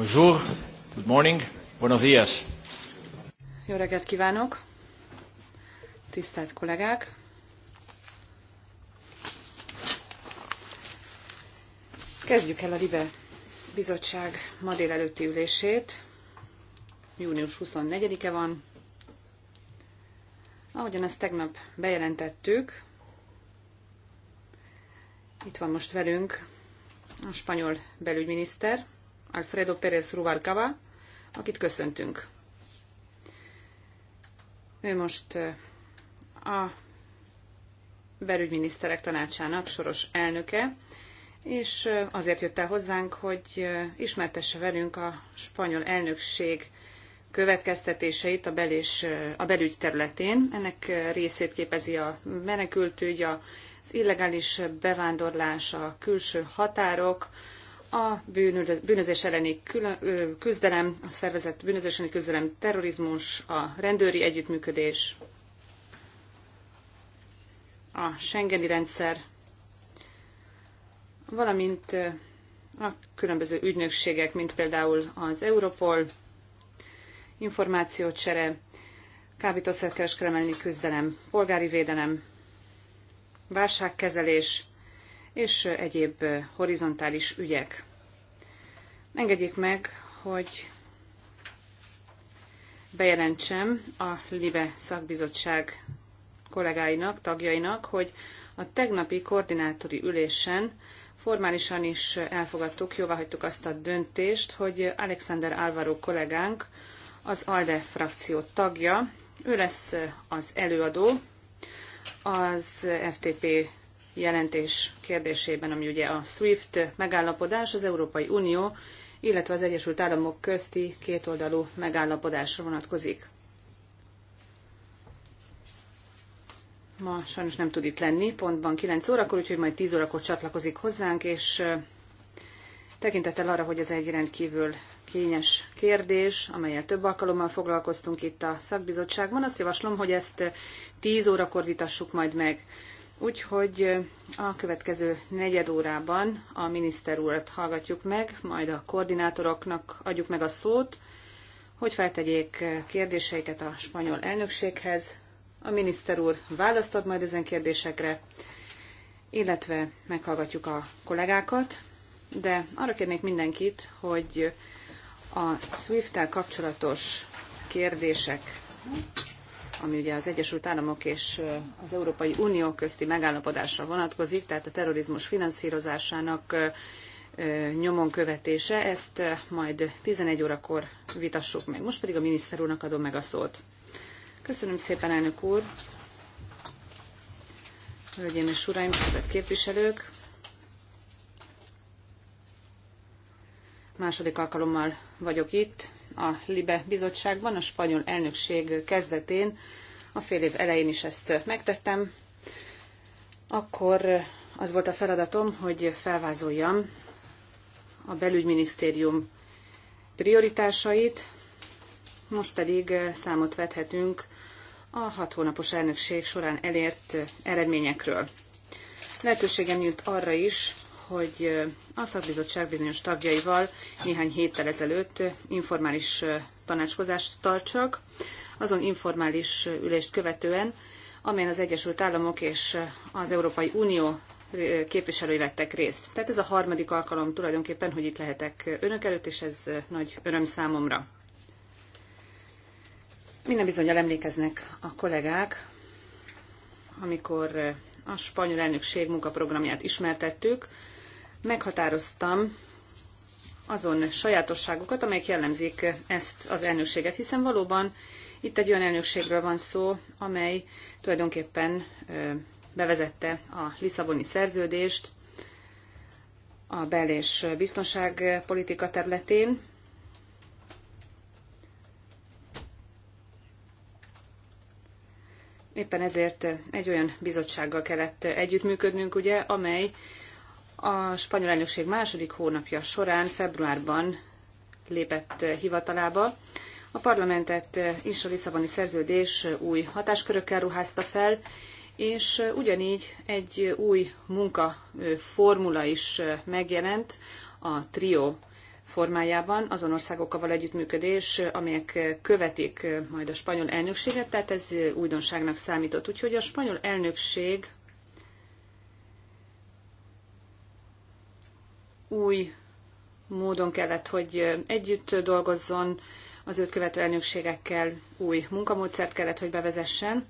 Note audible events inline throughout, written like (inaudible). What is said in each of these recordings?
Bonjour, good morning, buenos días. Jó reggelt kívánok, tisztelt kollégák! Kezdjük el a Libe bizottság ma délelőtti ülését. Június 24-e van. Ahogyan ezt tegnap bejelentettük, itt van most velünk a spanyol belügyminiszter, Alfredo Pérez Rubalcaba, akit köszöntünk. Ő most a belügyminiszterek tanácsának soros elnöke, és azért jött el hozzánk, hogy ismertesse velünk a spanyol elnökség következtetéseit a, bel és, a belügy területén. Ennek részét képezi a menekültügy, az illegális bevándorlás, a külső határok, a bűnözés elleni küzdelem, a szervezett bűnözés elleni küzdelem, terrorizmus, a rendőri együttműködés, a Schengeni rendszer, valamint a különböző ügynökségek, mint például az Europol, információcsere, kábítószerkereskedelmi küzdelem, polgári védelem, válságkezelés, és egyéb horizontális ügyek. Engedjék meg, hogy bejelentsem a LIBE szakbizottság kollégáinak, tagjainak, hogy a tegnapi koordinátori ülésen formálisan is elfogadtuk, hagytuk azt a döntést, hogy Alexander Álvaro kollégánk, az ALDE frakció tagja, ő lesz az előadó az FTP jelentés kérdésében, ami ugye a SWIFT megállapodás, az Európai Unió, illetve az Egyesült Államok közti kétoldalú megállapodásra vonatkozik. Ma sajnos nem tud itt lenni, pontban 9 órakor, úgyhogy majd 10 órakor csatlakozik hozzánk, és tekintettel arra, hogy ez egy rendkívül kényes kérdés, amelyel több alkalommal foglalkoztunk itt a szakbizottságban. Azt javaslom, hogy ezt 10 órakor vitassuk majd meg. Úgyhogy a következő negyed órában a miniszter urat hallgatjuk meg, majd a koordinátoroknak adjuk meg a szót, hogy feltegyék kérdéseiket a spanyol elnökséghez. A miniszter úr választ ad majd ezen kérdésekre, illetve meghallgatjuk a kollégákat, de arra kérnék mindenkit, hogy a SWIFT-tel kapcsolatos kérdések ami ugye az Egyesült Államok és az Európai Unió közti megállapodásra vonatkozik, tehát a terrorizmus finanszírozásának nyomon követése, ezt majd 11 órakor vitassuk meg. Most pedig a miniszter úrnak adom meg a szót. Köszönöm szépen, elnök úr! Hölgyeim és uraim, tisztelt képviselők! Második alkalommal vagyok itt, a LIBE bizottságban a spanyol elnökség kezdetén, a fél év elején is ezt megtettem, akkor az volt a feladatom, hogy felvázoljam a belügyminisztérium prioritásait, most pedig számot vethetünk a hat hónapos elnökség során elért eredményekről. Lehetőségem nyílt arra is, hogy a szakbizottság bizonyos tagjaival néhány héttel ezelőtt informális tanácskozást tartsak, azon informális ülést követően, amelyen az Egyesült Államok és az Európai Unió képviselői vettek részt. Tehát ez a harmadik alkalom tulajdonképpen, hogy itt lehetek önök előtt, és ez nagy öröm számomra. Minden bizonyal emlékeznek a kollégák, amikor a spanyol elnökség munkaprogramját ismertettük, meghatároztam azon sajátosságokat, amelyek jellemzik ezt az elnökséget, hiszen valóban itt egy olyan elnökségről van szó, amely tulajdonképpen bevezette a Lisszaboni szerződést a bel- és biztonságpolitika területén, Éppen ezért egy olyan bizottsággal kellett együttműködnünk, ugye, amely a spanyol elnökség második hónapja során februárban lépett hivatalába. A parlamentet is a Lisszaboni szerződés új hatáskörökkel ruházta fel, és ugyanígy egy új munkaformula is megjelent a TRIO formájában azon országokkal együttműködés, amelyek követik majd a spanyol elnökséget, tehát ez újdonságnak számított. Úgyhogy a spanyol elnökség új módon kellett, hogy együtt dolgozzon az őt követő elnökségekkel, új munkamódszert kellett, hogy bevezessen.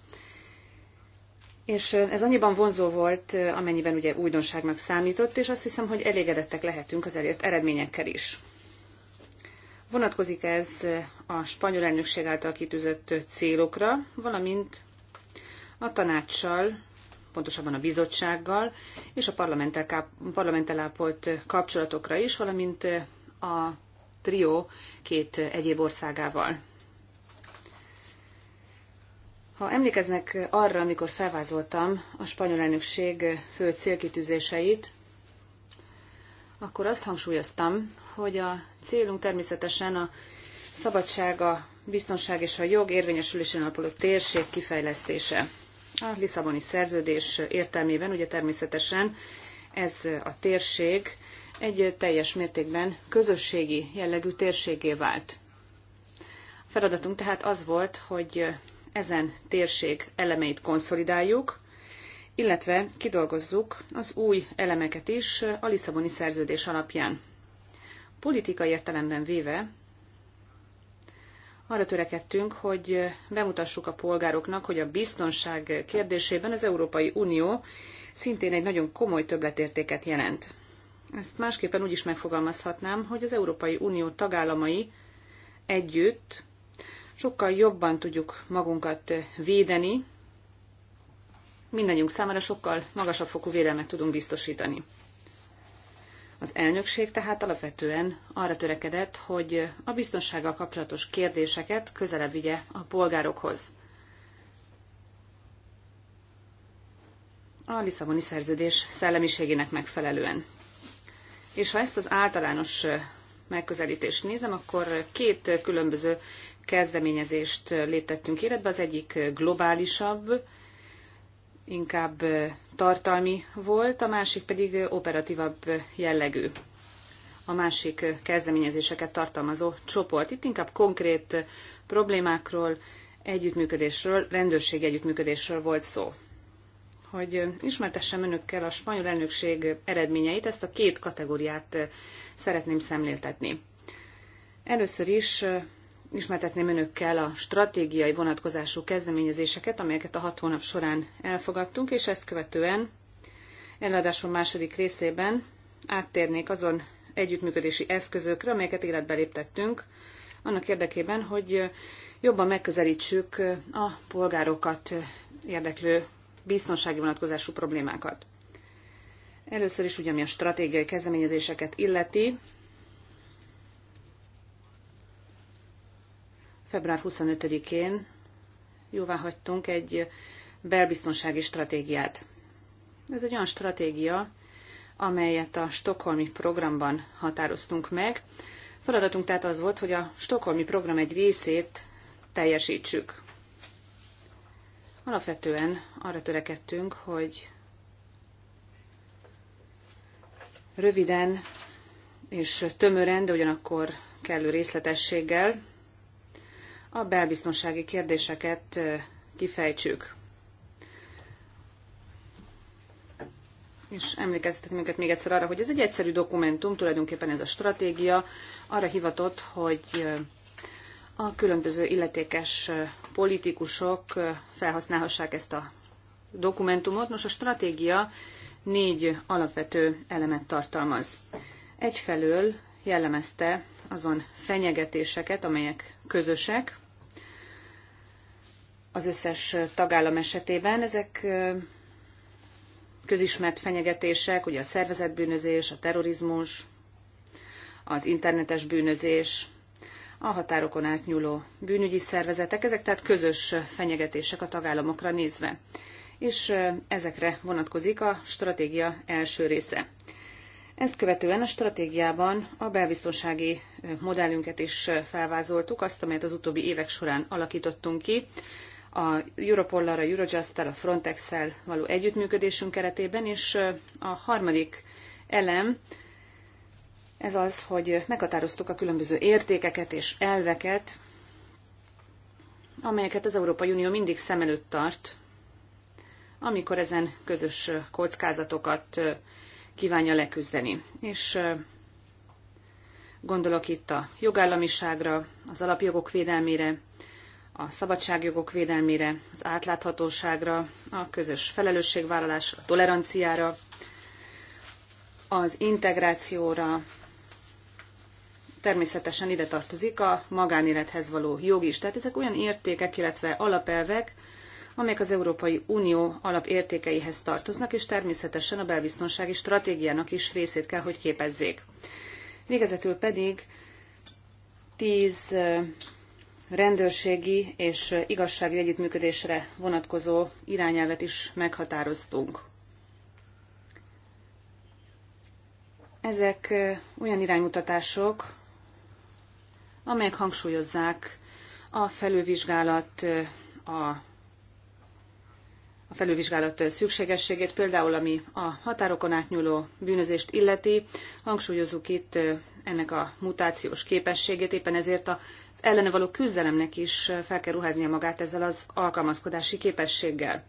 És ez annyiban vonzó volt, amennyiben ugye újdonságnak számított, és azt hiszem, hogy elégedettek lehetünk az elért eredményekkel is. Vonatkozik ez a spanyol elnökség által kitűzött célokra, valamint a tanácssal pontosabban a bizottsággal, és a parlamenttel, parlamenttel ápolt kapcsolatokra is, valamint eh, a trió két eh, egyéb országával. Ha emlékeznek arra, amikor felvázoltam a spanyol elnökség eh, fő célkitűzéseit, akkor azt hangsúlyoztam, hogy a célunk természetesen a szabadság, a biztonság és a jog érvényesülésén alapuló térség kifejlesztése. A Lisszaboni szerződés értelmében ugye természetesen ez a térség egy teljes mértékben közösségi jellegű térségé vált. A feladatunk tehát az volt, hogy ezen térség elemeit konszolidáljuk, illetve kidolgozzuk az új elemeket is a Lisszaboni szerződés alapján. Politikai értelemben véve arra törekedtünk, hogy bemutassuk a polgároknak, hogy a biztonság kérdésében az Európai Unió szintén egy nagyon komoly többletértéket jelent. Ezt másképpen úgy is megfogalmazhatnám, hogy az Európai Unió tagállamai együtt sokkal jobban tudjuk magunkat védeni, mindannyiunk számára sokkal magasabb fokú védelmet tudunk biztosítani. Az elnökség tehát alapvetően arra törekedett, hogy a biztonsággal kapcsolatos kérdéseket közelebb vigye a polgárokhoz. A Lisszaboni szerződés szellemiségének megfelelően. És ha ezt az általános megközelítést nézem, akkor két különböző kezdeményezést léptettünk életbe. Az egyik globálisabb, inkább tartalmi volt, a másik pedig operatívabb jellegű. A másik kezdeményezéseket tartalmazó csoport. Itt inkább konkrét problémákról, együttműködésről, rendőrségi együttműködésről volt szó. Hogy ismertessem önökkel a spanyol elnökség eredményeit, ezt a két kategóriát szeretném szemléltetni. Először is ismertetném önökkel a stratégiai vonatkozású kezdeményezéseket, amelyeket a hat hónap során elfogadtunk, és ezt követően előadásom második részében áttérnék azon együttműködési eszközökre, amelyeket életbe léptettünk, annak érdekében, hogy jobban megközelítsük a polgárokat érdeklő biztonsági vonatkozású problémákat. Először is ugye, ami a stratégiai kezdeményezéseket illeti, Február 25-én jóvá hagytunk egy belbiztonsági stratégiát. Ez egy olyan stratégia, amelyet a Stockholmi programban határoztunk meg. Feladatunk tehát az volt, hogy a Stockholmi program egy részét teljesítsük. Alapvetően arra törekedtünk, hogy röviden és tömören, de ugyanakkor kellő részletességgel a belbiztonsági kérdéseket kifejtsük. és emlékeztet minket még egyszer arra, hogy ez egy egyszerű dokumentum, tulajdonképpen ez a stratégia arra hivatott, hogy a különböző illetékes politikusok felhasználhassák ezt a dokumentumot. Nos, a stratégia négy alapvető elemet tartalmaz. Egyfelől jellemezte azon fenyegetéseket, amelyek közösek, az összes tagállam esetében. Ezek közismert fenyegetések, ugye a szervezetbűnözés, a terrorizmus, az internetes bűnözés, a határokon átnyúló bűnügyi szervezetek, ezek tehát közös fenyegetések a tagállamokra nézve. És ezekre vonatkozik a stratégia első része. Ezt követően a stratégiában a belbiztonsági modellünket is felvázoltuk, azt, amelyet az utóbbi évek során alakítottunk ki, a Europollal, a Eurojust-tal, a frontex való együttműködésünk keretében, és a harmadik elem, ez az, hogy meghatároztuk a különböző értékeket és elveket, amelyeket az Európai Unió mindig szem előtt tart, amikor ezen közös kockázatokat kívánja leküzdeni. És gondolok itt a jogállamiságra, az alapjogok védelmére, a szabadságjogok védelmére, az átláthatóságra, a közös felelősségvállalás, a toleranciára, az integrációra, természetesen ide tartozik a magánélethez való jog is. Tehát ezek olyan értékek, illetve alapelvek, amelyek az Európai Unió alapértékeihez tartoznak, és természetesen a belbiztonsági stratégiának is részét kell, hogy képezzék. Végezetül pedig 10 rendőrségi és igazsági együttműködésre vonatkozó irányelvet is meghatároztunk. Ezek olyan iránymutatások, amelyek hangsúlyozzák a felülvizsgálat, a a felülvizsgálat szükségességét, például ami a határokon átnyúló bűnözést illeti. Hangsúlyozunk itt ennek a mutációs képességét, éppen ezért az ellene való küzdelemnek is fel kell ruháznia magát ezzel az alkalmazkodási képességgel.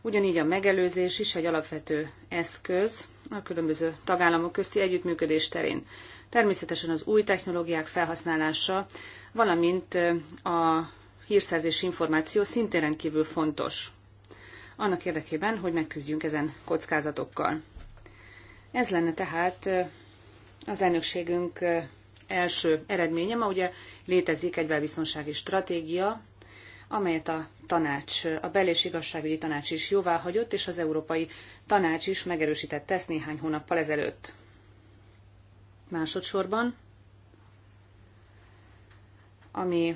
Ugyanígy a megelőzés is egy alapvető eszköz a különböző tagállamok közti együttműködés terén. Természetesen az új technológiák felhasználása, valamint a hírszerzési információ szintén rendkívül fontos annak érdekében, hogy megküzdjünk ezen kockázatokkal. Ez lenne tehát az elnökségünk első eredménye. Ma ugye létezik egy belbiztonsági stratégia, amelyet a tanács, a bel- és igazságügyi tanács is jóváhagyott, és az Európai Tanács is megerősített ezt néhány hónappal ezelőtt. Másodszorban, ami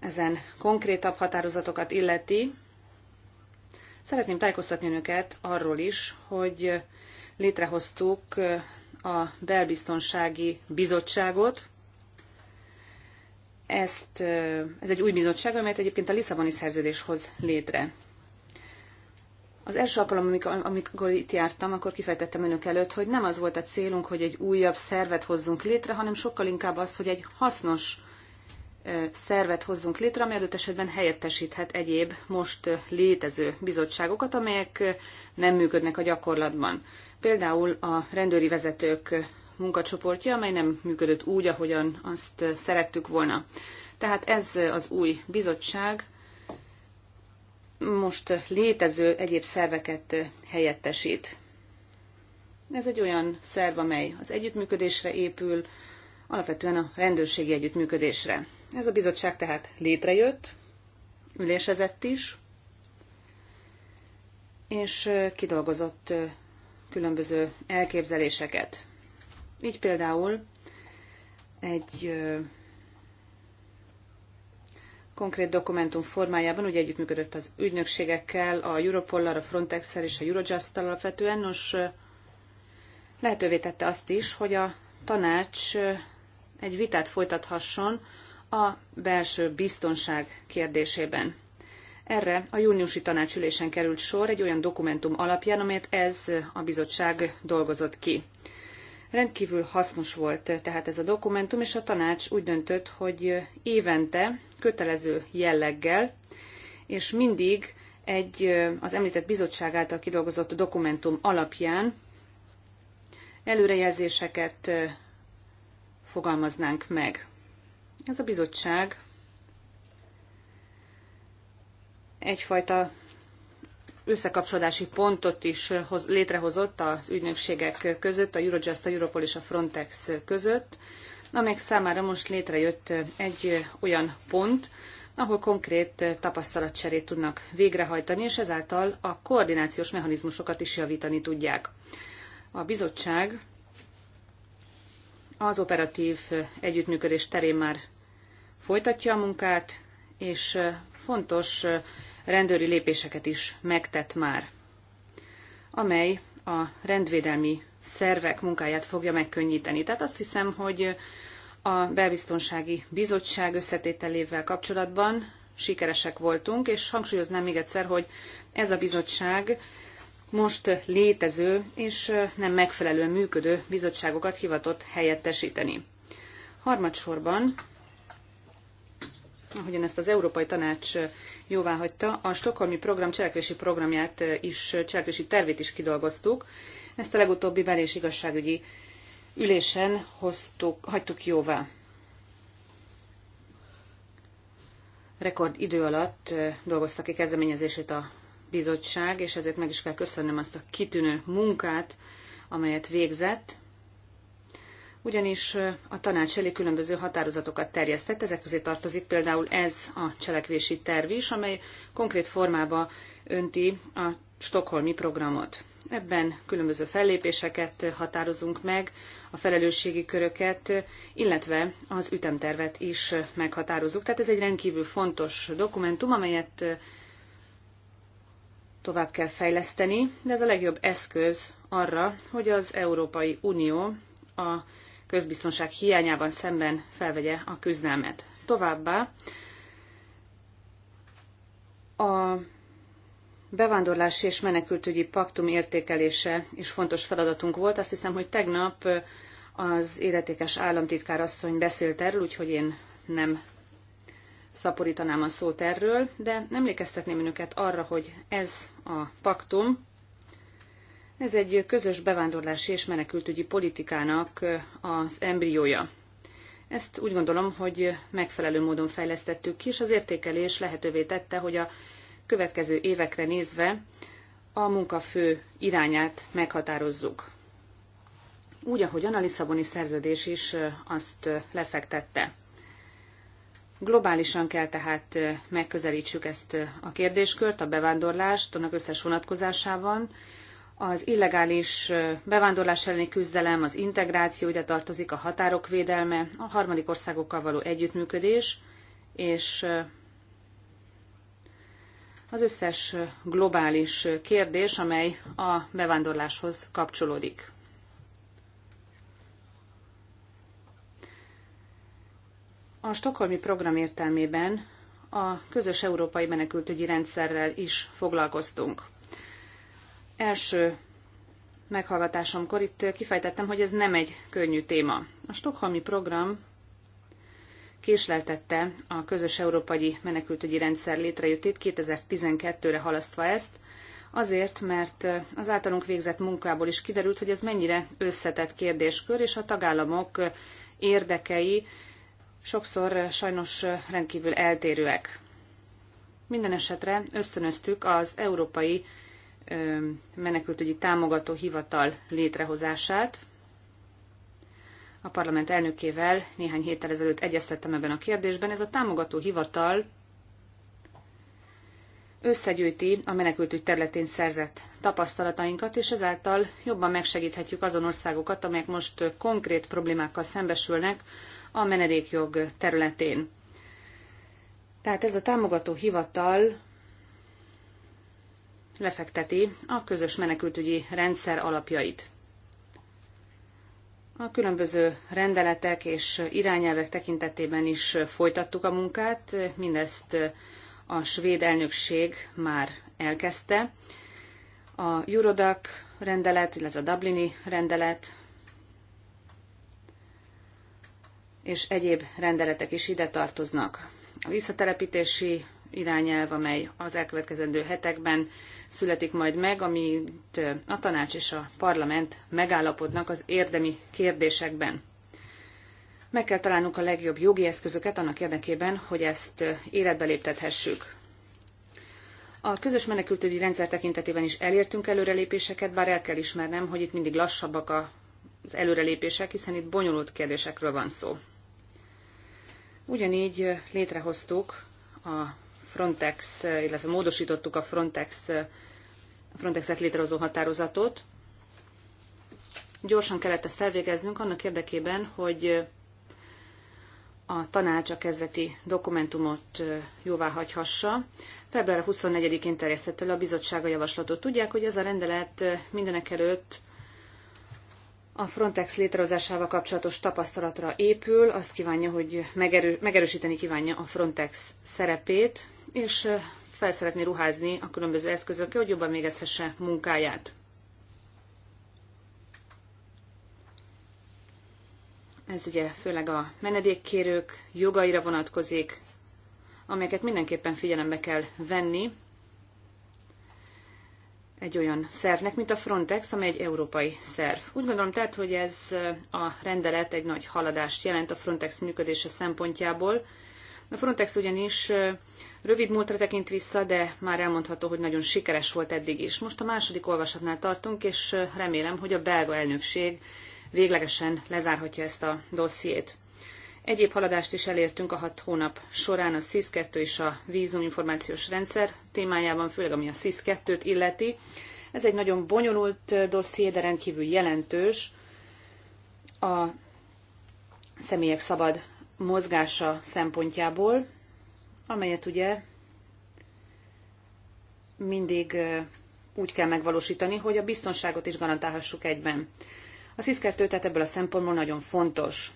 ezen konkrétabb határozatokat illeti, Szeretném tájékoztatni önöket arról is, hogy létrehoztuk a Belbiztonsági Bizottságot. Ezt, ez egy új bizottság, amelyet egyébként a Lisszaboni szerződés hoz létre. Az első alkalom, amikor, amikor itt jártam, akkor kifejtettem önök előtt, hogy nem az volt a célunk, hogy egy újabb szervet hozzunk létre, hanem sokkal inkább az, hogy egy hasznos szervet hozzunk létre, ami adott esetben helyettesíthet egyéb most létező bizottságokat, amelyek nem működnek a gyakorlatban. Például a rendőri vezetők munkacsoportja, amely nem működött úgy, ahogyan azt szerettük volna. Tehát ez az új bizottság most létező egyéb szerveket helyettesít. Ez egy olyan szerv, amely az együttműködésre épül, alapvetően a rendőrségi együttműködésre. Ez a bizottság tehát létrejött, ülésezett is, és kidolgozott különböző elképzeléseket. Így például egy konkrét dokumentum formájában, ugye együttműködött az ügynökségekkel, a Europollal, a frontex és a eurojust alapvetően, nos, lehetővé tette azt is, hogy a tanács egy vitát folytathasson a belső biztonság kérdésében. Erre a júniusi tanácsülésen került sor egy olyan dokumentum alapján, amelyet ez a bizottság dolgozott ki. Rendkívül hasznos volt tehát ez a dokumentum, és a tanács úgy döntött, hogy évente kötelező jelleggel, és mindig egy az említett bizottság által kidolgozott dokumentum alapján előrejelzéseket fogalmaznánk meg. Ez a bizottság egyfajta összekapcsolási pontot is hoz, létrehozott az ügynökségek között, a Eurojust, a Europol és a Frontex között, amelyek számára most létrejött egy olyan pont, ahol konkrét tapasztalatcserét tudnak végrehajtani, és ezáltal a koordinációs mechanizmusokat is javítani tudják. A bizottság az operatív együttműködés terén már folytatja a munkát, és fontos rendőri lépéseket is megtett már, amely a rendvédelmi szervek munkáját fogja megkönnyíteni. Tehát azt hiszem, hogy a Belbiztonsági Bizottság összetételével kapcsolatban sikeresek voltunk, és hangsúlyoznám még egyszer, hogy ez a bizottság most létező és nem megfelelően működő bizottságokat hivatott helyettesíteni. Harmadsorban ahogyan ezt az Európai Tanács jóvá hagyta, a Stokholmi Program cselekvési programját is, cselekvési tervét is kidolgoztuk. Ezt a legutóbbi bel- és igazságügyi ülésen hoztuk, hagytuk jóvá. Rekord idő alatt eh, dolgoztak ki kezdeményezését a bizottság, és ezért meg is kell köszönnöm azt a kitűnő munkát, amelyet végzett, ugyanis a tanács elé különböző határozatokat terjesztett, ezek közé tartozik például ez a cselekvési terv is, amely konkrét formába önti a stokholmi programot. Ebben különböző fellépéseket határozunk meg, a felelősségi köröket, illetve az ütemtervet is meghatározunk. Tehát ez egy rendkívül fontos dokumentum, amelyet tovább kell fejleszteni, de ez a legjobb eszköz arra, hogy az Európai Unió a közbiztonság hiányában szemben felvegye a küzdelmet. Továbbá a bevándorlási és menekültügyi paktum értékelése is fontos feladatunk volt. Azt hiszem, hogy tegnap az életékes államtitkár asszony beszélt erről, úgyhogy én nem szaporítanám a szót erről, de emlékeztetném önöket arra, hogy ez a paktum ez egy közös bevándorlási és menekültügyi politikának az embriója. Ezt úgy gondolom, hogy megfelelő módon fejlesztettük ki, és az értékelés lehetővé tette, hogy a következő évekre nézve a munka fő irányát meghatározzuk. Úgy, ahogyan a Lisszaboni szerződés is azt lefektette. Globálisan kell tehát megközelítsük ezt a kérdéskört, a bevándorlást, annak összes vonatkozásában, az illegális bevándorlás elleni küzdelem, az integráció, ide tartozik a határok védelme, a harmadik országokkal való együttműködés, és az összes globális kérdés, amely a bevándorláshoz kapcsolódik. A stokholmi program értelmében a közös európai menekültügyi rendszerrel is foglalkoztunk első meghallgatásomkor itt kifejtettem, hogy ez nem egy könnyű téma. A Stockholmi program késleltette a közös európai menekültügyi rendszer létrejöttét 2012-re halasztva ezt, azért, mert az általunk végzett munkából is kiderült, hogy ez mennyire összetett kérdéskör, és a tagállamok érdekei sokszor sajnos rendkívül eltérőek. Minden esetre ösztönöztük az európai menekültügyi támogató hivatal létrehozását. A parlament elnökével néhány héttel ezelőtt egyeztettem ebben a kérdésben. Ez a támogató hivatal összegyűjti a menekültügy területén szerzett tapasztalatainkat, és ezáltal jobban megsegíthetjük azon országokat, amelyek most konkrét problémákkal szembesülnek a menedékjog területén. Tehát ez a támogató hivatal lefekteti a közös menekültügyi rendszer alapjait. A különböző rendeletek és irányelvek tekintetében is folytattuk a munkát, mindezt a svéd elnökség már elkezdte. A Eurodac rendelet, illetve a Dublini rendelet és egyéb rendeletek is ide tartoznak. A visszatelepítési irányelv, amely az elkövetkezendő hetekben születik majd meg, amit a tanács és a parlament megállapodnak az érdemi kérdésekben. Meg kell találnunk a legjobb jogi eszközöket annak érdekében, hogy ezt életbe léptethessük. A közös menekültügyi rendszer tekintetében is elértünk előrelépéseket, bár el kell ismernem, hogy itt mindig lassabbak az előrelépések, hiszen itt bonyolult kérdésekről van szó. Ugyanígy létrehoztuk a Frontex, illetve módosítottuk a Frontex, a Frontexet létrehozó határozatot. Gyorsan kellett ezt elvégeznünk annak érdekében, hogy a tanács a kezdeti dokumentumot jóvá hagyhassa. Február 24-én terjesztett elő a bizottság a javaslatot. Tudják, hogy ez a rendelet mindenek előtt a Frontex létrehozásával kapcsolatos tapasztalatra épül, azt kívánja, hogy megerő, megerősíteni kívánja a Frontex szerepét, és fel szeretné ruházni a különböző eszközökkel, hogy jobban végezhesse munkáját. Ez ugye főleg a menedékkérők jogaira vonatkozik, amelyeket mindenképpen figyelembe kell venni egy olyan szervnek, mint a Frontex, amely egy európai szerv. Úgy gondolom tehát, hogy ez a rendelet egy nagy haladást jelent a Frontex működése szempontjából, a Frontex ugyanis rövid múltra tekint vissza, de már elmondható, hogy nagyon sikeres volt eddig is. Most a második olvasatnál tartunk, és remélem, hogy a belga elnökség véglegesen lezárhatja ezt a dossziét. Egyéb haladást is elértünk a hat hónap során a SIS-2 és a vízuminformációs rendszer témájában, főleg ami a SIS-2-t illeti. Ez egy nagyon bonyolult dosszié, de rendkívül jelentős. A személyek szabad mozgása szempontjából, amelyet ugye mindig úgy kell megvalósítani, hogy a biztonságot is garantálhassuk egyben. A SZISZ-2 tehát ebből a szempontból nagyon fontos.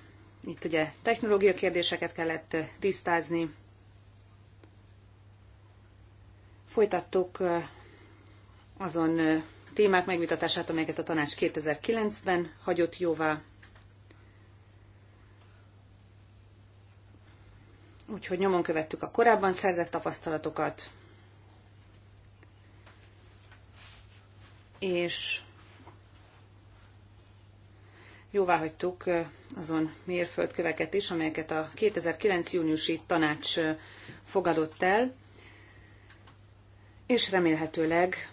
Itt ugye technológia kérdéseket kellett tisztázni. Folytattuk azon témák megvitatását, amelyeket a tanács 2009-ben hagyott jóvá. úgyhogy nyomon követtük a korábban szerzett tapasztalatokat, és jóvá hagytuk azon mérföldköveket is, amelyeket a 2009. júniusi tanács fogadott el, és remélhetőleg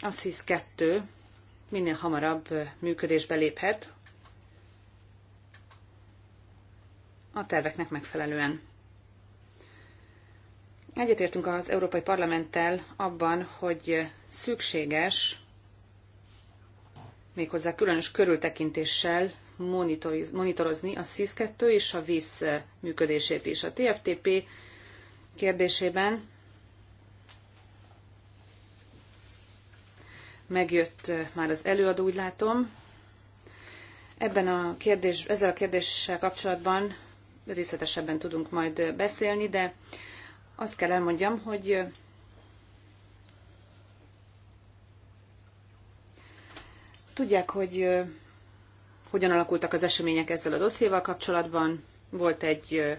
a SZIS 2 minél hamarabb működésbe léphet, a terveknek megfelelően. Egyetértünk az Európai Parlamenttel abban, hogy szükséges méghozzá különös körültekintéssel monitorozni a SZIS-2 és a víz működését is. A TFTP kérdésében megjött már az előadó, úgy látom. Ebben a kérdés, ezzel a kérdéssel kapcsolatban részletesebben tudunk majd beszélni, de azt kell elmondjam, hogy tudják, hogy hogyan alakultak az események ezzel a dossziéval kapcsolatban. Volt egy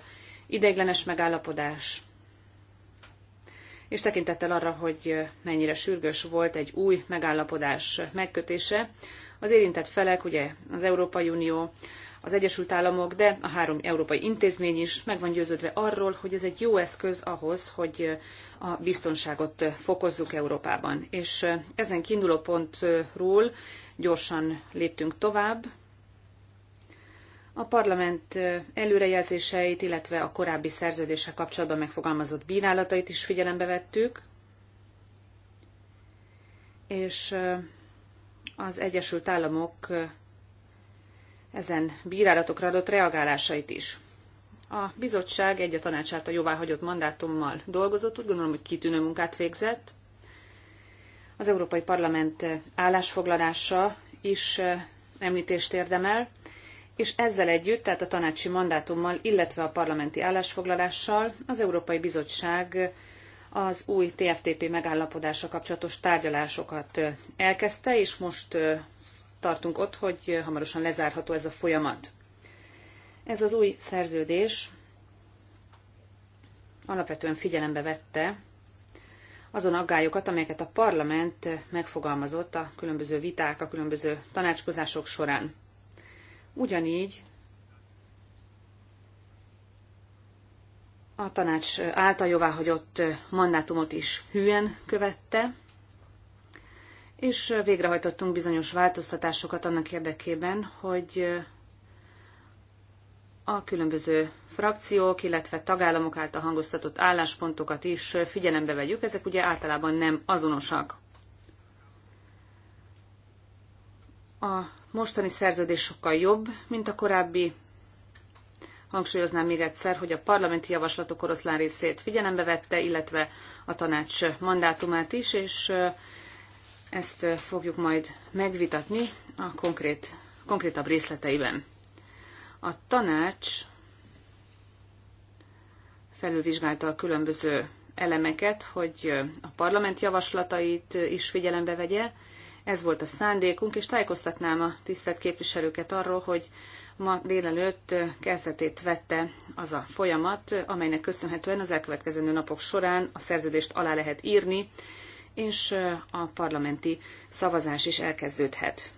ideiglenes megállapodás, és tekintettel arra, hogy mennyire sürgős volt egy új megállapodás megkötése, az érintett felek, ugye az Európai Unió, az Egyesült Államok, de a három európai intézmény is meg van győződve arról, hogy ez egy jó eszköz ahhoz, hogy a biztonságot fokozzuk Európában. És ezen kiinduló pontról gyorsan léptünk tovább. A parlament előrejelzéseit, illetve a korábbi szerződéssel kapcsolatban megfogalmazott bírálatait is figyelembe vettük, és az Egyesült Államok ezen bírálatokra adott reagálásait is. A bizottság egy a tanács által jóváhagyott mandátummal dolgozott, úgy gondolom, hogy kitűnő munkát végzett. Az Európai Parlament állásfoglalása is említést érdemel, és ezzel együtt, tehát a tanácsi mandátummal, illetve a parlamenti állásfoglalással az Európai Bizottság az új TFTP megállapodása kapcsolatos tárgyalásokat elkezdte, és most tartunk ott, hogy hamarosan lezárható ez a folyamat. Ez az új szerződés alapvetően figyelembe vette azon aggályokat, amelyeket a parlament megfogalmazott a különböző viták, a különböző tanácskozások során. Ugyanígy a tanács által jóváhagyott mandátumot is hűen követte, és végrehajtottunk bizonyos változtatásokat annak érdekében, hogy a különböző frakciók, illetve tagállamok által hangoztatott álláspontokat is figyelembe vegyük. Ezek ugye általában nem azonosak. A mostani szerződés sokkal jobb, mint a korábbi. Hangsúlyoznám még egyszer, hogy a parlamenti javaslatok oroszlán részét figyelembe vette, illetve a tanács mandátumát is, és ezt fogjuk majd megvitatni a konkrét, konkrétabb részleteiben. A tanács felülvizsgálta a különböző elemeket, hogy a parlament javaslatait is figyelembe vegye. Ez volt a szándékunk, és tájékoztatnám a tisztelt képviselőket arról, hogy ma délelőtt kezdetét vette az a folyamat, amelynek köszönhetően az elkövetkező napok során a szerződést alá lehet írni, és a parlamenti szavazás is elkezdődhet.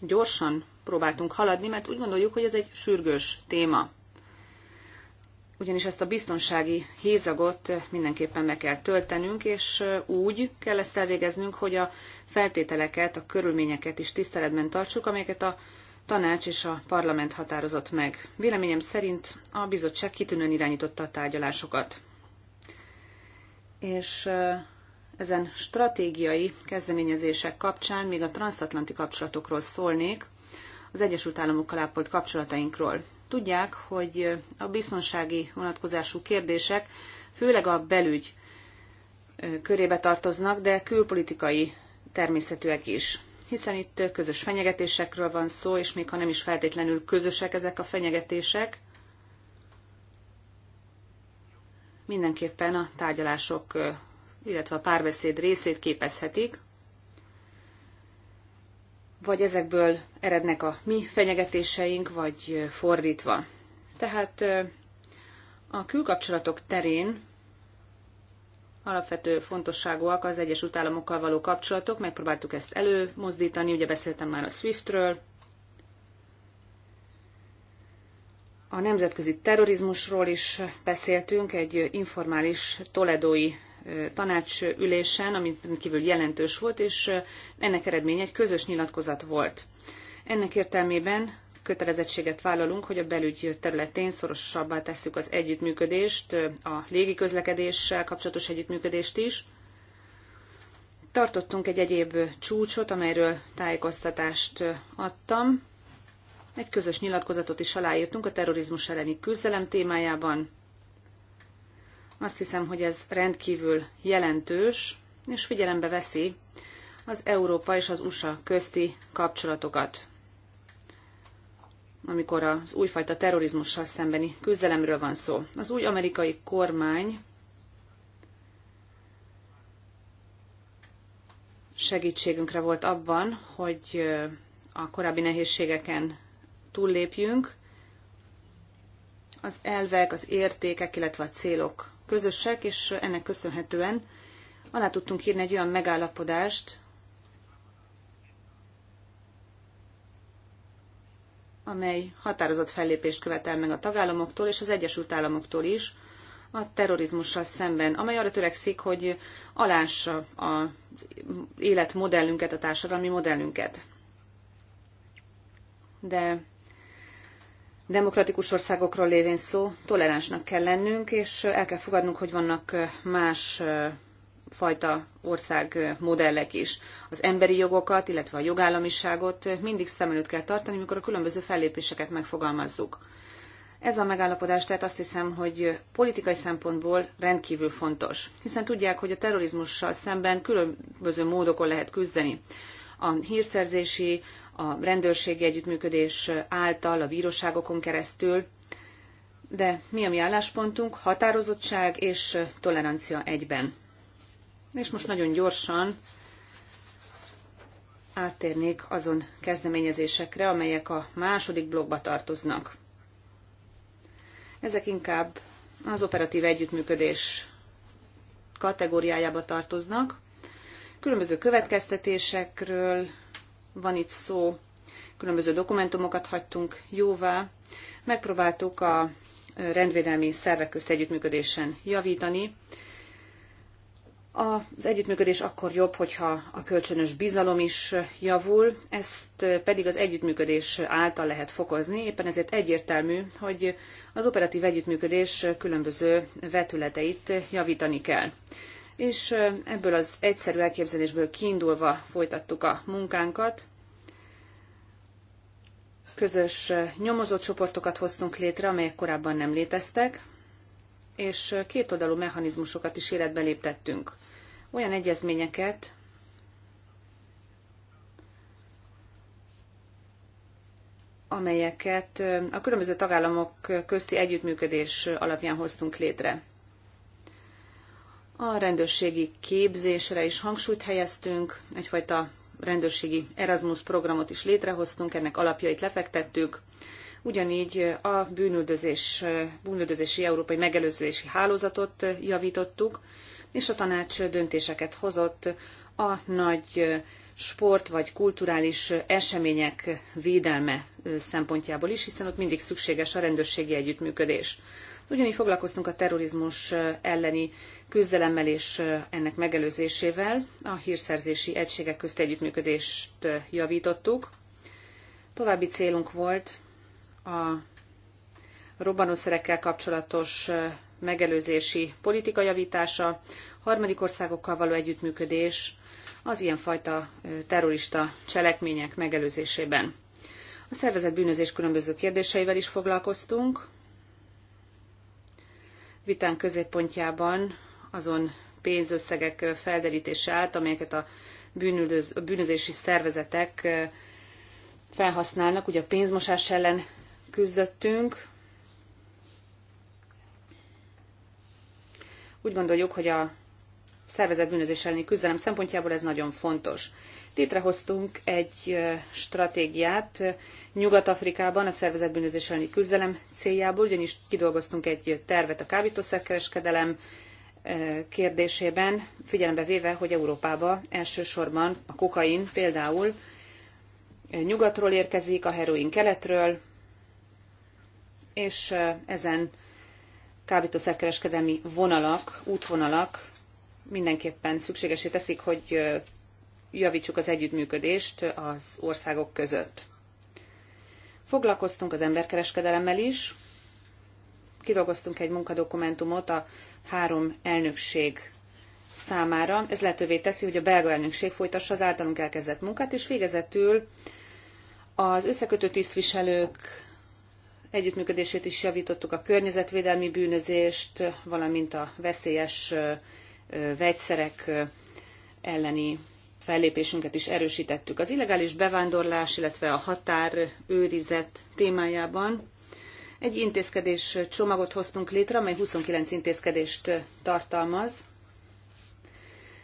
Gyorsan próbáltunk haladni, mert úgy gondoljuk, hogy ez egy sürgős téma. Ugyanis ezt a biztonsági hézagot mindenképpen meg kell töltenünk, és úgy kell ezt elvégeznünk, hogy a feltételeket, a körülményeket is tiszteletben tartsuk, amelyeket a tanács és a parlament határozott meg. Véleményem szerint a bizottság kitűnően irányította a tárgyalásokat. És ezen stratégiai kezdeményezések kapcsán még a transatlanti kapcsolatokról szólnék, az Egyesült Államokkal ápolt kapcsolatainkról. Tudják, hogy a biztonsági vonatkozású kérdések főleg a belügy körébe tartoznak, de külpolitikai természetűek is. Hiszen itt közös fenyegetésekről van szó, és még ha nem is feltétlenül közösek ezek a fenyegetések, mindenképpen a tárgyalások illetve a párbeszéd részét képezhetik, vagy ezekből erednek a mi fenyegetéseink, vagy fordítva. Tehát a külkapcsolatok terén alapvető fontosságúak az egyes Államokkal való kapcsolatok, megpróbáltuk ezt előmozdítani, ugye beszéltem már a SWIFT-ről, a nemzetközi terrorizmusról is beszéltünk, egy informális toledói tanácsülésen, ami kívül jelentős volt, és ennek eredménye egy közös nyilatkozat volt. Ennek értelmében kötelezettséget vállalunk, hogy a belügy területén szorosabbá tesszük az együttműködést, a közlekedéssel kapcsolatos együttműködést is. Tartottunk egy egyéb csúcsot, amelyről tájékoztatást adtam. Egy közös nyilatkozatot is aláírtunk a terrorizmus elleni küzdelem témájában, azt hiszem, hogy ez rendkívül jelentős, és figyelembe veszi az Európa és az USA közti kapcsolatokat. Amikor az újfajta terrorizmussal szembeni küzdelemről van szó. Az új amerikai kormány segítségünkre volt abban, hogy a korábbi nehézségeken túllépjünk. Az elvek, az értékek, illetve a célok közösek, és ennek köszönhetően alá tudtunk írni egy olyan megállapodást, amely határozott fellépést követel meg a tagállamoktól és az Egyesült Államoktól is a terrorizmussal szemben, amely arra törekszik, hogy alássa az életmodellünket, a társadalmi modellünket. De demokratikus országokról lévén szó, toleránsnak kell lennünk, és el kell fogadnunk, hogy vannak más fajta ország modellek is. Az emberi jogokat, illetve a jogállamiságot mindig szem előtt kell tartani, amikor a különböző fellépéseket megfogalmazzuk. Ez a megállapodás tehát azt hiszem, hogy politikai szempontból rendkívül fontos, hiszen tudják, hogy a terrorizmussal szemben különböző módokon lehet küzdeni a hírszerzési, a rendőrségi együttműködés által, a bíróságokon keresztül, de mi a mi álláspontunk? Határozottság és tolerancia egyben. És most nagyon gyorsan áttérnék azon kezdeményezésekre, amelyek a második blogba tartoznak. Ezek inkább az operatív együttműködés kategóriájába tartoznak, Különböző következtetésekről van itt szó, különböző dokumentumokat hagytunk jóvá, megpróbáltuk a rendvédelmi szervek közt együttműködésen javítani. Az együttműködés akkor jobb, hogyha a kölcsönös bizalom is javul, ezt pedig az együttműködés által lehet fokozni, éppen ezért egyértelmű, hogy az operatív együttműködés különböző vetületeit javítani kell és ebből az egyszerű elképzelésből kiindulva folytattuk a munkánkat. Közös nyomozott csoportokat hoztunk létre, amelyek korábban nem léteztek, és kétoldalú mechanizmusokat is életbe léptettünk. Olyan egyezményeket, amelyeket a különböző tagállamok közti együttműködés alapján hoztunk létre. A rendőrségi képzésre is hangsúlyt helyeztünk, egyfajta rendőrségi Erasmus programot is létrehoztunk, ennek alapjait lefektettük. Ugyanígy a bűnüldözés, bűnüldözési európai megelőzési hálózatot javítottuk, és a tanács döntéseket hozott a nagy sport vagy kulturális események védelme szempontjából is, hiszen ott mindig szükséges a rendőrségi együttműködés. Ugyanígy foglalkoztunk a terrorizmus elleni küzdelemmel és ennek megelőzésével. A hírszerzési egységek közt együttműködést javítottuk. További célunk volt a robbanószerekkel kapcsolatos megelőzési politika javítása, harmadik országokkal való együttműködés az ilyenfajta terrorista cselekmények megelőzésében. A szervezett bűnözés különböző kérdéseivel is foglalkoztunk, vitán középpontjában azon pénzösszegek felderítése állt, amelyeket a, bűnüldöz, a bűnözési szervezetek felhasználnak. Ugye a pénzmosás ellen küzdöttünk. Úgy gondoljuk, hogy a szervezett bűnözés elleni küzdelem szempontjából ez nagyon fontos. Létrehoztunk egy stratégiát Nyugat-Afrikában a szervezett bűnözés elleni küzdelem céljából, ugyanis kidolgoztunk egy tervet a kábítószerkereskedelem kérdésében, figyelembe véve, hogy Európába elsősorban a kokain például nyugatról érkezik, a heroin keletről, és ezen kábítószerkereskedelmi vonalak, útvonalak mindenképpen szükségesé teszik, hogy javítsuk az együttműködést az országok között. Foglalkoztunk az emberkereskedelemmel is, kidolgoztunk egy munkadokumentumot a három elnökség számára. Ez lehetővé teszi, hogy a belga elnökség folytassa az általunk elkezdett munkát, és végezetül az összekötő tisztviselők együttműködését is javítottuk, a környezetvédelmi bűnözést, valamint a veszélyes vegyszerek elleni fellépésünket is erősítettük. Az illegális bevándorlás, illetve a határőrizet témájában egy intézkedés csomagot hoztunk létre, amely 29 intézkedést tartalmaz.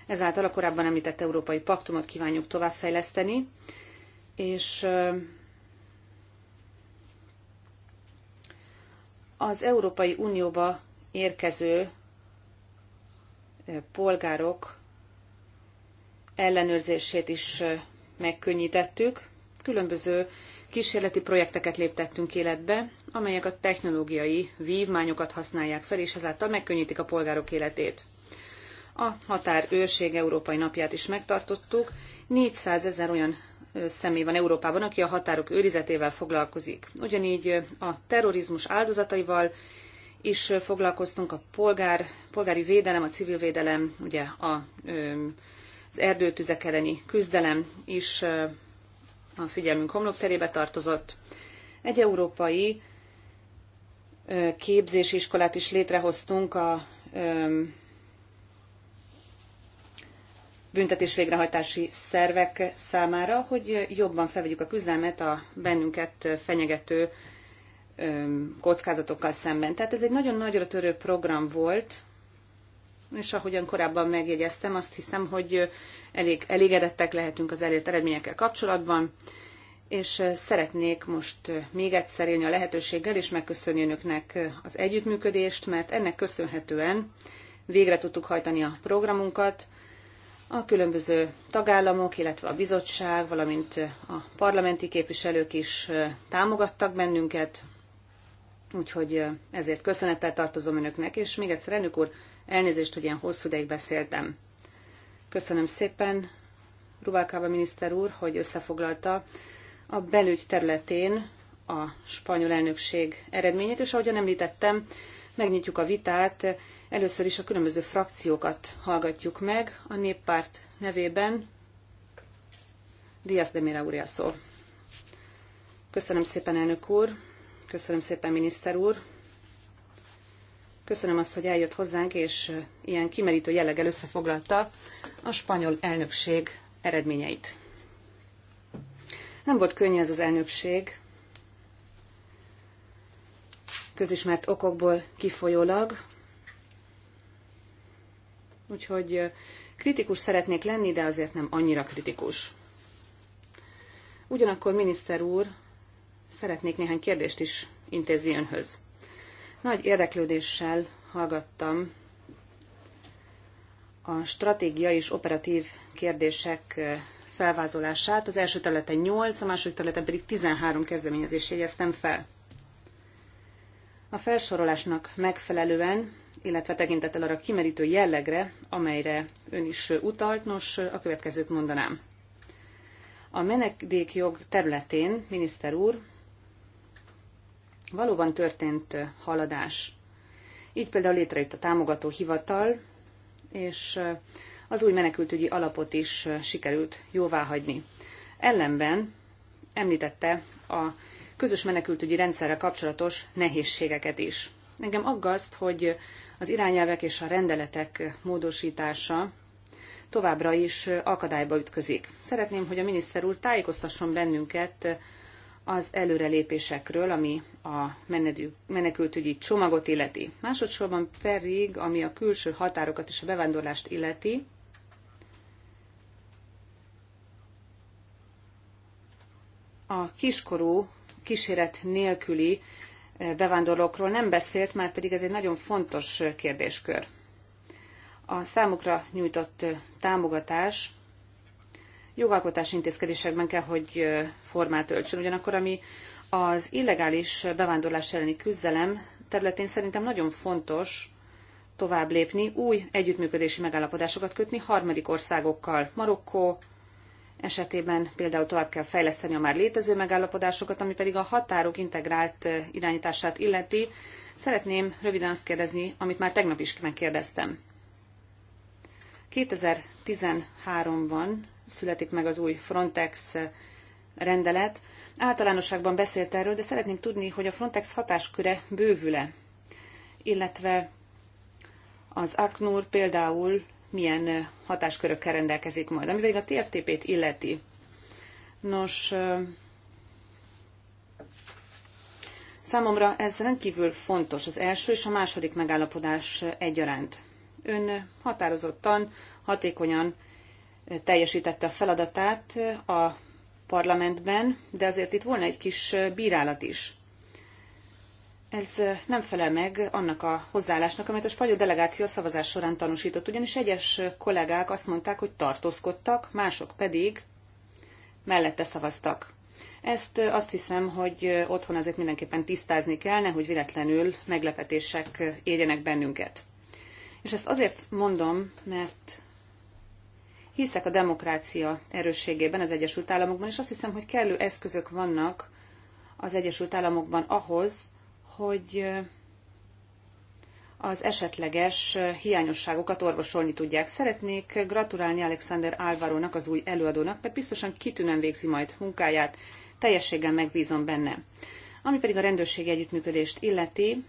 Ezáltal a korábban említett Európai Paktumot kívánjuk továbbfejleszteni, és az Európai Unióba érkező polgárok ellenőrzését is megkönnyítettük. Különböző kísérleti projekteket léptettünk életbe, amelyek a technológiai vívmányokat használják fel, és ezáltal megkönnyítik a polgárok életét. A határőrség Európai Napját is megtartottuk. 400 ezer olyan személy van Európában, aki a határok őrizetével foglalkozik. Ugyanígy a terrorizmus áldozataival is foglalkoztunk a polgár, polgári védelem, a civil védelem, ugye a, az erdőtüzek elleni küzdelem is a figyelmünk homlokterébe tartozott. Egy európai képzési iskolát is létrehoztunk a büntetés végrehajtási szervek számára, hogy jobban felvegyük a küzdelmet a bennünket fenyegető kockázatokkal szemben. Tehát ez egy nagyon nagyra törő program volt, és ahogyan korábban megjegyeztem, azt hiszem, hogy elég elégedettek lehetünk az elért eredményekkel kapcsolatban, és szeretnék most még egyszer élni a lehetőséggel, és megköszönni önöknek az együttműködést, mert ennek köszönhetően végre tudtuk hajtani a programunkat, a különböző tagállamok, illetve a bizottság, valamint a parlamenti képviselők is támogattak bennünket, Úgyhogy ezért köszönettel tartozom önöknek, és még egyszer, elnök úr, elnézést, hogy ilyen hosszú ideig beszéltem. Köszönöm szépen, Rubalcaba miniszter úr, hogy összefoglalta a belügy területén a spanyol elnökség eredményét, és ahogyan említettem, megnyitjuk a vitát. Először is a különböző frakciókat hallgatjuk meg. A néppárt nevében Diaz de Mira úr szó. Köszönöm szépen, elnök úr. Köszönöm szépen, miniszter úr. Köszönöm azt, hogy eljött hozzánk, és ilyen kimerítő jelleggel összefoglalta a spanyol elnökség eredményeit. Nem volt könnyű ez az elnökség, közismert okokból kifolyólag, úgyhogy kritikus szeretnék lenni, de azért nem annyira kritikus. Ugyanakkor, miniszter úr, szeretnék néhány kérdést is intézni önhöz. Nagy érdeklődéssel hallgattam a stratégia és operatív kérdések felvázolását. Az első területen 8, a második területen pedig 13 kezdeményezést jegyeztem fel. A felsorolásnak megfelelően, illetve tekintettel arra kimerítő jellegre, amelyre ön is utalt, nos, a következőt mondanám. A menedékjog területén, miniszter úr, Valóban történt haladás. Így például létrejött a támogató hivatal, és az új menekültügyi alapot is sikerült jóváhagyni. Ellenben említette a közös menekültügyi rendszerrel kapcsolatos nehézségeket is. Engem aggaszt, hogy az irányelvek és a rendeletek módosítása továbbra is akadályba ütközik. Szeretném, hogy a miniszter úr tájékoztasson bennünket az előrelépésekről, ami a menekültügyi csomagot illeti. Másodszorban pedig, ami a külső határokat és a bevándorlást illeti, a kiskorú kíséret nélküli eh, bevándorlókról nem beszélt, már pedig ez egy nagyon fontos kérdéskör. A számukra nyújtott eh, támogatás jogalkotási intézkedésekben kell, hogy formát öltsön. Ugyanakkor, ami az illegális bevándorlás elleni küzdelem területén szerintem nagyon fontos tovább lépni, új együttműködési megállapodásokat kötni harmadik országokkal. Marokkó esetében például tovább kell fejleszteni a már létező megállapodásokat, ami pedig a határok integrált irányítását illeti. Szeretném röviden azt kérdezni, amit már tegnap is megkérdeztem. 2013-ban születik meg az új Frontex rendelet. Általánosságban beszélt erről, de szeretném tudni, hogy a Frontex hatásköre bővül-e, illetve az ACNUR például milyen hatáskörökkel rendelkezik majd, ami a TFTP-t illeti. Nos, számomra ez rendkívül fontos, az első és a második megállapodás egyaránt. Ön határozottan, hatékonyan teljesítette a feladatát a parlamentben, de azért itt volna egy kis bírálat is. Ez nem felel meg annak a hozzáállásnak, amit a spanyol delegáció szavazás során tanúsított, ugyanis egyes kollégák azt mondták, hogy tartózkodtak, mások pedig mellette szavaztak. Ezt azt hiszem, hogy otthon azért mindenképpen tisztázni kell, nehogy véletlenül meglepetések érjenek bennünket. És ezt azért mondom, mert hiszek a demokrácia erősségében az Egyesült Államokban, és azt hiszem, hogy kellő eszközök vannak az Egyesült Államokban ahhoz, hogy az esetleges hiányosságokat orvosolni tudják. Szeretnék gratulálni Alexander Álvarónak, az új előadónak, mert biztosan kitűnően végzi majd munkáját, teljességgel megbízom benne. Ami pedig a rendőrség együttműködést illeti,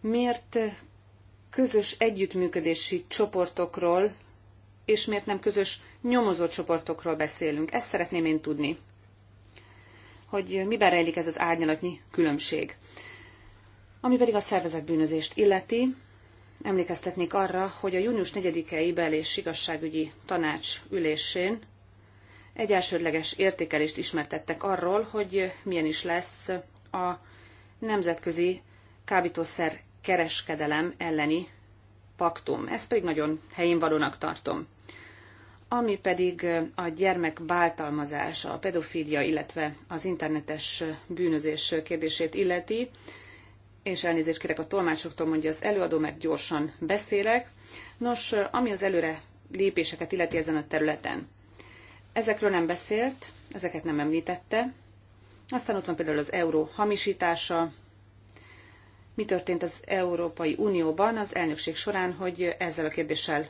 miért közös együttműködési csoportokról, és miért nem közös nyomozó csoportokról beszélünk. Ezt szeretném én tudni, hogy miben rejlik ez az árnyalatnyi különbség. Ami pedig a szervezetbűnözést illeti, emlékeztetnék arra, hogy a június 4-i bel- és igazságügyi tanács ülésén egy elsődleges értékelést ismertettek arról, hogy milyen is lesz a nemzetközi kábítószer kereskedelem elleni paktum. Ezt pedig nagyon helyén valónak tartom. Ami pedig a gyermek báltalmazása, a pedofília, illetve az internetes bűnözés kérdését illeti, és elnézést kérek a tolmácsoktól, mondja az előadó, mert gyorsan beszélek. Nos, ami az előre lépéseket illeti ezen a területen. Ezekről nem beszélt, ezeket nem említette. Aztán ott van például az euró hamisítása, mi történt az Európai Unióban az elnökség során, hogy ezzel a kérdéssel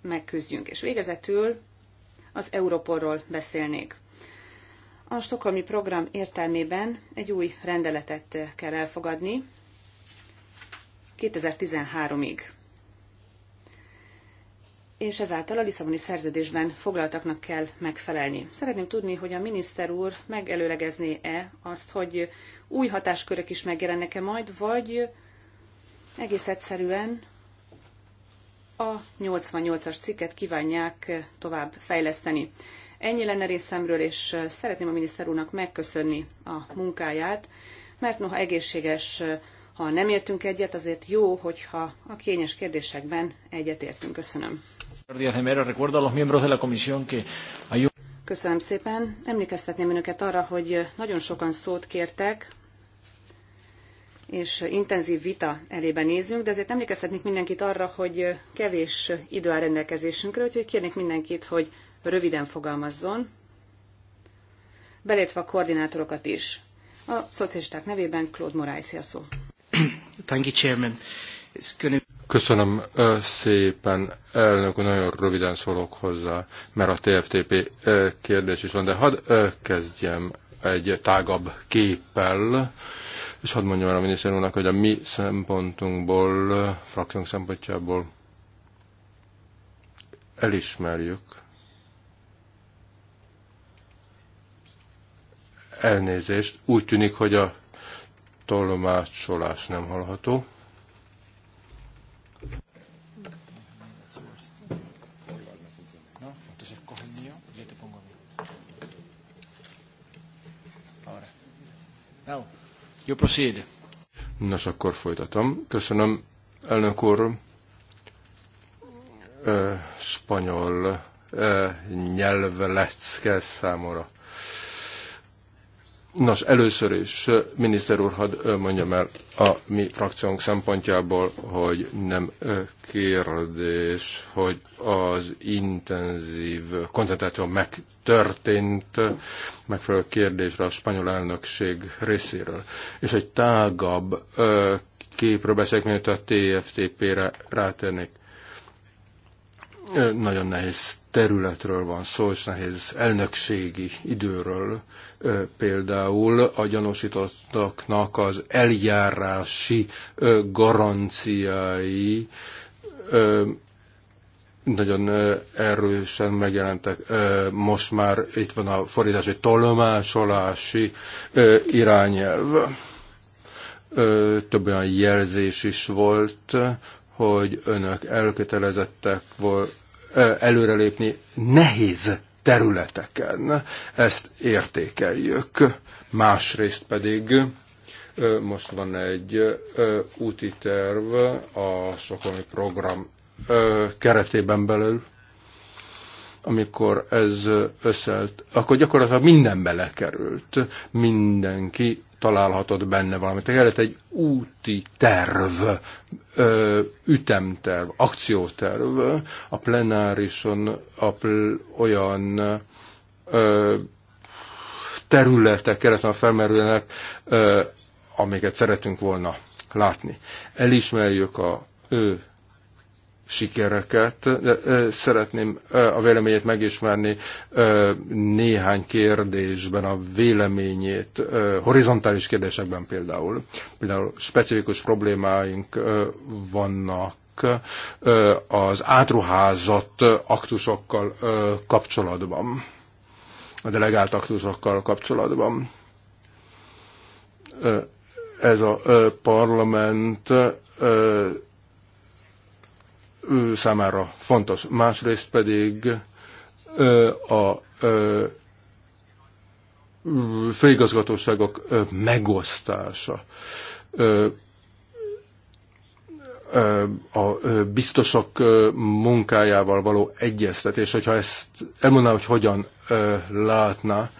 megküzdjünk. És végezetül az Európorról beszélnék. A stokholmi program értelmében egy új rendeletet kell elfogadni 2013-ig és ezáltal a Lisszaboni szerződésben foglaltaknak kell megfelelni. Szeretném tudni, hogy a miniszter úr megelőlegezné-e azt, hogy új hatáskörök is megjelennek-e majd, vagy egész egyszerűen a 88-as cikket kívánják tovább fejleszteni. Ennyi lenne részemről, és szeretném a miniszter úrnak megköszönni a munkáját, mert noha egészséges ha nem értünk egyet, azért jó, hogyha a kényes kérdésekben egyetértünk. Köszönöm. Köszönöm szépen. Emlékeztetném önöket arra, hogy nagyon sokan szót kértek, és intenzív vita elébe nézünk, de azért emlékeztetnék mindenkit arra, hogy kevés idő áll rendelkezésünkre, úgyhogy kérnék mindenkit, hogy röviden fogalmazzon, belétve a koordinátorokat is. A szocialisták nevében Claude Moraes, a szó. Thank you, Chairman. It's gonna... Köszönöm szépen, elnök, nagyon röviden szólok hozzá, mert a TFTP kérdés is van, de hadd kezdjem egy tágabb képpel, és hadd mondjam el a miniszter úrnak, hogy a mi szempontunkból, frakciónk szempontjából elismerjük, elnézést, úgy tűnik, hogy a tolmácsolás nem hallható. Nos, akkor folytatom. Köszönöm, elnök úr. spanyol nyelv lecke számomra. Nos, először is, miniszter úr, hadd mondjam el a mi frakciónk szempontjából, hogy nem kérdés, hogy az intenzív koncentráció megtörtént megfelelő kérdésre a spanyol elnökség részéről. És egy tágabb képről beszélek, mint a TFTP-re rátérnék nagyon nehéz területről van szó, és nehéz elnökségi időről. Például a gyanúsítottaknak az eljárási garanciái nagyon erősen megjelentek. Most már itt van a fordítási tolmácsolási irányelv. Több olyan jelzés is volt, hogy önök elkötelezettek vol, előrelépni nehéz területeken. Ezt értékeljük. Másrészt pedig most van egy úti terv a Sokolmi program keretében belül, amikor ez összelt, akkor gyakorlatilag minden belekerült. Mindenki találhatott benne valamit. Tehát egy úti terv, ütemterv, akcióterv, a plenárison a pl- olyan ö, területek kereten felmerülnek, ö, amiket szeretünk volna látni. Elismerjük a ő sikereket. Szeretném a véleményét megismerni néhány kérdésben, a véleményét, horizontális kérdésekben például. Például specifikus problémáink vannak az átruházott aktusokkal kapcsolatban, a delegált aktusokkal kapcsolatban. Ez a parlament számára fontos. Másrészt pedig a főigazgatóságok megosztása a biztosok munkájával való egyeztetés, hogyha ezt elmondaná, hogy hogyan látná,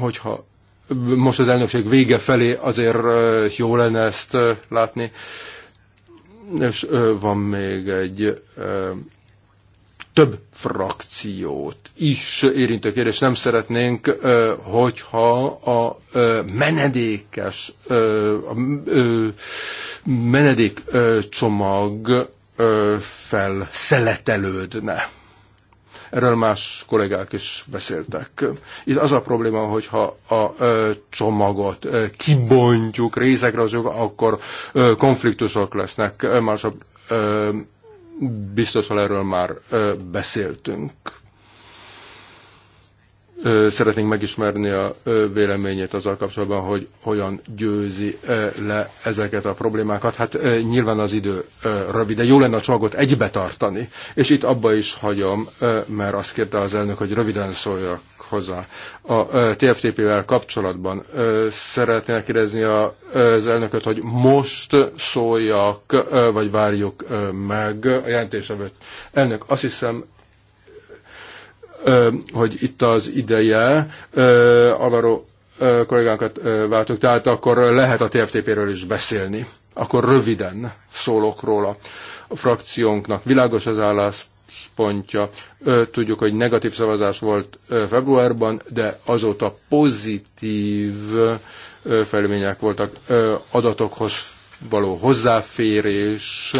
hogyha most az elnökség vége felé azért jó lenne ezt látni, és van még egy több frakciót is érintő kérdés. Nem szeretnénk, hogyha a menedékes, a menedékcsomag felszeletelődne. Erről más kollégák is beszéltek. Itt az a probléma, hogyha a csomagot kibontjuk részekre azok, akkor konfliktusok lesznek. Másabb biztosan erről már beszéltünk szeretnénk megismerni a véleményét azzal kapcsolatban, hogy hogyan győzi le ezeket a problémákat. Hát nyilván az idő rövid, de jó lenne a csomagot egybe tartani. És itt abba is hagyom, mert azt kérte az elnök, hogy röviden szóljak hozzá. A TFTP-vel kapcsolatban szeretnének kérdezni az elnököt, hogy most szóljak, vagy várjuk meg a jelentésevőt. Elnök, azt hiszem hogy itt az ideje, Alvaro kollégánkat váltok, tehát akkor lehet a TFTP-ről is beszélni. Akkor röviden szólok róla. A frakciónknak világos az állás, pontja. Tudjuk, hogy negatív szavazás volt februárban, de azóta pozitív felmények voltak adatokhoz való hozzáférés,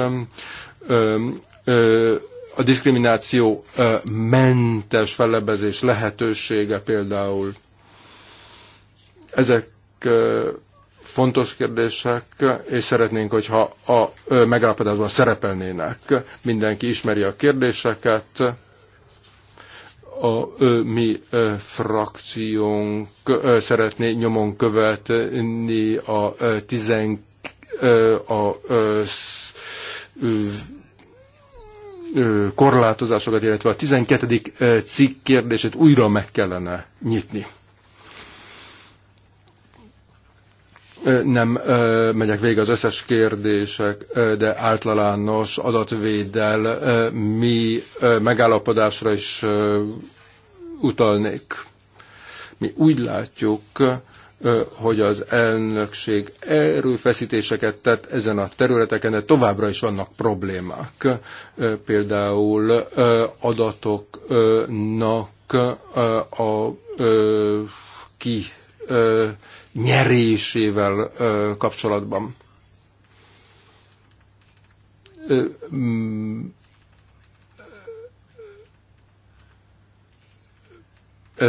a diszkrimináció mentes fellebezés lehetősége például. Ezek fontos kérdések, és szeretnénk, hogyha a megállapodásban szerepelnének. Mindenki ismeri a kérdéseket, a ö, mi ö, frakciónk ö, szeretné nyomon követni a ö, tizen, ö, a ö, sz, ö, korlátozásokat, illetve a 12. cikk kérdését újra meg kellene nyitni. Nem megyek végig az összes kérdések, de általános adatvédel mi megállapodásra is utalnék. Mi úgy látjuk, hogy az elnökség erőfeszítéseket tett ezen a területeken, de továbbra is vannak problémák. Például adatoknak a ki nyerésével kapcsolatban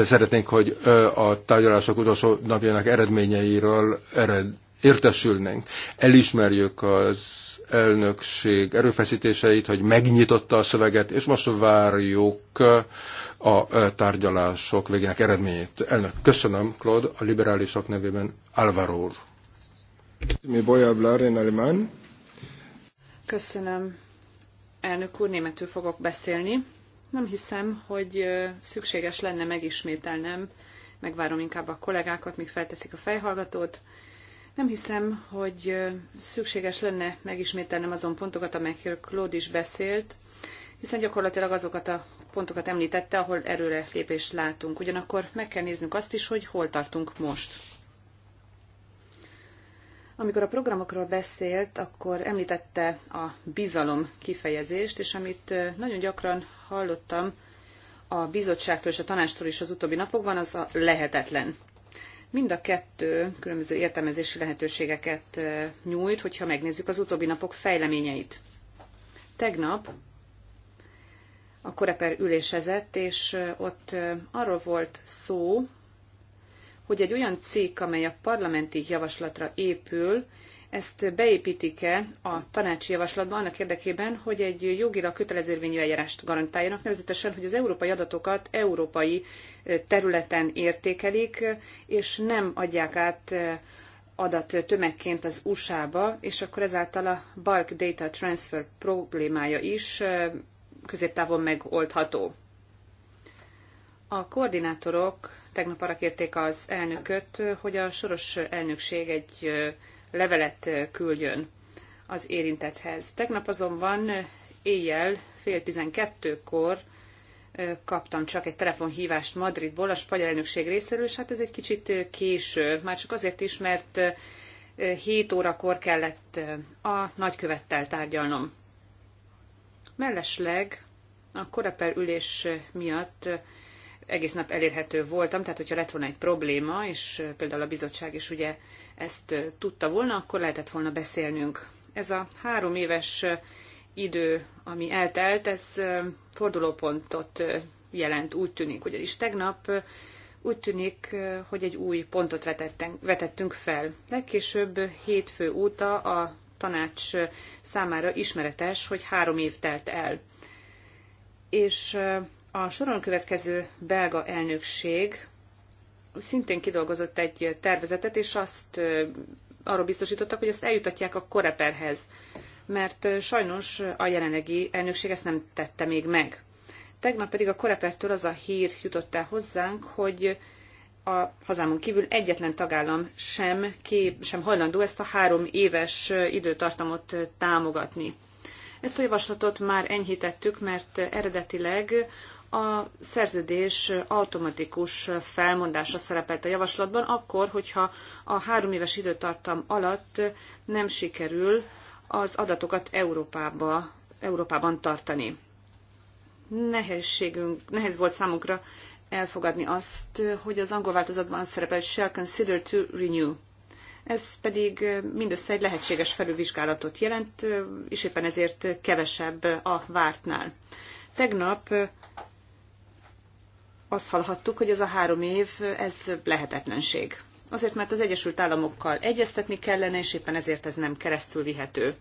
szeretnénk, hogy a tárgyalások utolsó napjának eredményeiről ered, értesülnénk. Elismerjük az elnökség erőfeszítéseit, hogy megnyitotta a szöveget, és most várjuk a tárgyalások végének eredményét. Elnök, köszönöm, Claude, a liberálisok nevében Álvaro úr. Köszönöm. Elnök úr, németül fogok beszélni. Nem hiszem, hogy szükséges lenne megismételnem, megvárom inkább a kollégákat, míg felteszik a fejhallgatót. Nem hiszem, hogy szükséges lenne megismételnem azon pontokat, amelyekről Claude is beszélt, hiszen gyakorlatilag azokat a pontokat említette, ahol erőre lépést látunk. Ugyanakkor meg kell néznünk azt is, hogy hol tartunk most. Amikor a programokról beszélt, akkor említette a bizalom kifejezést, és amit nagyon gyakran hallottam a bizottságtól és a tanástól is az utóbbi napokban, az a lehetetlen. Mind a kettő különböző értelmezési lehetőségeket nyújt, hogyha megnézzük az utóbbi napok fejleményeit. Tegnap a Koreper ülésezett, és ott arról volt szó, hogy egy olyan cikk, amely a parlamenti javaslatra épül, ezt beépítik-e a tanácsi javaslatba annak érdekében, hogy egy jogilag kötelező eljárást garantáljanak, nevezetesen, hogy az európai adatokat európai területen értékelik, és nem adják át adat tömegként az USA-ba, és akkor ezáltal a bulk data transfer problémája is középtávon megoldható. A koordinátorok Tegnap arra kérték az elnököt, hogy a soros elnökség egy levelet küldjön az érintetthez. Tegnap azonban éjjel fél tizenkettőkor kaptam csak egy telefonhívást Madridból a spanyol elnökség részéről, és hát ez egy kicsit késő, már csak azért is, mert 7 órakor kellett a nagykövettel tárgyalnom. Mellesleg a koreper ülés miatt egész nap elérhető voltam, tehát hogyha lett volna egy probléma, és például a bizottság is ugye ezt tudta volna, akkor lehetett volna beszélnünk. Ez a három éves idő, ami eltelt, ez fordulópontot jelent, úgy tűnik. Ugyanis tegnap úgy tűnik, hogy egy új pontot vetettünk fel. Legkésőbb hétfő óta a tanács számára ismeretes, hogy három év telt el. És a soron következő belga elnökség szintén kidolgozott egy tervezetet, és azt arról biztosítottak, hogy ezt eljutatják a koreperhez, mert sajnos a jelenlegi elnökség ezt nem tette még meg. Tegnap pedig a korepertől az a hír jutott el hozzánk, hogy a hazámon kívül egyetlen tagállam sem, kép, sem hajlandó ezt a három éves időtartamot támogatni. Ezt a javaslatot már enyhítettük, mert eredetileg a szerződés automatikus felmondása szerepelt a javaslatban, akkor, hogyha a három éves időtartam alatt nem sikerül az adatokat Európába, Európában tartani. Nehézségünk, nehéz volt számunkra elfogadni azt, hogy az angol változatban szerepelt shall consider to renew. Ez pedig mindössze egy lehetséges felülvizsgálatot jelent, és éppen ezért kevesebb a vártnál. Tegnap azt hallhattuk, hogy ez a három év, ez lehetetlenség. Azért, mert az Egyesült Államokkal egyeztetni kellene, és éppen ezért ez nem keresztül vihető.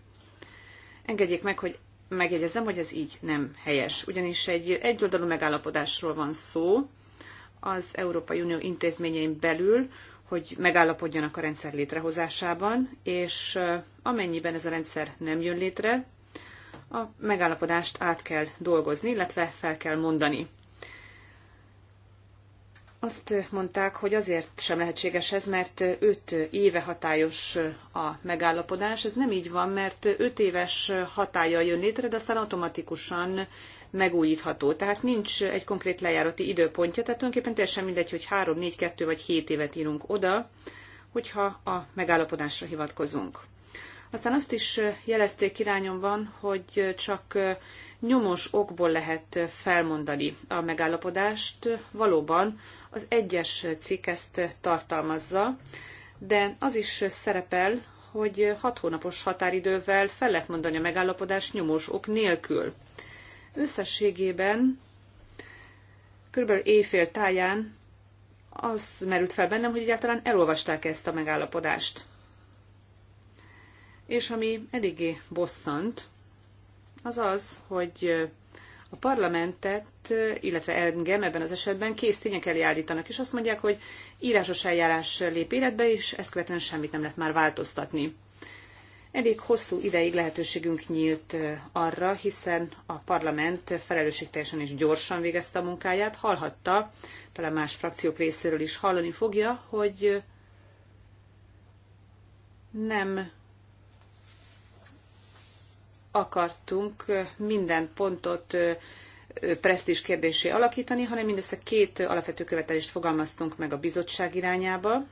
Engedjék meg, hogy megjegyezzem, hogy ez így nem helyes. Ugyanis egy egyoldalú megállapodásról van szó az Európai Unió intézményein belül, hogy megállapodjanak a rendszer létrehozásában, és eh, amennyiben ez a rendszer nem jön létre, a megállapodást át kell dolgozni, illetve fel kell mondani. Azt mondták, hogy azért sem lehetséges ez, mert 5 éve hatályos a megállapodás. Ez nem így van, mert 5 éves hatája jön létre, de aztán automatikusan megújítható. Tehát nincs egy konkrét lejárati időpontja, tehát tulajdonképpen teljesen mindegy, hogy 3, 4, 2 vagy 7 évet írunk oda, hogyha a megállapodásra hivatkozunk. Aztán azt is jelezték irányomban, hogy csak nyomos okból lehet felmondani a megállapodást. Valóban az egyes cikk ezt tartalmazza, de az is szerepel, hogy hat hónapos határidővel fel lehet mondani a megállapodás nyomós ok nélkül. Összességében körülbelül éjfél táján az merült fel bennem, hogy egyáltalán elolvasták ezt a megállapodást. És ami eléggé bosszant, az az, hogy a parlamentet, illetve engem ebben az esetben kész tények elé állítanak, és azt mondják, hogy írásos eljárás lép életbe, és ezt követően semmit nem lehet már változtatni. Elég hosszú ideig lehetőségünk nyílt arra, hiszen a parlament felelősségteljesen és gyorsan végezte a munkáját. Hallhatta, talán más frakciók részéről is hallani fogja, hogy nem akartunk minden pontot presztízs kérdésé alakítani, hanem mindössze két alapvető követelést fogalmaztunk meg a bizottság irányába,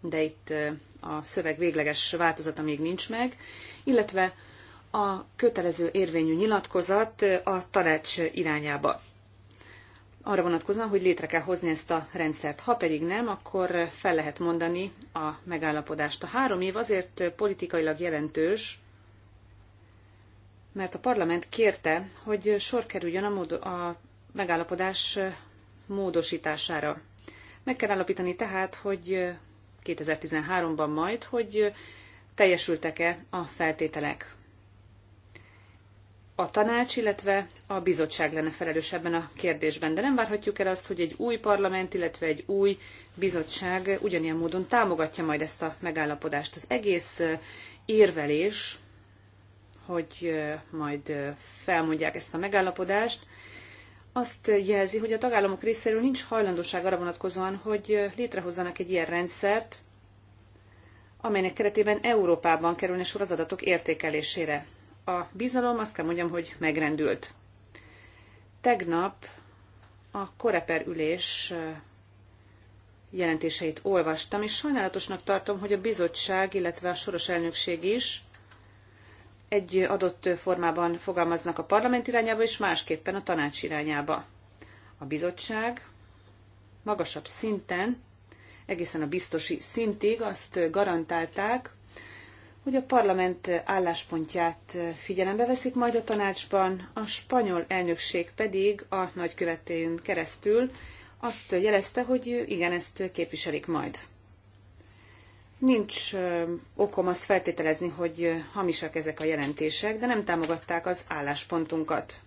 de itt a szöveg végleges változata még nincs meg, illetve a kötelező érvényű nyilatkozat a tanács irányába. Arra vonatkozóan, hogy létre kell hozni ezt a rendszert. Ha pedig nem, akkor fel lehet mondani a megállapodást. A három év azért politikailag jelentős, mert a parlament kérte, hogy sor kerüljön a, mód, a megállapodás módosítására. Meg kell állapítani tehát, hogy 2013-ban majd, hogy teljesültek-e a feltételek. A tanács, illetve a bizottság lenne felelős ebben a kérdésben, de nem várhatjuk el azt, hogy egy új parlament, illetve egy új bizottság ugyanilyen módon támogatja majd ezt a megállapodást. Az egész érvelés hogy majd felmondják ezt a megállapodást, azt jelzi, hogy a tagállamok részéről nincs hajlandóság arra vonatkozóan, hogy létrehozzanak egy ilyen rendszert, amelynek keretében Európában kerülne sor az adatok értékelésére. A bizalom azt kell mondjam, hogy megrendült. Tegnap a Koreper ülés jelentéseit olvastam, és sajnálatosnak tartom, hogy a bizottság, illetve a soros elnökség is egy adott formában fogalmaznak a parlament irányába, és másképpen a tanács irányába. A bizottság magasabb szinten, egészen a biztosi szintig azt garantálták, hogy a parlament álláspontját figyelembe veszik majd a tanácsban, a spanyol elnökség pedig a nagykövetén keresztül azt jelezte, hogy igen, ezt képviselik majd. Nincs okom azt feltételezni, hogy hamisak ezek a jelentések, de nem támogatták az álláspontunkat.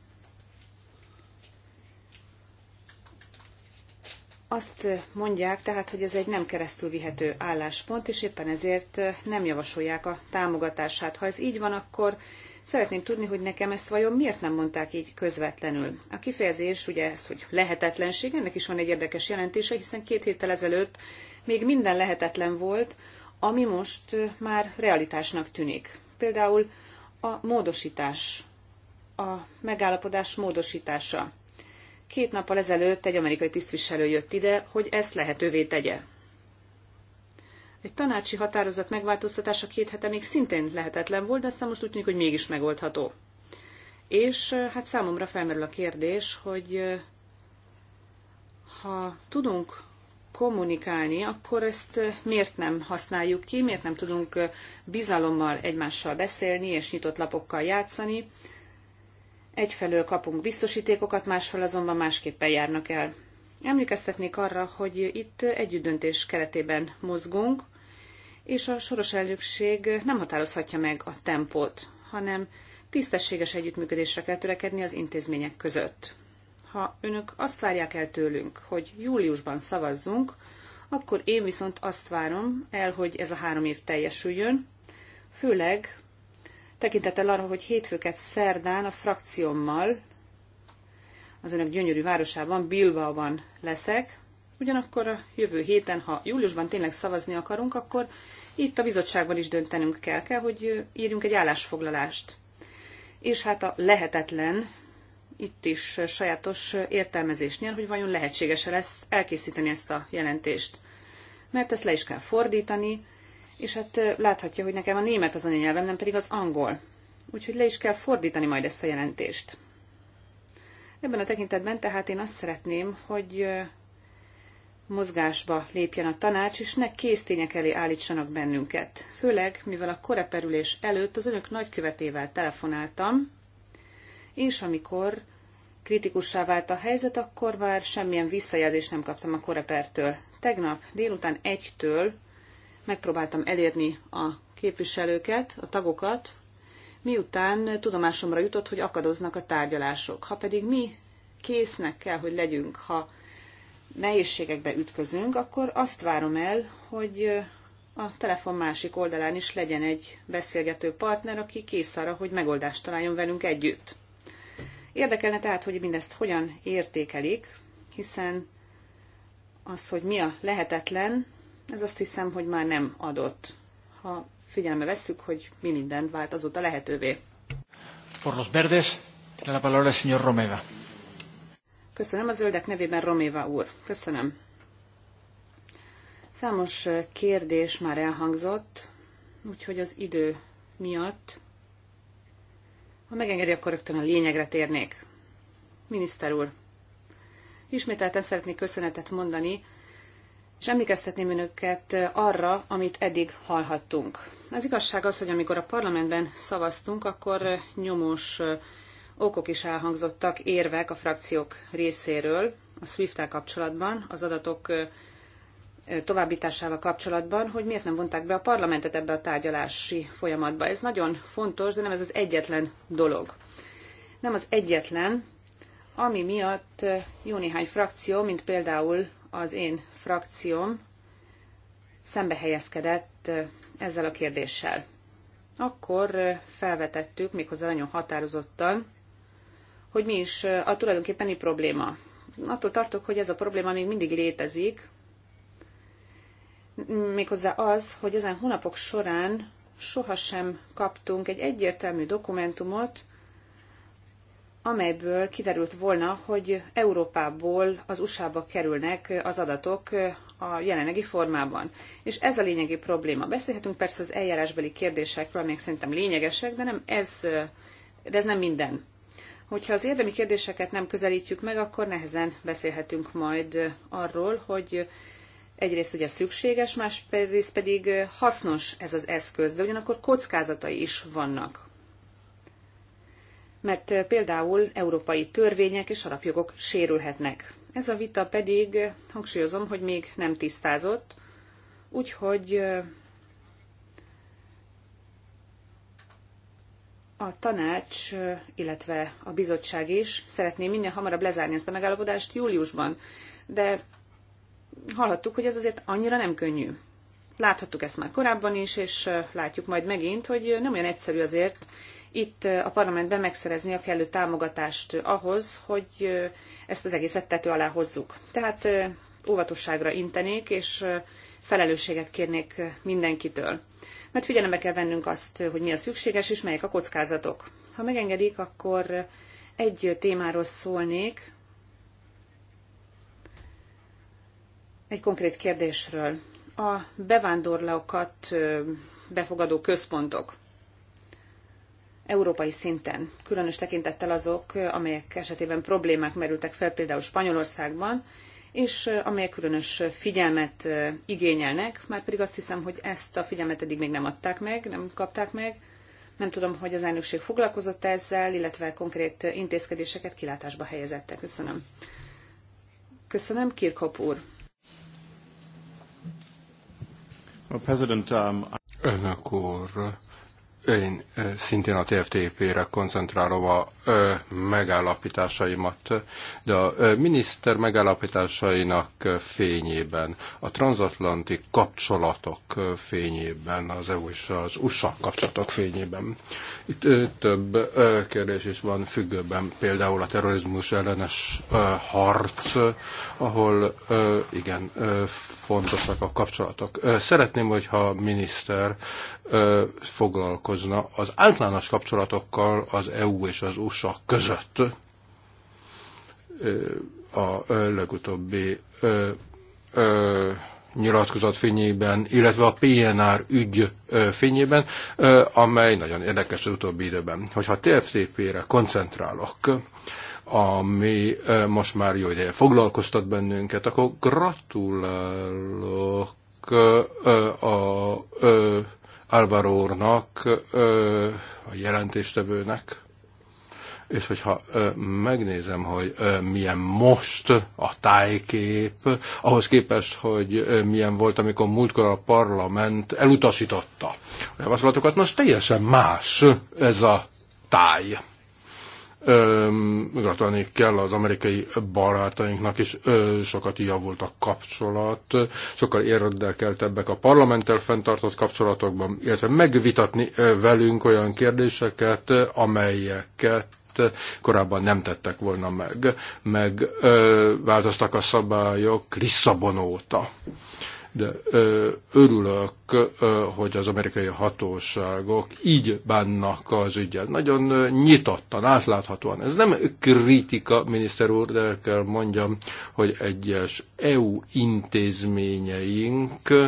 Azt mondják tehát, hogy ez egy nem keresztülvihető álláspont, és éppen ezért nem javasolják a támogatását. Ha ez így van, akkor szeretném tudni, hogy nekem ezt vajon miért nem mondták így közvetlenül. A kifejezés ugye ez, hogy lehetetlenség, ennek is van egy érdekes jelentése, hiszen két héttel ezelőtt még minden lehetetlen volt, ami most már realitásnak tűnik. Például a módosítás, a megállapodás módosítása. Két nappal ezelőtt egy amerikai tisztviselő jött ide, hogy ezt lehetővé tegye. Egy tanácsi határozat megváltoztatása két hete még szintén lehetetlen volt, de aztán most úgy tűnik, hogy mégis megoldható. És hát számomra felmerül a kérdés, hogy ha tudunk kommunikálni, akkor ezt miért nem használjuk ki, miért nem tudunk bizalommal egymással beszélni és nyitott lapokkal játszani. Egyfelől kapunk biztosítékokat, másfelől azonban másképpen járnak el. Emlékeztetnék arra, hogy itt együttdöntés keretében mozgunk, és a soros elnökség nem határozhatja meg a tempót, hanem tisztességes együttműködésre kell törekedni az intézmények között. Ha önök azt várják el tőlünk, hogy júliusban szavazzunk, akkor én viszont azt várom el, hogy ez a három év teljesüljön, főleg tekintettel arra, hogy hétfőket szerdán a frakciómmal az önök gyönyörű városában, Bilbaoban leszek, Ugyanakkor a jövő héten, ha júliusban tényleg szavazni akarunk, akkor itt a bizottságban is döntenünk kell, kell, hogy írjunk egy állásfoglalást. És hát a lehetetlen itt is sajátos értelmezés nyer, hogy vajon lehetséges-e lesz elkészíteni ezt a jelentést. Mert ezt le is kell fordítani, és hát láthatja, hogy nekem a német az anyanyelvem, nem pedig az angol. Úgyhogy le is kell fordítani majd ezt a jelentést. Ebben a tekintetben tehát én azt szeretném, hogy mozgásba lépjen a tanács, és ne késztények elé állítsanak bennünket. Főleg, mivel a koreperülés előtt az önök nagykövetével telefonáltam, és amikor kritikussá vált a helyzet, akkor már semmilyen visszajelzést nem kaptam a korepertől. Tegnap délután egytől megpróbáltam elérni a képviselőket, a tagokat, miután tudomásomra jutott, hogy akadoznak a tárgyalások. Ha pedig mi késznek kell, hogy legyünk, ha nehézségekbe ütközünk, akkor azt várom el, hogy a telefon másik oldalán is legyen egy beszélgető partner, aki kész arra, hogy megoldást találjon velünk együtt. Érdekelne tehát, hogy mindezt hogyan értékelik, hiszen az, hogy mi a lehetetlen, ez azt hiszem, hogy már nem adott, ha figyelme vesszük, hogy mi minden vált azóta lehetővé. Por los verdes, tiene la palabra el señor Romeva. Köszönöm a zöldek nevében, Roméva úr. Köszönöm. Számos kérdés már elhangzott, úgyhogy az idő miatt ha megengedi, akkor rögtön a lényegre térnék. Miniszter úr, ismételten szeretnék köszönetet mondani, és emlékeztetném önöket arra, amit eddig hallhattunk. Az igazság az, hogy amikor a parlamentben szavaztunk, akkor nyomós okok is elhangzottak, érvek a frakciók részéről a swift kapcsolatban, az adatok továbbításával kapcsolatban, hogy miért nem vonták be a parlamentet ebbe a tárgyalási folyamatba. Ez nagyon fontos, de nem ez az egyetlen dolog. Nem az egyetlen, ami miatt jó néhány frakció, mint például az én frakcióm, szembe helyezkedett ezzel a kérdéssel. Akkor felvetettük méghozzá nagyon határozottan, hogy mi is a tulajdonképpeni probléma. Attól tartok, hogy ez a probléma még mindig létezik, méghozzá az, hogy ezen hónapok során sohasem kaptunk egy egyértelmű dokumentumot, amelyből kiderült volna, hogy Európából az USA-ba kerülnek az adatok a jelenlegi formában. És ez a lényegi probléma. Beszélhetünk persze az eljárásbeli kérdésekről, amelyek szerintem lényegesek, de nem ez, de ez nem minden. Hogyha az érdemi kérdéseket nem közelítjük meg, akkor nehezen beszélhetünk majd arról, hogy Egyrészt ugye szükséges, másrészt pedig hasznos ez az eszköz, de ugyanakkor kockázatai is vannak. Mert például európai törvények és alapjogok sérülhetnek. Ez a vita pedig, hangsúlyozom, hogy még nem tisztázott, úgyhogy a tanács, illetve a bizottság is szeretné minél hamarabb lezárni ezt a megállapodást júliusban, de hallhattuk, hogy ez azért annyira nem könnyű. Láthattuk ezt már korábban is, és látjuk majd megint, hogy nem olyan egyszerű azért itt a parlamentben megszerezni a kellő támogatást ahhoz, hogy ezt az egészet tető alá hozzuk. Tehát óvatosságra intenék, és felelősséget kérnék mindenkitől. Mert figyelembe kell vennünk azt, hogy mi a szükséges, és melyek a kockázatok. Ha megengedik, akkor egy témáról szólnék, egy konkrét kérdésről. A bevándorlókat befogadó központok európai szinten, különös tekintettel azok, amelyek esetében problémák merültek fel például Spanyolországban, és amelyek különös figyelmet igényelnek, már pedig azt hiszem, hogy ezt a figyelmet eddig még nem adták meg, nem kapták meg. Nem tudom, hogy az elnökség foglalkozott -e ezzel, illetve konkrét intézkedéseket kilátásba helyezette. Köszönöm. Köszönöm, Kirkhop úr. President, Önök um, úr, én szintén a TFTP-re koncentrálom a megállapításaimat, de a miniszter megállapításainak fényében, a transatlanti kapcsolatok fényében, az EU és az USA kapcsolatok fényében. Itt több kérdés is van függőben, például a terrorizmus ellenes harc, ahol igen, fontosak a kapcsolatok. Szeretném, hogyha a miniszter foglalkozna az általános kapcsolatokkal az EU és az USA között. A legutóbbi nyilatkozat fényében, illetve a PNR ügy fényében, amely nagyon érdekes az utóbbi időben. Hogyha a TFTP-re koncentrálok, ami most már jó ideje foglalkoztat bennünket, akkor gratulálok a, a, a Álvaro úrnak, a jelentéstevőnek, és hogyha megnézem, hogy milyen most a tájkép, ahhoz képest, hogy milyen volt, amikor múltkor a parlament elutasította a javaslatokat, most teljesen más ez a táj gratulálni kell az amerikai barátainknak is, ö, sokat javult a kapcsolat, sokkal érdekeltebbek a parlamenttel fenntartott kapcsolatokban, illetve megvitatni velünk olyan kérdéseket, amelyeket korábban nem tettek volna meg, meg ö, változtak a szabályok Lisszabon óta de ö, örülök, ö, hogy az amerikai hatóságok így bánnak az ügyel. Nagyon ö, nyitottan, átláthatóan. Ez nem kritika, miniszter úr, de kell mondjam, hogy egyes EU intézményeink ö,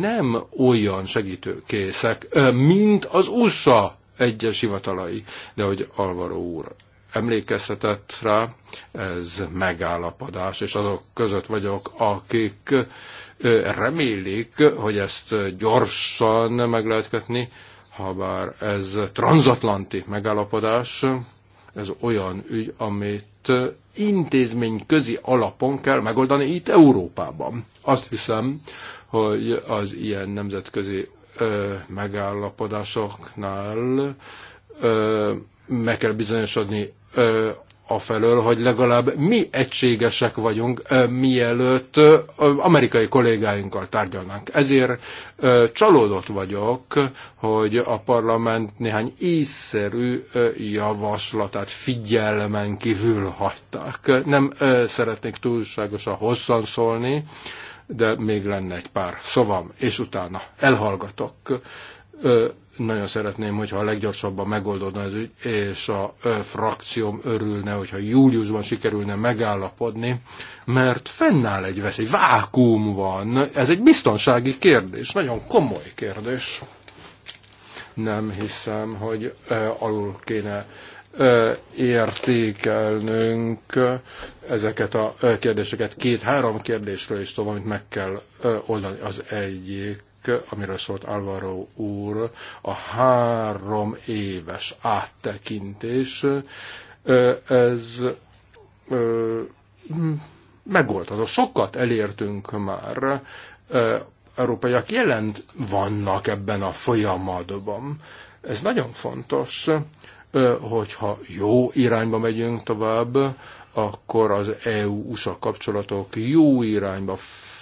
nem olyan segítőkészek, ö, mint az USA egyes hivatalai. De hogy Alvaro úr emlékeztetett rá, ez megállapodás, és azok között vagyok, akik remélik, hogy ezt gyorsan meg lehet kötni, ha bár ez transatlanti megállapodás, ez olyan ügy, amit intézményközi alapon kell megoldani itt Európában. Azt hiszem, hogy az ilyen nemzetközi ö, megállapodásoknál ö, meg kell bizonyosodni ö, afelől, hogy legalább mi egységesek vagyunk, mielőtt amerikai kollégáinkkal tárgyalnánk. Ezért csalódott vagyok, hogy a parlament néhány ízszerű javaslatát figyelmen kívül hagyták. Nem szeretnék túlságosan hosszan szólni, de még lenne egy pár szavam, és utána elhallgatok nagyon szeretném, hogyha a leggyorsabban megoldódna az ügy, és a frakcióm örülne, hogyha júliusban sikerülne megállapodni, mert fennáll egy veszély, vákum van. Ez egy biztonsági kérdés, nagyon komoly kérdés. Nem hiszem, hogy ö, alul kéne értékelnünk ezeket a kérdéseket. Két-három kérdésről is tovább, amit meg kell oldani. Az egyik amiről szólt Alvaro úr, a három éves áttekintés, ez megoldható. Sokat elértünk már, európaiak jelent vannak ebben a folyamatban. Ez nagyon fontos, hogyha jó irányba megyünk tovább, akkor az EU-USA kapcsolatok jó irányba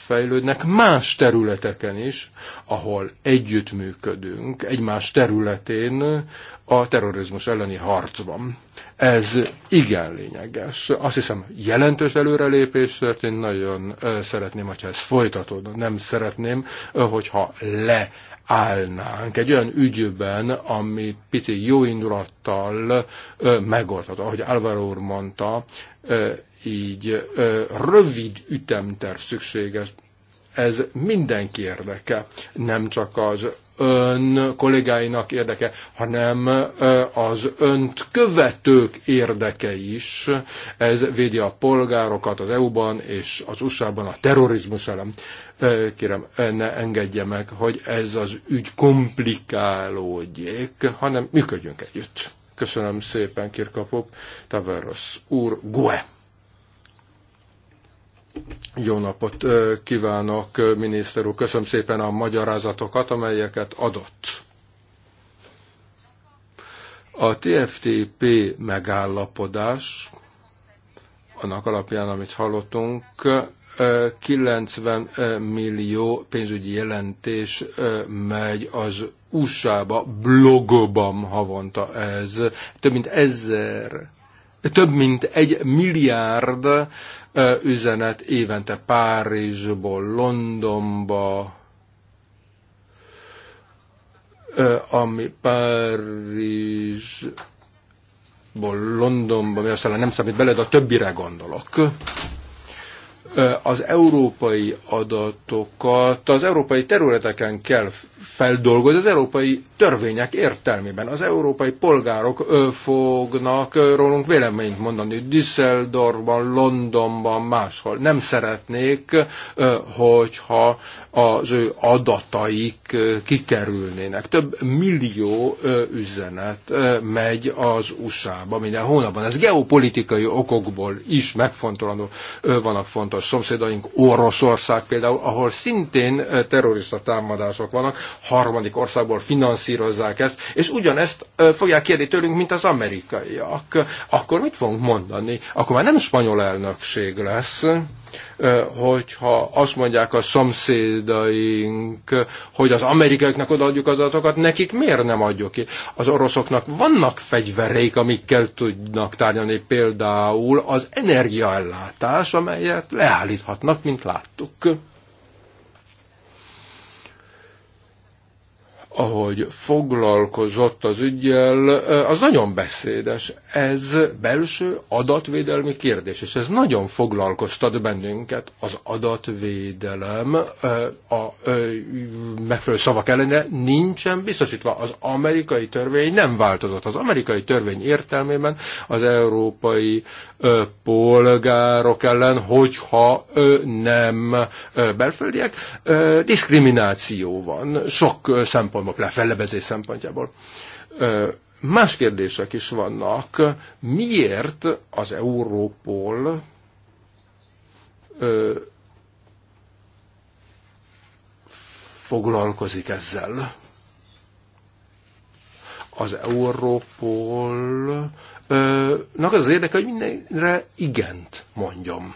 fejlődnek más területeken is, ahol együttműködünk egymás területén a terrorizmus elleni harcban. Ez igen lényeges. Azt hiszem, jelentős előrelépés én nagyon szeretném, hogyha ez folytatódna. Nem szeretném, hogyha le állnánk egy olyan ügyben, ami pici jó indulattal megoldható. Ahogy Álvaro úr mondta, így rövid ütemterv szükséges. Ez mindenki érdeke, nem csak az ön kollégáinak érdeke, hanem az önt követők érdeke is. Ez védi a polgárokat az EU-ban és az USA-ban a terrorizmus ellen. Kérem, ne engedje meg, hogy ez az ügy komplikálódjék, hanem működjünk együtt. Köszönöm szépen, Kirkapop, Taveros úr, Gue. Jó napot kívánok, miniszter úr. Köszönöm szépen a magyarázatokat, amelyeket adott. A TFTP megállapodás, annak alapján, amit hallottunk, 90 millió pénzügyi jelentés megy az USA-ba, blogobam havonta ez. Több mint ezer, több mint egy milliárd üzenet évente Párizsból, Londonba, ami Párizsból, Londonba, mi aztán nem számít bele, de a többire gondolok. Az európai adatokat az európai területeken kell feldolgoz az európai törvények értelmében. Az európai polgárok ö, fognak ö, rólunk véleményt mondani Düsseldorfban, Londonban, máshol. Nem szeretnék, ö, hogyha az ő adataik ö, kikerülnének. Több millió ö, üzenet ö, megy az USA-ba minden hónapban. Ez geopolitikai okokból is megfontolandó. Ö, vannak fontos szomszédaink, Oroszország például, ahol szintén terrorista támadások vannak, harmadik országból finanszírozzák ezt, és ugyanezt fogják kérni tőlünk, mint az amerikaiak. Akkor mit fogunk mondani? Akkor már nem spanyol elnökség lesz, hogyha azt mondják a szomszédaink, hogy az amerikaiaknak odaadjuk az adatokat, nekik miért nem adjuk ki? Az oroszoknak vannak fegyvereik, amikkel tudnak tárgyalni, például az energiaellátás, amelyet leállíthatnak, mint láttuk. ahogy foglalkozott az ügyjel, eh, az nagyon beszédes. Ez belső adatvédelmi kérdés, és ez nagyon foglalkoztat bennünket. Az adatvédelem eh, a eh, megfelelő szavak ellene nincsen biztosítva. Az amerikai törvény nem változott. Az amerikai törvény értelmében az európai polgárok ellen, hogyha nem belföldiek, diszkrimináció van sok szempontból tagállamok lefelebezés szempontjából. Más kérdések is vannak. Miért az Európol foglalkozik ezzel? Az Európolnak az az érdeke, hogy mindenre igent mondjam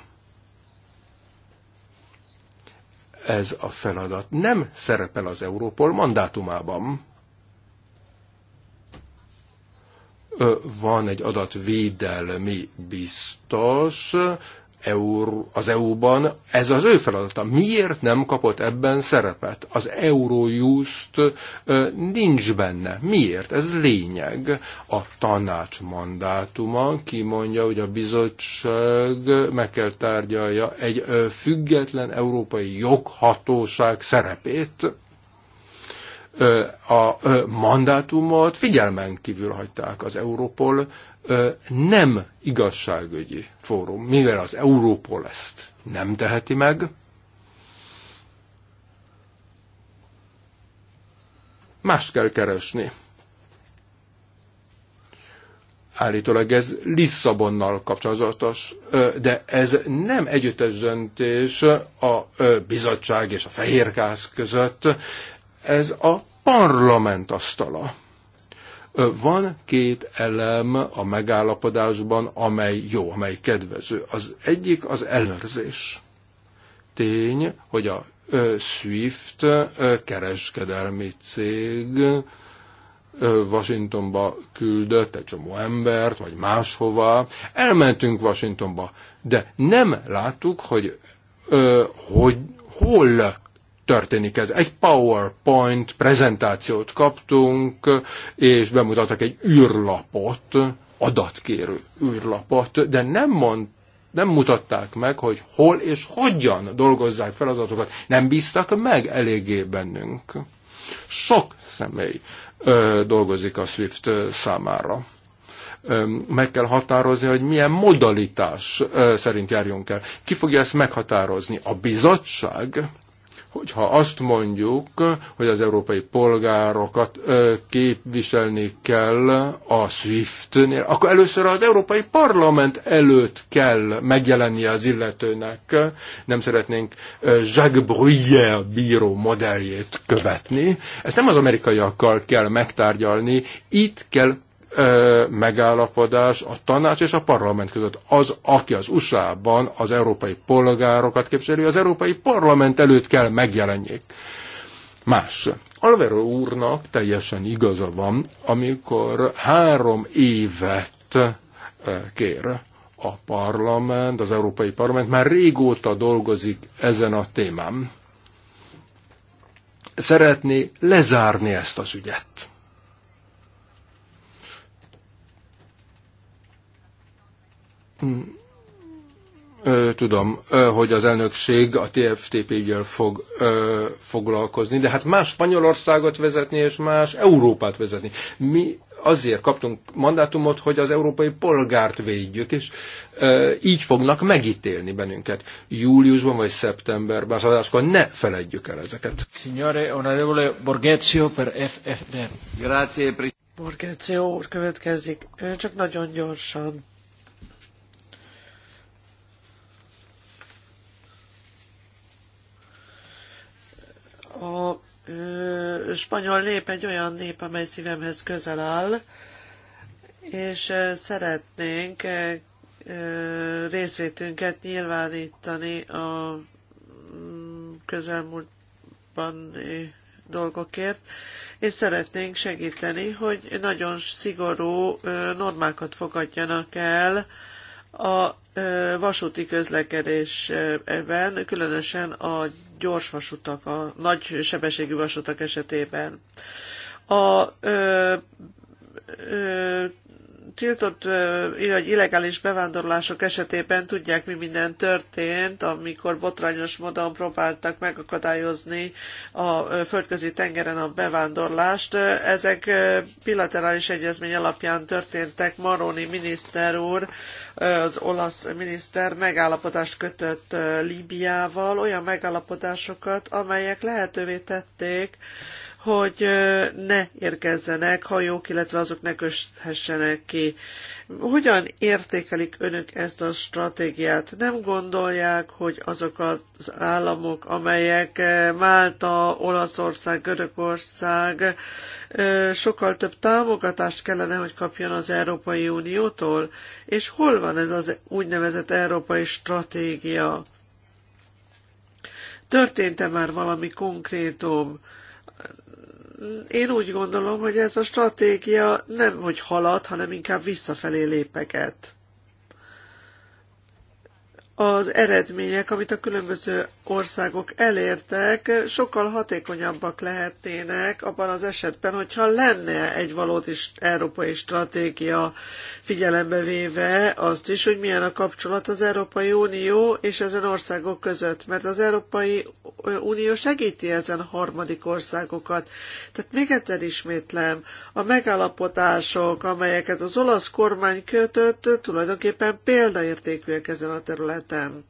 ez a feladat. Nem szerepel az Európol mandátumában. Van egy adatvédelmi biztos, az EU-ban, ez az ő feladata. Miért nem kapott ebben szerepet? Az Eurojust nincs benne. Miért? Ez lényeg. A tanács mandátuma kimondja, hogy a bizottság meg kell tárgyalja egy független európai joghatóság szerepét. A mandátumot figyelmen kívül hagyták az Europol nem igazságügyi fórum, mivel az Európol ezt nem teheti meg, más kell keresni. Állítólag ez Lisszabonnal kapcsolatos, de ez nem együttes döntés a bizottság és a fehérkáz között, ez a parlament asztala. Van két elem a megállapodásban, amely jó, amely kedvező. Az egyik az ellenőrzés. Tény, hogy a SWIFT kereskedelmi cég Washingtonba küldött egy csomó embert, vagy máshova. Elmentünk Washingtonba, de nem láttuk, hogy, hogy hol történik ez. Egy PowerPoint prezentációt kaptunk, és bemutattak egy űrlapot, adatkérő űrlapot, de nem mond, nem mutatták meg, hogy hol és hogyan dolgozzák feladatokat. Nem bíztak meg eléggé bennünk. Sok személy ö, dolgozik a SWIFT számára meg kell határozni, hogy milyen modalitás szerint járjunk el. Ki fogja ezt meghatározni? A bizottság hogyha azt mondjuk, hogy az európai polgárokat képviselni kell a SWIFT-nél, akkor először az Európai Parlament előtt kell megjelennie az illetőnek. Nem szeretnénk Jacques Bruyère bíró modelljét követni. Ezt nem az amerikaiakkal kell megtárgyalni, itt kell megállapodás a tanács és a parlament között. Az, aki az USA-ban az európai polgárokat képviseli, az európai parlament előtt kell megjelenjék. Más. Alvaro úrnak teljesen igaza van, amikor három évet kér a parlament, az Európai Parlament már régóta dolgozik ezen a témán. Szeretné lezárni ezt az ügyet. Tudom, hogy az elnökség a TFTP ügyel fog ö, foglalkozni, de hát más Spanyolországot vezetni és más Európát vezetni. Mi azért kaptunk mandátumot, hogy az európai polgárt védjük, és ö, így fognak megítélni bennünket. Júliusban vagy szeptemberben, az adáskor ne feledjük el ezeket. Signore onorevole Borghezio per FFD. Grazie. Borghezio úr következik. Ön csak nagyon gyorsan. a ö, spanyol nép egy olyan nép, amely szívemhez közel áll, és szeretnénk ö, részvétünket nyilvánítani a mm, közelmúltban dolgokért, és szeretnénk segíteni, hogy nagyon szigorú normákat fogadjanak el, a vasúti közlekedésben, különösen a gyors vasutak, a nagy sebességű vasutak esetében. A ö, ö, tiltott ö, illegális bevándorlások esetében tudják, mi minden történt, amikor botrányos módon próbáltak megakadályozni a földközi tengeren a bevándorlást. Ezek bilaterális egyezmény alapján történtek. Maroni miniszter úr az olasz miniszter megállapodást kötött Líbiával, olyan megállapodásokat, amelyek lehetővé tették, hogy ne érkezzenek hajók, illetve azok ne köshessenek ki. Hogyan értékelik önök ezt a stratégiát? Nem gondolják, hogy azok az államok, amelyek Málta, Olaszország, Görögország sokkal több támogatást kellene, hogy kapjon az Európai Uniótól? És hol van ez az úgynevezett európai stratégia? Történt-e már valami konkrétum? én úgy gondolom, hogy ez a stratégia nem hogy halad, hanem inkább visszafelé lépeket. Az eredmények, amit a különböző országok elértek, sokkal hatékonyabbak lehetnének abban az esetben, hogyha lenne egy valódi európai stratégia figyelembe véve azt is, hogy milyen a kapcsolat az Európai Unió és ezen országok között, mert az Európai Unió segíti ezen harmadik országokat. Tehát még egyszer ismétlem, a megállapodások, amelyeket az olasz kormány kötött, tulajdonképpen példaértékűek ezen a területen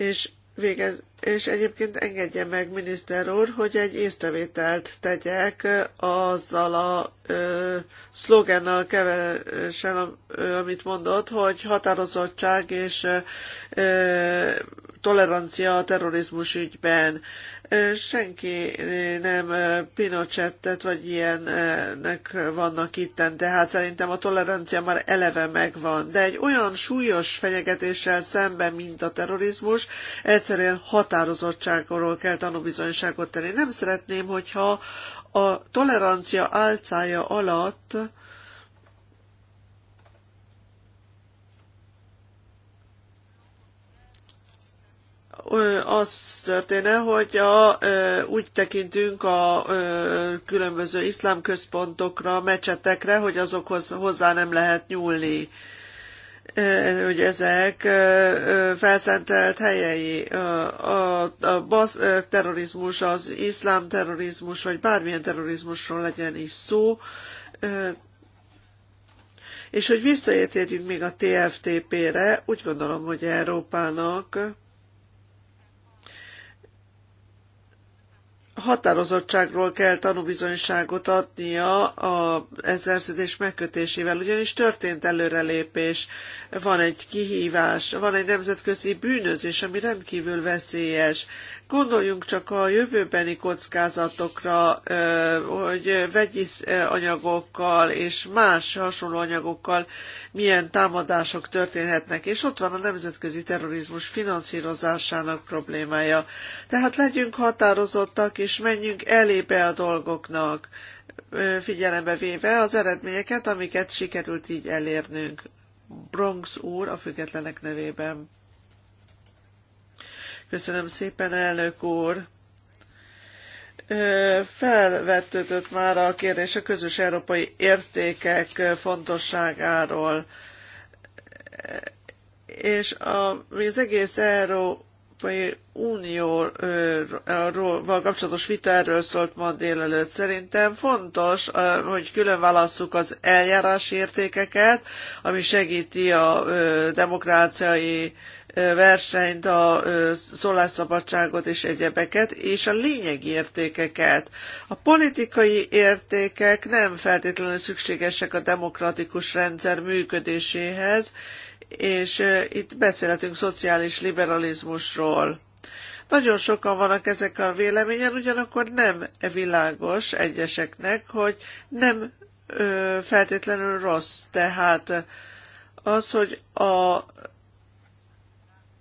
és végez, és egyébként engedje meg, miniszter úr, hogy egy észrevételt tegyek azzal a ö, szlogennal kevesen, amit mondott, hogy határozottság és ö, tolerancia a terrorizmus ügyben senki nem Pinochettet vagy ilyennek vannak itten, tehát szerintem a tolerancia már eleve megvan. De egy olyan súlyos fenyegetéssel szemben, mint a terrorizmus, egyszerűen határozottságról kell tanúbizonyságot tenni. Nem szeretném, hogyha a tolerancia álcája alatt az történne, hogy a, úgy tekintünk a különböző iszlám központokra, mecsetekre, hogy azokhoz hozzá nem lehet nyúlni hogy ezek felszentelt helyei, a, a basz terrorizmus, az iszlám terrorizmus, vagy bármilyen terrorizmusról legyen is szó, és hogy visszaértérjünk még a TFTP-re, úgy gondolom, hogy Európának határozottságról kell tanúbizonyságot adnia a szerződés megkötésével, ugyanis történt előrelépés, van egy kihívás, van egy nemzetközi bűnözés, ami rendkívül veszélyes. Gondoljunk csak a jövőbeni kockázatokra, hogy vegyi anyagokkal és más hasonló anyagokkal milyen támadások történhetnek, és ott van a nemzetközi terrorizmus finanszírozásának problémája. Tehát legyünk határozottak, és menjünk elébe a dolgoknak, figyelembe véve az eredményeket, amiket sikerült így elérnünk. Bronx úr a függetlenek nevében. Köszönöm szépen, elnök úr! Felvetődött már a kérdés a közös európai értékek fontosságáról, és a, az egész Európai Unióval kapcsolatos vita erről szólt ma délelőtt. Szerintem fontos, hogy külön válasszuk az eljárási értékeket, ami segíti a demokráciai versenyt, a szólásszabadságot és egyebeket, és a lényegi értékeket. A politikai értékek nem feltétlenül szükségesek a demokratikus rendszer működéséhez, és itt beszélhetünk szociális liberalizmusról. Nagyon sokan vannak ezek a véleményen, ugyanakkor nem e világos egyeseknek, hogy nem feltétlenül rossz. Tehát az, hogy a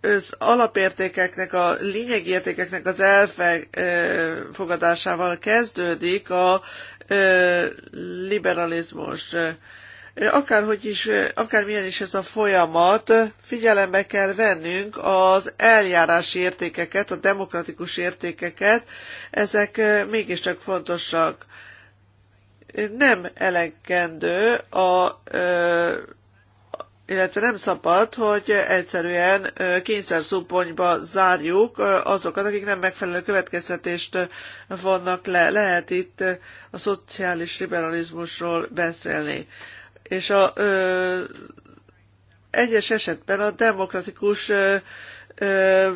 az alapértékeknek, a lényegi értékeknek az elfogadásával kezdődik a liberalizmus. Akárhogy is, akármilyen is ez a folyamat, figyelembe kell vennünk az eljárási értékeket, a demokratikus értékeket, ezek mégiscsak fontosak. Nem elegendő a illetve nem szabad, hogy egyszerűen szuponyba zárjuk azokat, akik nem megfelelő következtetést vannak le. Lehet itt a szociális liberalizmusról beszélni. És a ö, egyes esetben a demokratikus ö,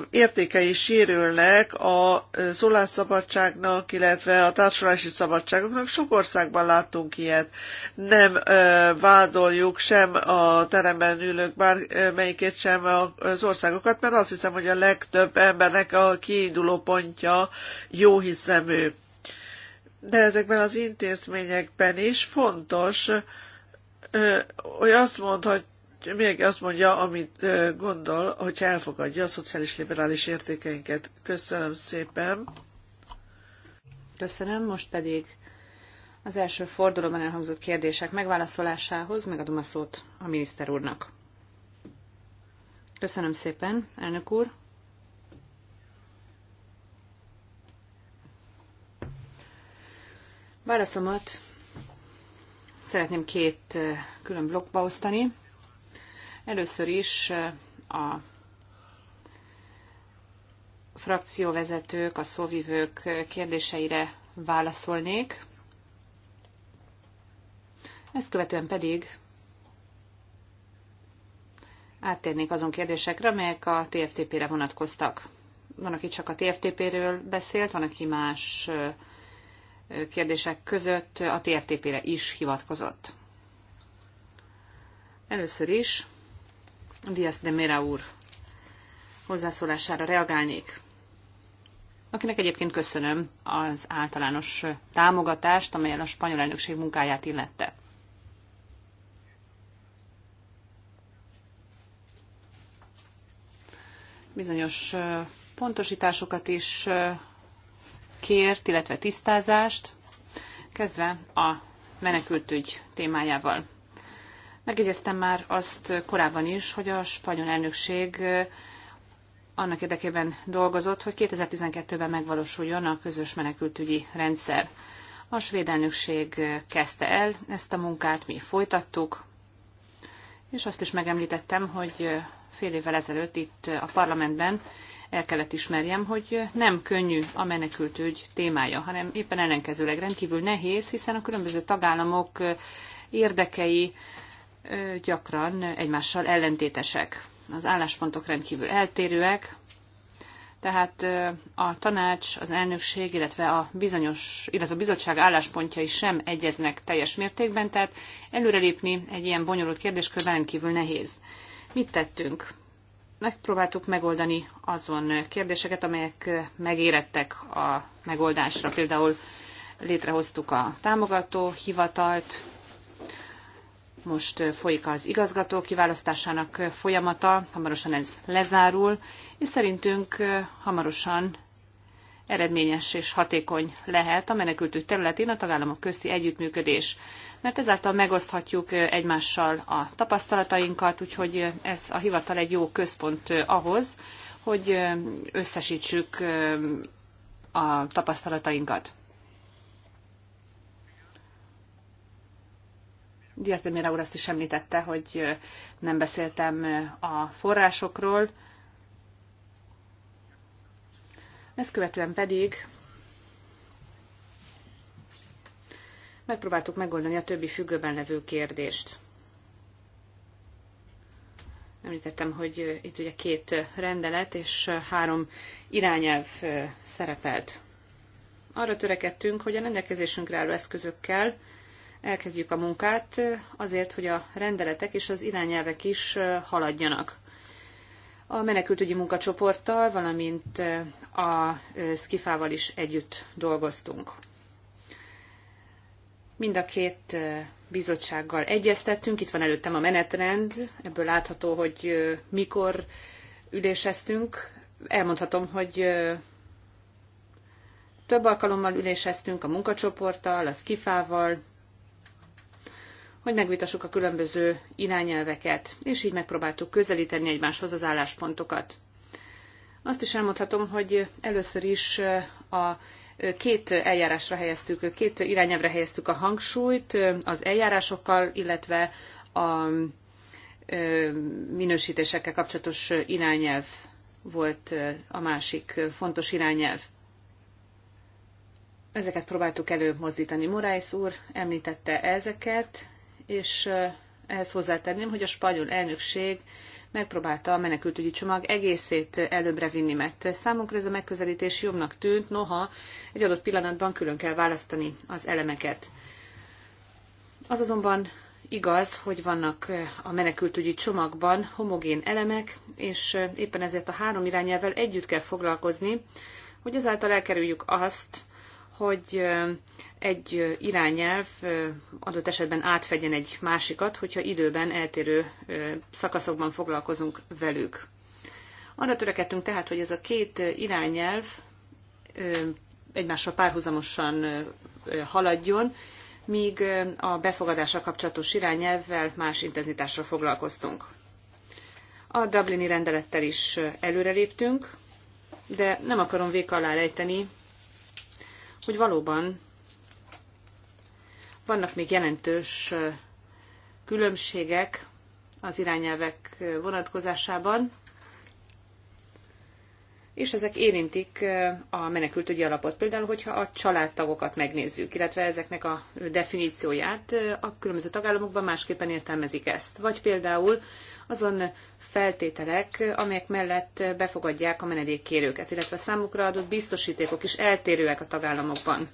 értékei sérülnek a szólásszabadságnak, illetve a társulási szabadságoknak. Sok országban láttunk ilyet. Nem vádoljuk sem a teremben ülők bármelyikét, sem az országokat, mert azt hiszem, hogy a legtöbb embernek a kiinduló pontja jó hiszemű. De ezekben az intézményekben is fontos, hogy azt mondhatjuk még azt mondja, amit gondol, hogy elfogadja a szociális liberális értékeinket. Köszönöm szépen. Köszönöm, most pedig az első fordulóban elhangzott kérdések megválaszolásához megadom a szót a miniszter úrnak. Köszönöm szépen, elnök úr. Válaszomat szeretném két külön blokkba osztani. Először is eh, a frakcióvezetők, a szóvivők kérdéseire válaszolnék. Ezt követően pedig áttérnék azon kérdésekre, amelyek a TFTP-re vonatkoztak. Van, aki csak a TFTP-ről beszélt, van, aki más eh, kérdések között a TFTP-re is hivatkozott. Először is Díaz de Mera úr hozzászólására reagálnék, akinek egyébként köszönöm az általános támogatást, amelyen a spanyol elnökség munkáját illette. Bizonyos pontosításokat is kért, illetve tisztázást, kezdve a menekültügy témájával. Megjegyeztem már azt korábban is, hogy a spanyol elnökség annak érdekében dolgozott, hogy 2012-ben megvalósuljon a közös menekültügyi rendszer. A svéd elnökség kezdte el ezt a munkát, mi folytattuk, és azt is megemlítettem, hogy fél évvel ezelőtt itt a parlamentben el kellett ismerjem, hogy nem könnyű a menekültügy témája, hanem éppen ellenkezőleg rendkívül nehéz, hiszen a különböző tagállamok érdekei, gyakran egymással ellentétesek. Az álláspontok rendkívül eltérőek, tehát a tanács, az elnökség, illetve a, bizonyos, illetve a bizottság álláspontjai sem egyeznek teljes mértékben, tehát előrelépni egy ilyen bonyolult kérdéskörben rendkívül nehéz. Mit tettünk? Megpróbáltuk megoldani azon kérdéseket, amelyek megérettek a megoldásra. Például létrehoztuk a támogató hivatalt, most folyik az igazgató kiválasztásának folyamata, hamarosan ez lezárul, és szerintünk hamarosan eredményes és hatékony lehet a menekültük területén a tagállamok közti együttműködés, mert ezáltal megoszthatjuk egymással a tapasztalatainkat, úgyhogy ez a hivatal egy jó központ ahhoz, hogy összesítsük a tapasztalatainkat. Diatemira úr azt is említette, hogy nem beszéltem a forrásokról. Ezt követően pedig megpróbáltuk megoldani a többi függőben levő kérdést. Említettem, hogy itt ugye két rendelet és három irányelv szerepelt. Arra törekedtünk, hogy a rendelkezésünkre álló eszközökkel elkezdjük a munkát azért, hogy a rendeletek és az irányelvek is haladjanak. A menekültügyi munkacsoporttal, valamint a Skifával is együtt dolgoztunk. Mind a két bizottsággal egyeztettünk, itt van előttem a menetrend, ebből látható, hogy mikor üléseztünk. Elmondhatom, hogy több alkalommal üléseztünk a munkacsoporttal, a Skifával, hogy megvitassuk a különböző irányelveket, és így megpróbáltuk közelíteni egymáshoz az álláspontokat. Azt is elmondhatom, hogy először is a két eljárásra helyeztük, két irányelvre helyeztük a hangsúlyt, az eljárásokkal, illetve a minősítésekkel kapcsolatos irányelv volt a másik fontos irányelv. Ezeket próbáltuk előmozdítani. Moráis úr említette ezeket, és ehhez hozzátenném, hogy a spanyol elnökség megpróbálta a menekültügyi csomag egészét előbbre vinni, mert számunkra ez a megközelítés jobbnak tűnt, noha egy adott pillanatban külön kell választani az elemeket. Az azonban igaz, hogy vannak a menekültügyi csomagban homogén elemek, és éppen ezért a három irányelvel együtt kell foglalkozni, hogy ezáltal elkerüljük azt, hogy egy irányelv adott esetben átfedjen egy másikat, hogyha időben eltérő szakaszokban foglalkozunk velük. Arra törekedtünk tehát, hogy ez a két irányelv egymással párhuzamosan haladjon, míg a befogadásra kapcsolatos irányelvvel más intenzitásra foglalkoztunk. A Dublini rendelettel is előreléptünk, de nem akarom véka alá rejteni hogy valóban vannak még jelentős különbségek az irányelvek vonatkozásában, és ezek érintik a menekültügyi alapot. Például, hogyha a családtagokat megnézzük, illetve ezeknek a definícióját, a különböző tagállamokban másképpen értelmezik ezt. Vagy például azon feltételek, amelyek mellett befogadják a menedékkérőket, illetve a számukra adott biztosítékok is eltérőek a tagállamokban.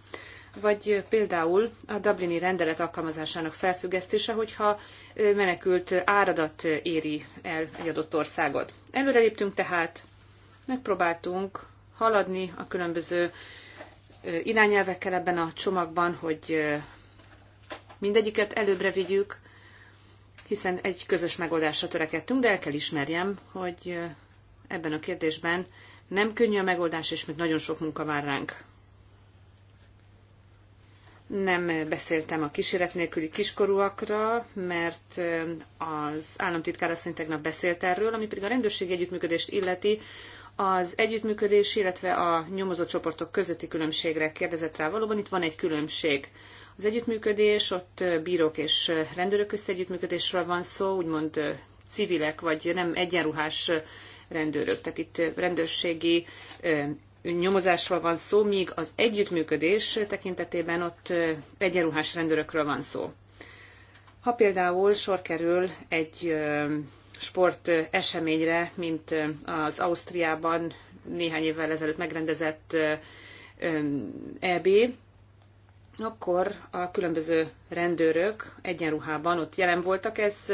Vagy például a Dublini rendelet alkalmazásának felfüggesztése, hogyha menekült áradat éri el egy adott országot. Előreléptünk tehát, megpróbáltunk haladni a különböző irányelvekkel ebben a csomagban, hogy mindegyiket előbbre vigyük, hiszen egy közös megoldásra törekedtünk, de el kell ismerjem, hogy ebben a kérdésben nem könnyű a megoldás, és még nagyon sok munka vár ránk. Nem beszéltem a kíséret nélküli kiskorúakra, mert az államtitkár asszony tegnap beszélt erről, ami pedig a rendőrségi együttműködést illeti, az együttműködés, illetve a nyomozott csoportok közötti különbségre kérdezett rá. Valóban itt van egy különbség az együttműködés, ott bírók és rendőrök közti együttműködésről van szó, úgymond civilek, vagy nem egyenruhás rendőrök. Tehát itt rendőrségi nyomozásról van szó, míg az együttműködés tekintetében ott egyenruhás rendőrökről van szó. Ha például sor kerül egy sport eseményre, mint az Ausztriában néhány évvel ezelőtt megrendezett EB, akkor a különböző rendőrök egyenruhában ott jelen voltak, ez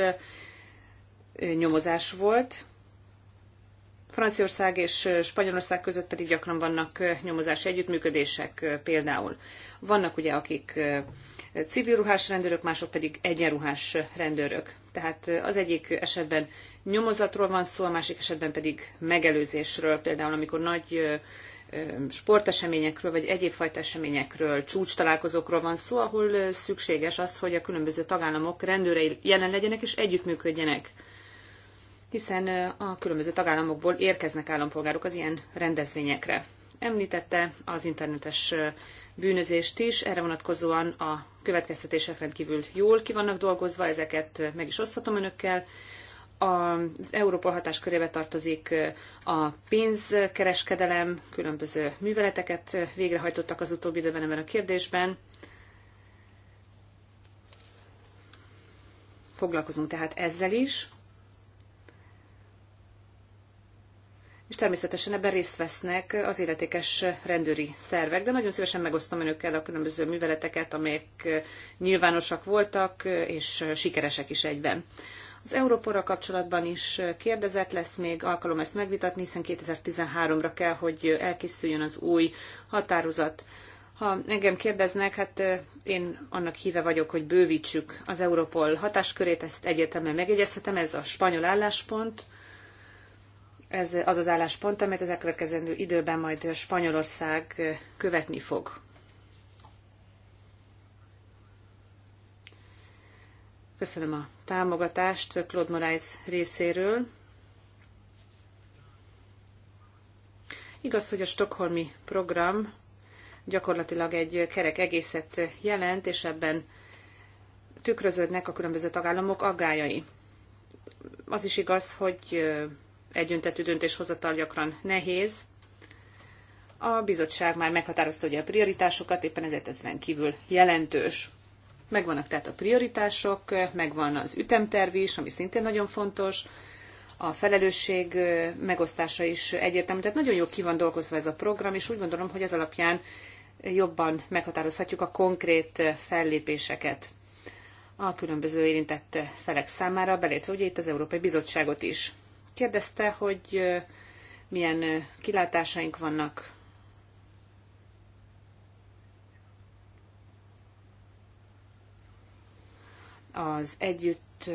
nyomozás volt. Franciaország és Spanyolország között pedig gyakran vannak nyomozási együttműködések például. Vannak ugye, akik civil ruhás rendőrök, mások pedig egyenruhás rendőrök. Tehát az egyik esetben nyomozatról van szó, a másik esetben pedig megelőzésről, például amikor nagy sporteseményekről, vagy egyéb fajta eseményekről, csúcstalálkozókról van szó, ahol szükséges az, hogy a különböző tagállamok rendőrei jelen legyenek és együttműködjenek. Hiszen a különböző tagállamokból érkeznek állampolgárok az ilyen rendezvényekre. Említette az internetes bűnözést is, erre vonatkozóan a következtetések rendkívül jól ki vannak dolgozva, ezeket meg is oszthatom önökkel az Európa hatáskörébe tartozik a pénzkereskedelem, különböző műveleteket végrehajtottak az utóbbi időben ebben a kérdésben. Foglalkozunk tehát ezzel is. És természetesen ebben részt vesznek az életékes rendőri szervek, de nagyon szívesen megosztom önökkel a különböző műveleteket, amelyek nyilvánosak voltak, és sikeresek is egyben. Az Európóra kapcsolatban is kérdezett, lesz még alkalom ezt megvitatni, hiszen 2013-ra kell, hogy elkészüljön az új határozat. Ha engem kérdeznek, hát én annak híve vagyok, hogy bővítsük az Europol hatáskörét, ezt egyértelműen megjegyezhetem, ez a spanyol álláspont, ez az az álláspont, amit az elkövetkezendő időben majd Spanyolország követni fog. Köszönöm a támogatást Claude Moraes részéről. Igaz, hogy a Stockholmi program gyakorlatilag egy kerek egészet jelent, és ebben tükröződnek a különböző tagállamok aggályai. Az is igaz, hogy egyöntetű döntéshozatal gyakran nehéz. A bizottság már meghatározta ugye a prioritásokat, éppen ezért ez rendkívül jelentős. Megvannak tehát a prioritások, megvan az ütemterv is, ami szintén nagyon fontos, a felelősség megosztása is egyértelmű. Tehát nagyon jó ki van dolgozva ez a program, és úgy gondolom, hogy ez alapján jobban meghatározhatjuk a konkrét fellépéseket a különböző érintett felek számára, belétve ugye itt az Európai Bizottságot is. Kérdezte, hogy milyen kilátásaink vannak az együtt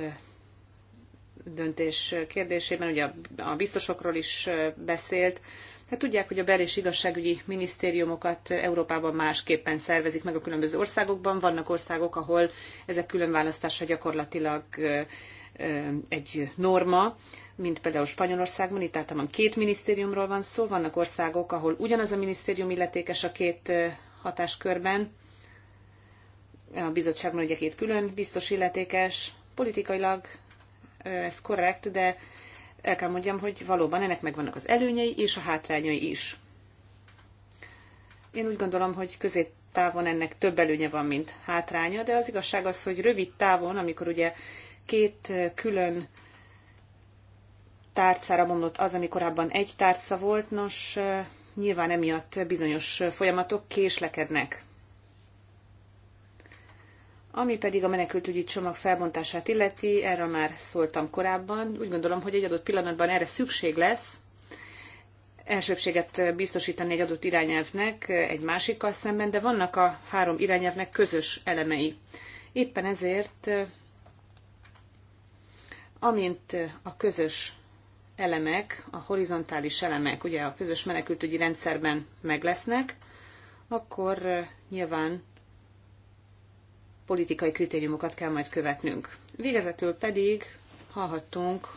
döntés kérdésében, ugye a biztosokról is beszélt, Hát tudják, hogy a bel- és igazságügyi minisztériumokat Európában másképpen szervezik meg a különböző országokban. Vannak országok, ahol ezek választása gyakorlatilag egy norma, mint például Spanyolországban, itt általában két minisztériumról van szó, vannak országok, ahol ugyanaz a minisztérium illetékes a két hatáskörben, a bizottságban ugye két külön biztos illetékes, politikailag ez korrekt, de el kell mondjam, hogy valóban ennek megvannak az előnyei és a hátrányai is. Én úgy gondolom, hogy középtávon ennek több előnye van, mint hátránya, de az igazság az, hogy rövid távon, amikor ugye két külön tárcára bomlott az, ami korábban egy tárca volt, nos, nyilván emiatt bizonyos folyamatok késlekednek. Ami pedig a menekültügyi csomag felbontását illeti, erről már szóltam korábban. Úgy gondolom, hogy egy adott pillanatban erre szükség lesz, elsőbséget biztosítani egy adott irányelvnek egy másikkal szemben, de vannak a három irányelvnek közös elemei. Éppen ezért, amint a közös elemek, a horizontális elemek, ugye a közös menekültügyi rendszerben meglesznek, akkor nyilván politikai kritériumokat kell majd követnünk. Végezetül pedig hallhattunk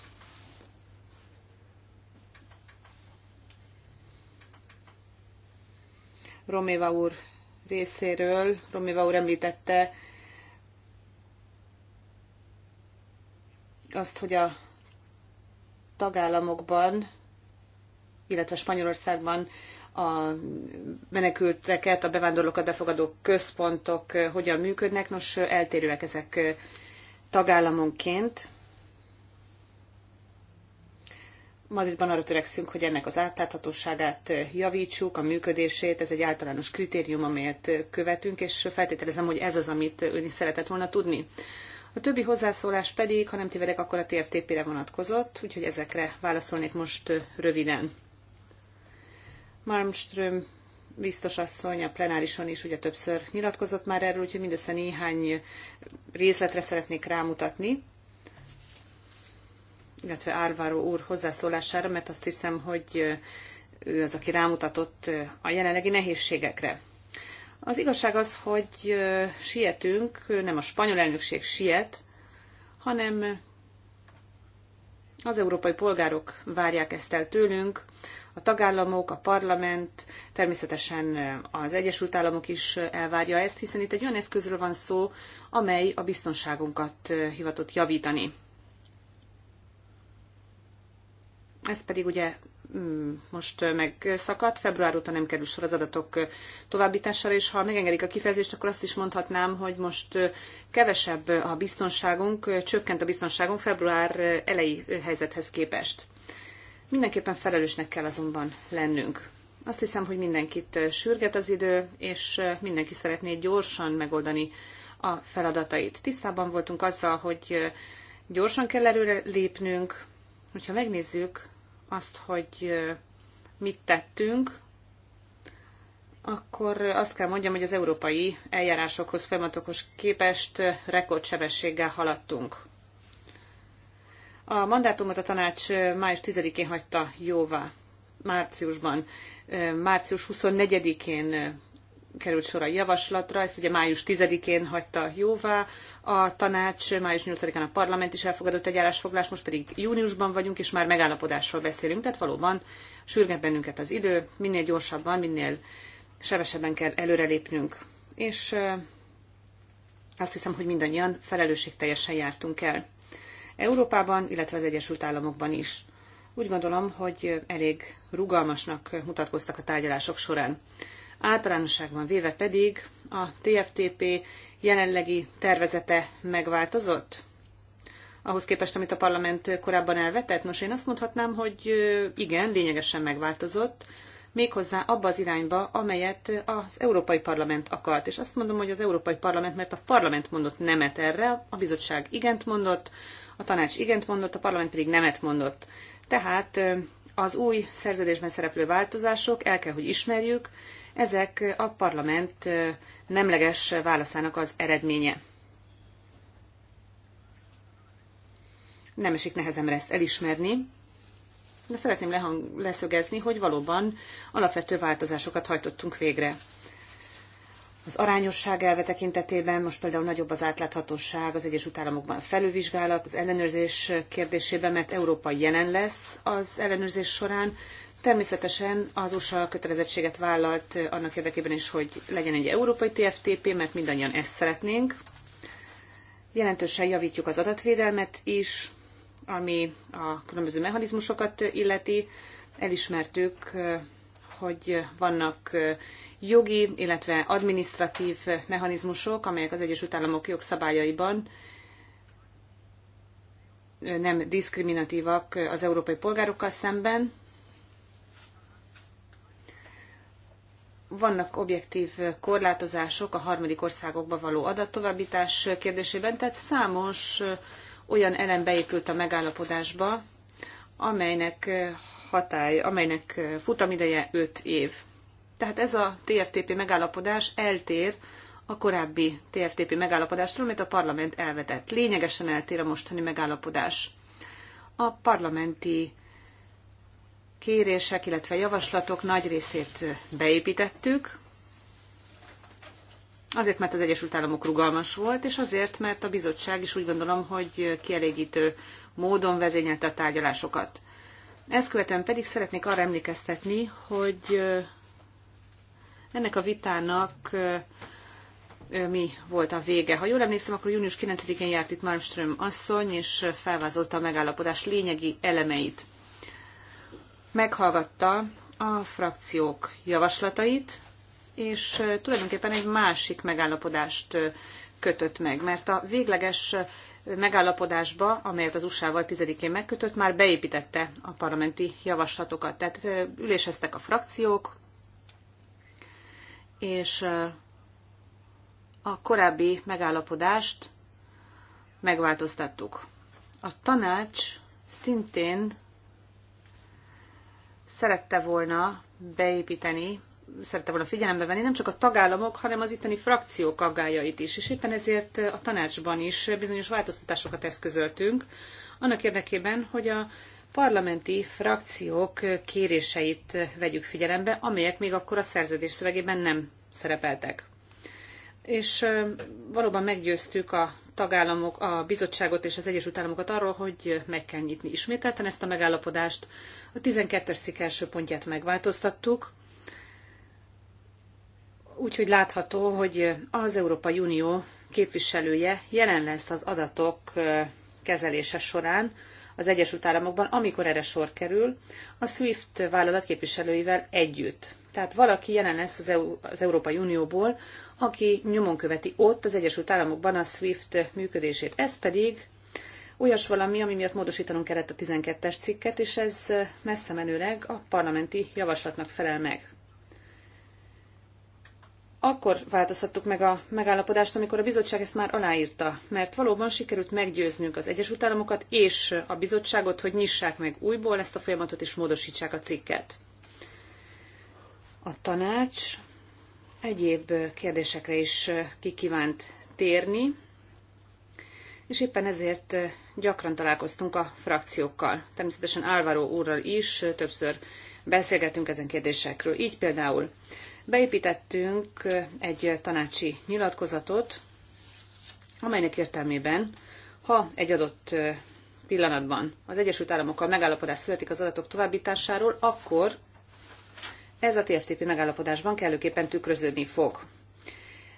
Roméva úr részéről. Roméva úr említette azt, hogy a tagállamokban, illetve Spanyolországban a menekülteket, a bevándorlókat befogadó központok eh, hogyan működnek. Nos, eltérőek ezek eh, tagállamonként. Madridban arra törekszünk, hogy ennek az átláthatóságát eh, javítsuk, a működését, ez egy általános kritérium, amelyet követünk, és feltételezem, hogy ez az, amit ön is szeretett volna tudni. A többi hozzászólás pedig, ha nem tévedek, akkor a TFTP-re vonatkozott, úgyhogy ezekre válaszolnék most röviden. Malmström biztos asszony a plenárison is ugye többször nyilatkozott már erről, úgyhogy mindössze néhány részletre szeretnék rámutatni, illetve Árváró úr hozzászólására, mert azt hiszem, hogy ő az, aki rámutatott a jelenlegi nehézségekre. Az igazság az, hogy sietünk, nem a spanyol elnökség siet, hanem az európai polgárok várják ezt el tőlünk, a tagállamok, a parlament, természetesen az Egyesült Államok is elvárja ezt, hiszen itt egy olyan eszközről van szó, amely a biztonságunkat hivatott javítani. ez pedig ugye mm, most megszakadt, február óta nem kerül sor az adatok továbbítására, és ha megengedik a kifejezést, akkor azt is mondhatnám, hogy most kevesebb a biztonságunk, csökkent a biztonságunk február elejé helyzethez képest. Mindenképpen felelősnek kell azonban lennünk. Azt hiszem, hogy mindenkit sürget az idő, és mindenki szeretné gyorsan megoldani a feladatait. Tisztában voltunk azzal, hogy gyorsan kell előre lépnünk, hogyha megnézzük azt, hogy mit tettünk, akkor azt kell mondjam, hogy az európai eljárásokhoz, folyamatokhoz képest rekordsebességgel haladtunk. A mandátumot a tanács május 10-én hagyta jóvá, márciusban. Március 24-én került sor a javaslatra, ezt ugye május 10-én hagyta jóvá a tanács, május 8-án a parlament is elfogadott egy állásfoglalást, most pedig júniusban vagyunk, és már megállapodásról beszélünk, tehát valóban sürget bennünket az idő, minél gyorsabban, minél sevesebben kell előrelépnünk. És azt hiszem, hogy mindannyian felelősségteljesen jártunk el. Európában, illetve az Egyesült Államokban is. Úgy gondolom, hogy elég rugalmasnak mutatkoztak a tárgyalások során. Általánosságban véve pedig a TFTP jelenlegi tervezete megváltozott? Ahhoz képest, amit a parlament korábban elvetett? Nos, én azt mondhatnám, hogy igen, lényegesen megváltozott, méghozzá abba az irányba, amelyet az Európai Parlament akart. És azt mondom, hogy az Európai Parlament, mert a parlament mondott nemet erre, a bizottság igent mondott, a tanács igent mondott, a parlament pedig nemet mondott. Tehát az új szerződésben szereplő változások, el kell, hogy ismerjük, ezek a parlament nemleges válaszának az eredménye. Nem esik nehezemre ezt elismerni, de szeretném lehang- leszögezni, hogy valóban alapvető változásokat hajtottunk végre. Az arányosság elve tekintetében most például nagyobb az átláthatóság az Egyesült Államokban a felülvizsgálat, az ellenőrzés kérdésében, mert Európa jelen lesz az ellenőrzés során, Természetesen az USA kötelezettséget vállalt annak érdekében is, hogy legyen egy európai TFTP, mert mindannyian ezt szeretnénk. Jelentősen javítjuk az adatvédelmet is, ami a különböző mechanizmusokat illeti. Elismertük, hogy vannak jogi, illetve administratív mechanizmusok, amelyek az Egyesült Államok jogszabályaiban nem diszkriminatívak az európai polgárokkal szemben vannak objektív korlátozások a harmadik országokba való adattovábbítás kérdésében, tehát számos olyan elem beépült a megállapodásba, amelynek hatály, amelynek futamideje 5 év. Tehát ez a TFTP megállapodás eltér a korábbi TFTP megállapodástól, amit a parlament elvetett. Lényegesen eltér a mostani megállapodás. A parlamenti kérések, illetve javaslatok nagy részét beépítettük, Azért, mert az Egyesült Államok rugalmas volt, és azért, mert a bizottság is úgy gondolom, hogy kielégítő módon vezényelte a tárgyalásokat. Ezt követően pedig szeretnék arra emlékeztetni, hogy ennek a vitának mi volt a vége. Ha jól emlékszem, akkor június 9-én járt itt Malmström asszony, és felvázolta a megállapodás lényegi elemeit meghallgatta a frakciók javaslatait, és tulajdonképpen egy másik megállapodást kötött meg, mert a végleges megállapodásba, amelyet az USA-val 10-én megkötött, már beépítette a parlamenti javaslatokat. Tehát üléseztek a frakciók, és a korábbi megállapodást megváltoztattuk. A tanács szintén szerette volna beépíteni, szerette volna figyelembe venni nem csak a tagállamok, hanem az itteni frakciók aggájait is, és éppen ezért a tanácsban is bizonyos változtatásokat eszközöltünk, annak érdekében, hogy a parlamenti frakciók kéréseit vegyük figyelembe, amelyek még akkor a szerződés szövegében nem szerepeltek. És valóban meggyőztük a tagállamok, a bizottságot és az Egyesült Államokat arról, hogy meg kell nyitni ismételten ezt a megállapodást. A 12-es cikk első pontját megváltoztattuk, úgyhogy látható, hogy az Európai Unió képviselője jelen lesz az adatok kezelése során az Egyesült Államokban, amikor erre sor kerül, a SWIFT vállalat képviselőivel együtt. Tehát valaki jelen lesz az, EU, az Európai Unióból, aki nyomon követi ott az Egyesült Államokban a SWIFT működését. Ez pedig olyas valami, ami miatt módosítanunk kellett a 12-es cikket, és ez messze menőleg a parlamenti javaslatnak felel meg. Akkor változtattuk meg a megállapodást, amikor a bizottság ezt már aláírta, mert valóban sikerült meggyőznünk az Egyesült Államokat és a bizottságot, hogy nyissák meg újból ezt a folyamatot és módosítsák a cikket a tanács egyéb kérdésekre is kikívánt térni, és éppen ezért gyakran találkoztunk a frakciókkal. Természetesen Álvaro úrral is többször beszélgetünk ezen kérdésekről. Így például beépítettünk egy tanácsi nyilatkozatot, amelynek értelmében, ha egy adott pillanatban az Egyesült Államokkal megállapodás születik az adatok továbbításáról, akkor ez a TFTP megállapodásban kellőképpen tükröződni fog.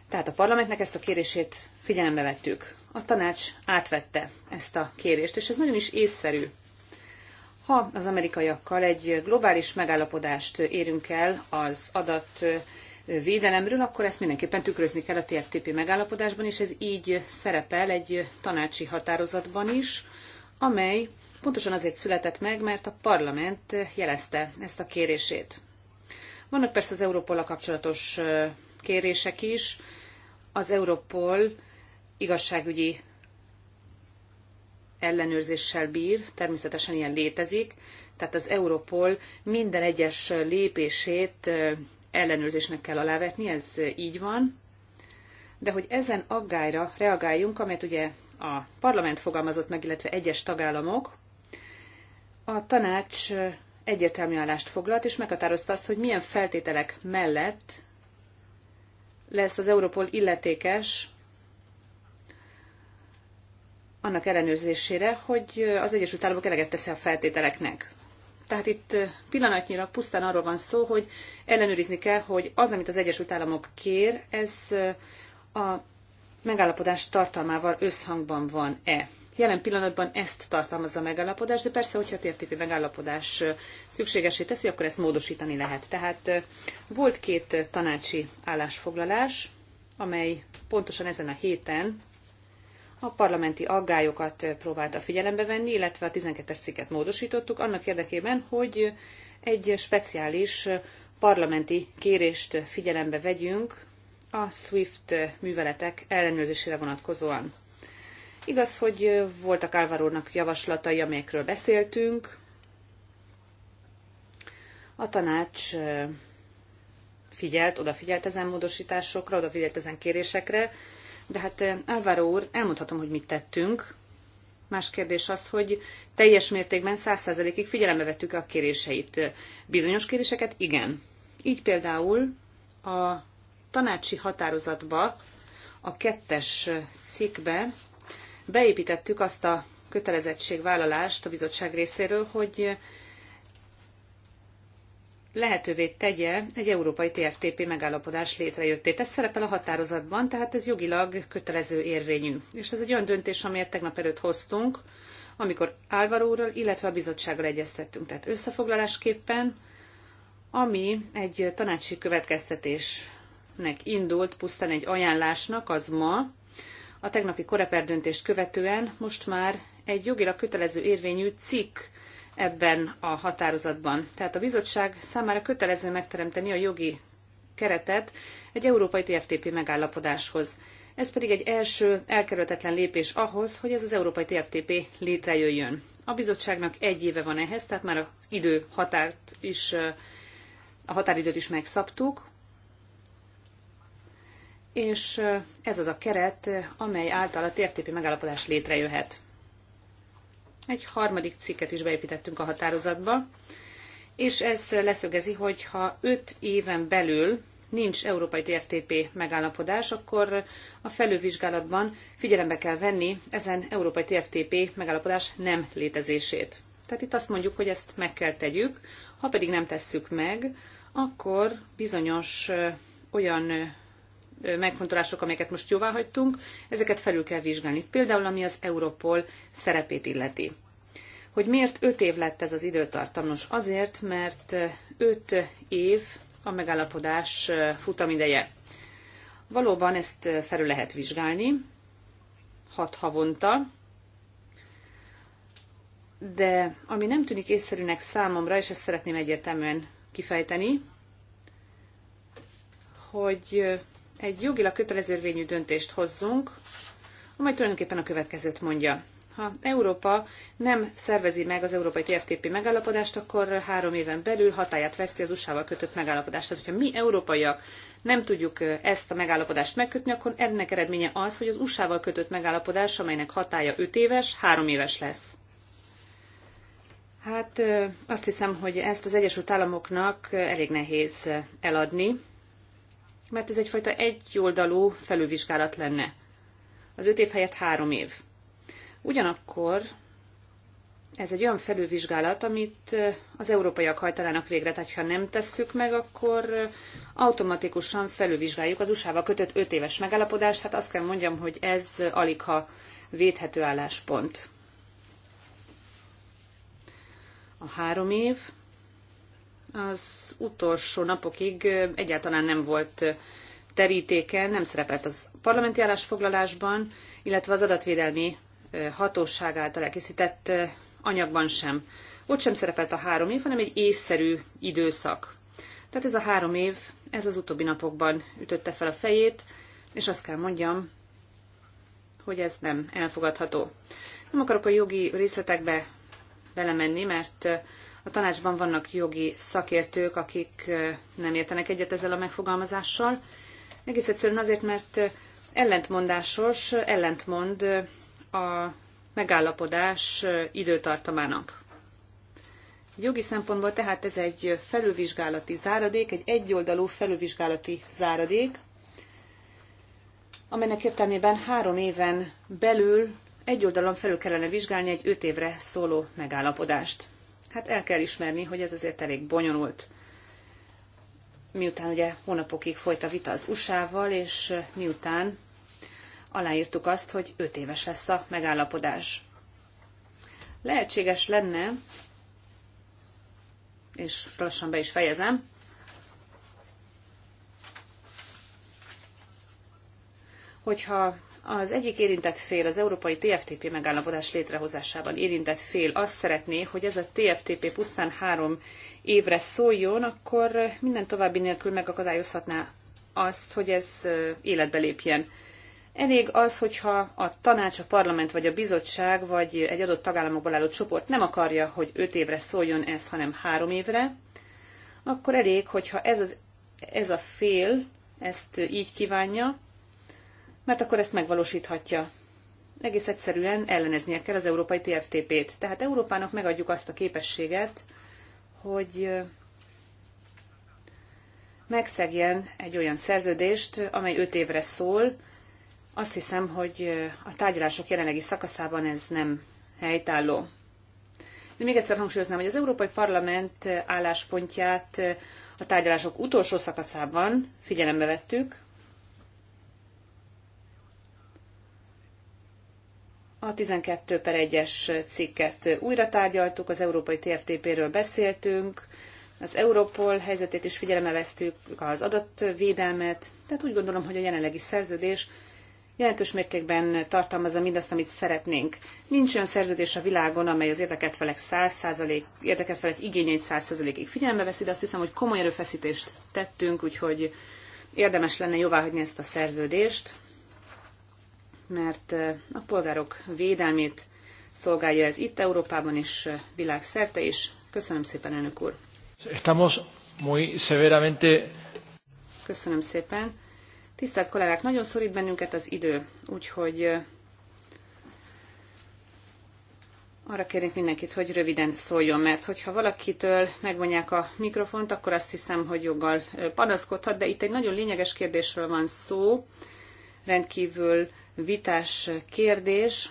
Tehát a parlamentnek ezt a kérését figyelembe vettük. A tanács átvette ezt a kérést, és ez nagyon is észszerű. Ha az amerikaiakkal egy globális megállapodást érünk el az adat védelemről, akkor ezt mindenképpen tükrözni kell a TFTP megállapodásban, és ez így szerepel egy tanácsi határozatban is, amely pontosan azért született meg, mert a parlament jelezte ezt a kérését. Vannak persze az Európolla kapcsolatos kérések is. Az Európol igazságügyi ellenőrzéssel bír, természetesen ilyen létezik, tehát az Europol minden egyes lépését ellenőrzésnek kell alávetni, ez így van. De hogy ezen aggályra reagáljunk, amelyet ugye a parlament fogalmazott meg, illetve egyes tagállamok, a tanács egyértelmű állást foglalt, és meghatározta azt, hogy milyen feltételek mellett lesz az Europol illetékes annak ellenőrzésére, hogy az Egyesült Államok eleget teszi a feltételeknek. Tehát itt pillanatnyira pusztán arról van szó, hogy ellenőrizni kell, hogy az, amit az Egyesült Államok kér, ez a megállapodás tartalmával összhangban van-e. Jelen pillanatban ezt tartalmazza a megállapodás, de persze, hogyha a térképi megállapodás szükségesé teszi, akkor ezt módosítani lehet. Tehát volt két tanácsi állásfoglalás, amely pontosan ezen a héten a parlamenti aggályokat próbálta figyelembe venni, illetve a 12-es cikket módosítottuk annak érdekében, hogy egy speciális parlamenti kérést figyelembe vegyünk a SWIFT műveletek ellenőrzésére vonatkozóan. Igaz, hogy voltak Álvarónak javaslatai, amelyekről beszéltünk. A tanács figyelt, odafigyelt ezen módosításokra, odafigyelt ezen kérésekre, de hát álvaró, úr, elmondhatom, hogy mit tettünk. Más kérdés az, hogy teljes mértékben 100%-ig figyelembe vettük a kéréseit. Bizonyos kéréseket igen. Így például a tanácsi határozatba, a kettes cikkbe beépítettük azt a kötelezettségvállalást a bizottság részéről, hogy lehetővé tegye egy európai TFTP megállapodás létrejöttét. Ez szerepel a határozatban, tehát ez jogilag kötelező érvényű. És ez egy olyan döntés, amelyet tegnap előtt hoztunk, amikor Álvaróról úrral, illetve a bizottsággal egyeztettünk. Tehát összefoglalásképpen, ami egy tanácsi következtetésnek indult, pusztán egy ajánlásnak, az ma a tegnapi koreper döntést követően most már egy jogilag kötelező érvényű cikk ebben a határozatban. Tehát a bizottság számára kötelező megteremteni a jogi keretet egy európai TFTP megállapodáshoz. Ez pedig egy első elkerülhetetlen lépés ahhoz, hogy ez az európai TFTP létrejöjjön. A bizottságnak egy éve van ehhez, tehát már az idő határt is, a határidőt is megszabtuk, és ez az a keret, amely által a TFTP megállapodás létrejöhet. Egy harmadik cikket is beépítettünk a határozatba, és ez leszögezi, hogy ha 5 éven belül nincs európai TFTP megállapodás, akkor a felülvizsgálatban figyelembe kell venni ezen európai TFTP megállapodás nem létezését. Tehát itt azt mondjuk, hogy ezt meg kell tegyük, ha pedig nem tesszük meg, akkor bizonyos olyan megfontolások, amelyeket most jóvá hagytunk, ezeket felül kell vizsgálni. Például, ami az Europol szerepét illeti. Hogy miért 5 év lett ez az időtartam? Nos, azért, mert 5 év a megállapodás futamideje. Valóban ezt felül lehet vizsgálni, 6 havonta, de ami nem tűnik észszerűnek számomra, és ezt szeretném egyértelműen kifejteni, hogy egy jogilag kötelezővényű döntést hozzunk, amely tulajdonképpen a következőt mondja. Ha Európa nem szervezi meg az európai TFTP megállapodást, akkor három éven belül hatáját veszti az USA-val kötött megállapodást. Tehát, hogyha mi európaiak nem tudjuk ezt a megállapodást megkötni, akkor ennek eredménye az, hogy az USA-val kötött megállapodás, amelynek hatája öt éves, három éves lesz. Hát azt hiszem, hogy ezt az Egyesült Államoknak elég nehéz eladni, mert ez egyfajta egyoldalú felülvizsgálat lenne. Az öt év helyett három év. Ugyanakkor ez egy olyan felülvizsgálat, amit az európaiak hajtalának végre, tehát ha nem tesszük meg, akkor automatikusan felülvizsgáljuk az USA-val kötött öt éves megállapodást, hát azt kell mondjam, hogy ez alig ha védhető álláspont. A három év az utolsó napokig egyáltalán nem volt terítéken, nem szerepelt az parlamenti állásfoglalásban, illetve az adatvédelmi hatóság által elkészített anyagban sem. Ott sem szerepelt a három év, hanem egy észszerű időszak. Tehát ez a három év, ez az utóbbi napokban ütötte fel a fejét, és azt kell mondjam, hogy ez nem elfogadható. Nem akarok a jogi részletekbe belemenni, mert a tanácsban vannak jogi szakértők, akik nem értenek egyet ezzel a megfogalmazással. Egész egyszerűen azért, mert ellentmondásos, ellentmond a megállapodás időtartamának. Jogi szempontból tehát ez egy felülvizsgálati záradék, egy egyoldalú felülvizsgálati záradék, amelynek értelmében három éven belül egy oldalon felül kellene vizsgálni egy öt évre szóló megállapodást hát el kell ismerni, hogy ez azért elég bonyolult. Miután ugye hónapokig folyt a vita az USA-val, és miután aláírtuk azt, hogy 5 éves lesz a megállapodás. Lehetséges lenne, és lassan be is fejezem, hogyha az egyik érintett fél, az európai TFTP megállapodás létrehozásában érintett fél azt szeretné, hogy ez a TFTP pusztán három évre szóljon, akkor minden további nélkül megakadályozhatná azt, hogy ez életbe lépjen. Elég az, hogyha a tanács, a parlament vagy a bizottság vagy egy adott tagállamokból álló csoport nem akarja, hogy öt évre szóljon ez, hanem három évre, akkor elég, hogyha ez, az, ez a fél ezt így kívánja, mert akkor ezt megvalósíthatja. Egész egyszerűen elleneznie kell az európai TFTP-t. Tehát Európának megadjuk azt a képességet, hogy megszegjen egy olyan szerződést, amely öt évre szól. Azt hiszem, hogy a tárgyalások jelenlegi szakaszában ez nem helytálló. De még egyszer hangsúlyoznám, hogy az Európai Parlament álláspontját a tárgyalások utolsó szakaszában figyelembe vettük, A 12 per 1-es cikket újra tárgyaltuk, az európai TFTP-ről beszéltünk, az Europol helyzetét is figyelembe vesztük, az adatvédelmet, tehát úgy gondolom, hogy a jelenlegi szerződés jelentős mértékben tartalmazza mindazt, amit szeretnénk. Nincs olyan szerződés a világon, amely az érdekelt felek, 100%, érdekelt felek igényeit 100%-ig figyelembe veszi, de azt hiszem, hogy komoly erőfeszítést tettünk, úgyhogy érdemes lenne jóváhagyni ezt a szerződést mert a polgárok védelmét szolgálja ez itt Európában is világszerte is. Köszönöm szépen, elnök úr! Estamos muy severamente... Köszönöm szépen! Tisztelt kollégák, nagyon szorít bennünket az idő, úgyhogy arra kérnék mindenkit, hogy röviden szóljon, mert hogyha valakitől megvonják a mikrofont, akkor azt hiszem, hogy joggal panaszkodhat, de itt egy nagyon lényeges kérdésről van szó, rendkívül vitás kérdés,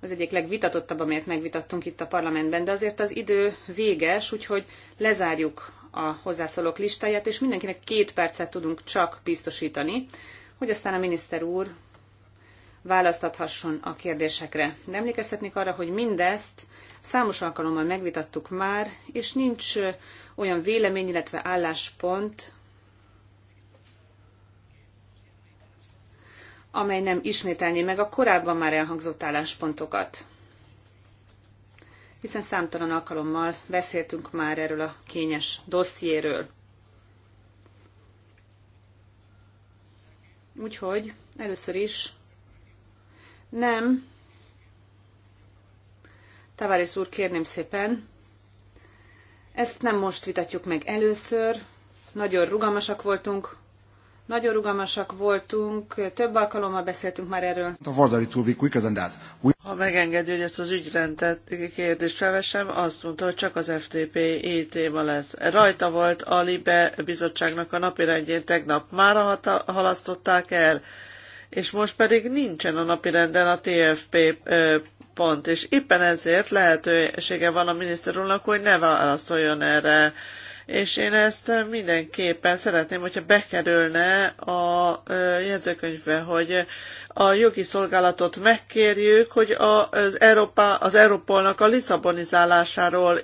az egyik legvitatottabb, amelyet megvitattunk itt a parlamentben, de azért az idő véges, úgyhogy lezárjuk a hozzászólók listáját, és mindenkinek két percet tudunk csak biztosítani, hogy aztán a miniszter úr választathasson a kérdésekre. De emlékeztetnék arra, hogy mindezt számos alkalommal megvitattuk már, és nincs olyan vélemény, illetve álláspont, amely nem ismételné meg a korábban már elhangzott álláspontokat. Hiszen számtalan alkalommal beszéltünk már erről a kényes dossziéről. Úgyhogy először is nem. Tavares úr, kérném szépen, ezt nem most vitatjuk meg először, nagyon rugalmasak voltunk, nagyon rugalmasak voltunk, több alkalommal beszéltünk már erről. Ha megengedi, hogy ezt az ügyrendet kérdést felvessem, azt mondta, hogy csak az FTP téma lesz. Rajta volt a Libe bizottságnak a napirendjén tegnap. Már halasztották el, és most pedig nincsen a napirenden a TFP pont, és éppen ezért lehetősége van a miniszter úrnak, hogy ne válaszoljon erre és én ezt mindenképpen szeretném, hogyha bekerülne a jegyzőkönyvbe, hogy a jogi szolgálatot megkérjük, hogy az, Európa, az Európolnak a liszabonizálásáról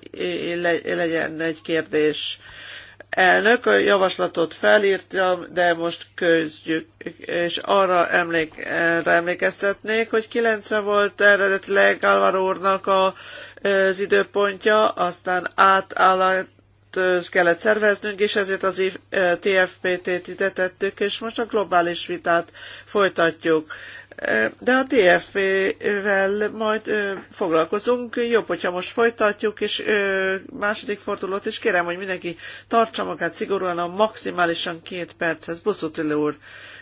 legyen egy kérdés. Elnök, a javaslatot felírtam, de most közgyük, és arra emlék, erre emlékeztetnék, hogy 9 volt eredetileg Álvaro úrnak a, az időpontja, aztán átállt kellett szerveznünk, és ezért az TFPT-t ide tettük, és most a globális vitát folytatjuk. De a TFP-vel majd foglalkozunk. Jobb, hogyha most folytatjuk, és második fordulót, és kérem, hogy mindenki tartsa magát szigorúan a maximálisan két perchez. Buszutil úr,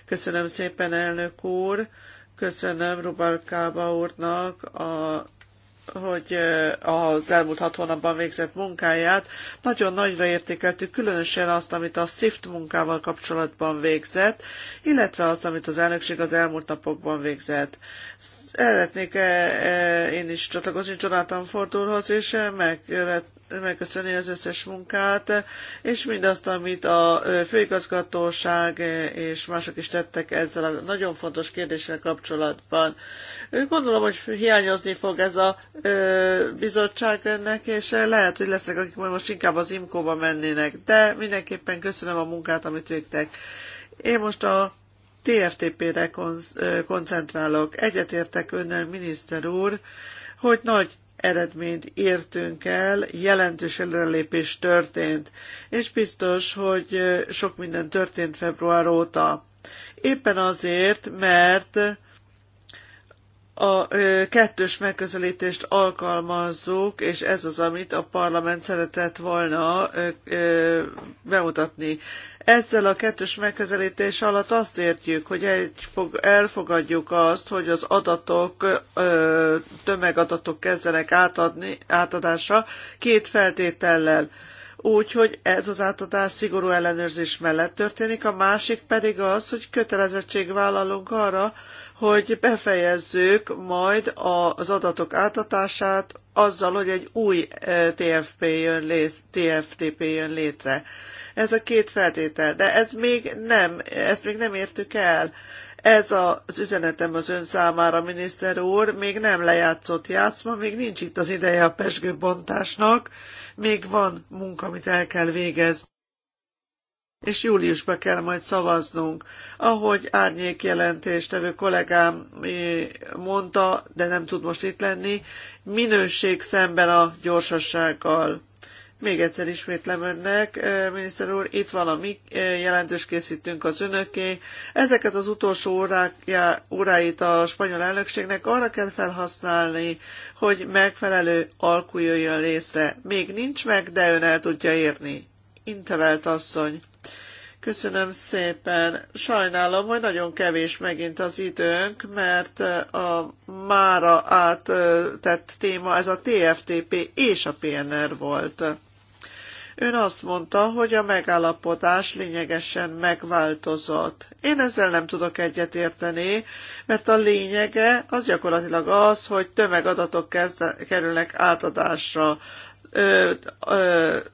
köszönöm szépen, elnök úr. Köszönöm Rubalkába úrnak a hogy az elmúlt hat hónapban végzett munkáját. Nagyon nagyra értékeltük, különösen azt, amit a SIFT munkával kapcsolatban végzett, illetve azt, amit az elnökség az elmúlt napokban végzett. Szeretnék -e, én is csatlakozni Jonathan Fordulhoz, és e, meg megköszöni az összes munkát, és mindazt, amit a főigazgatóság és mások is tettek ezzel a nagyon fontos kérdéssel kapcsolatban. Gondolom, hogy hiányozni fog ez a bizottság önnek, és lehet, hogy lesznek, akik majd most inkább az IMKO-ba mennének, de mindenképpen köszönöm a munkát, amit végtek. Én most a TFTP-re koncentrálok. Egyetértek önnel, miniszter úr, hogy nagy eredményt értünk el, jelentős előrelépés történt, és biztos, hogy sok minden történt február óta. Éppen azért, mert a kettős megközelítést alkalmazzuk, és ez az, amit a parlament szeretett volna bemutatni. Ezzel a kettős megközelítés alatt azt értjük, hogy egy fog, elfogadjuk azt, hogy az adatok, ö, tömegadatok kezdenek átadni, átadásra két feltétellel. Úgy, hogy ez az átadás szigorú ellenőrzés mellett történik, a másik pedig az, hogy kötelezettség vállalunk arra, hogy befejezzük majd az adatok átadását azzal, hogy egy új e, TFP jön létre, TFTP jön létre. Ez a két feltétel, de ez még nem, ezt még nem értük el. Ez a, az üzenetem az ön számára, miniszter úr, még nem lejátszott játszma, még nincs itt az ideje a pesgőbontásnak, még van munka, amit el kell végezni és júliusban kell majd szavaznunk. Ahogy árnyék jelentéstevő kollégám eh, mondta, de nem tud most itt lenni, minőség szemben a gyorsassággal. Még egyszer ismétlem önnek, eh, miniszter úr, itt van a mi eh, jelentős készítünk az önöké. Ezeket az utolsó órákja óráit a spanyol elnökségnek arra kell felhasználni, hogy megfelelő alkú jöjjön részre. Még nincs meg, de ön el tudja érni. Intevelt asszony. Köszönöm szépen. Sajnálom, hogy nagyon kevés megint az időnk, mert a mára áttett téma ez a TFTP és a PNR volt. Ön azt mondta, hogy a megállapodás lényegesen megváltozott. Én ezzel nem tudok egyetérteni, mert a lényege az gyakorlatilag az, hogy tömegadatok kezd, kerülnek átadásra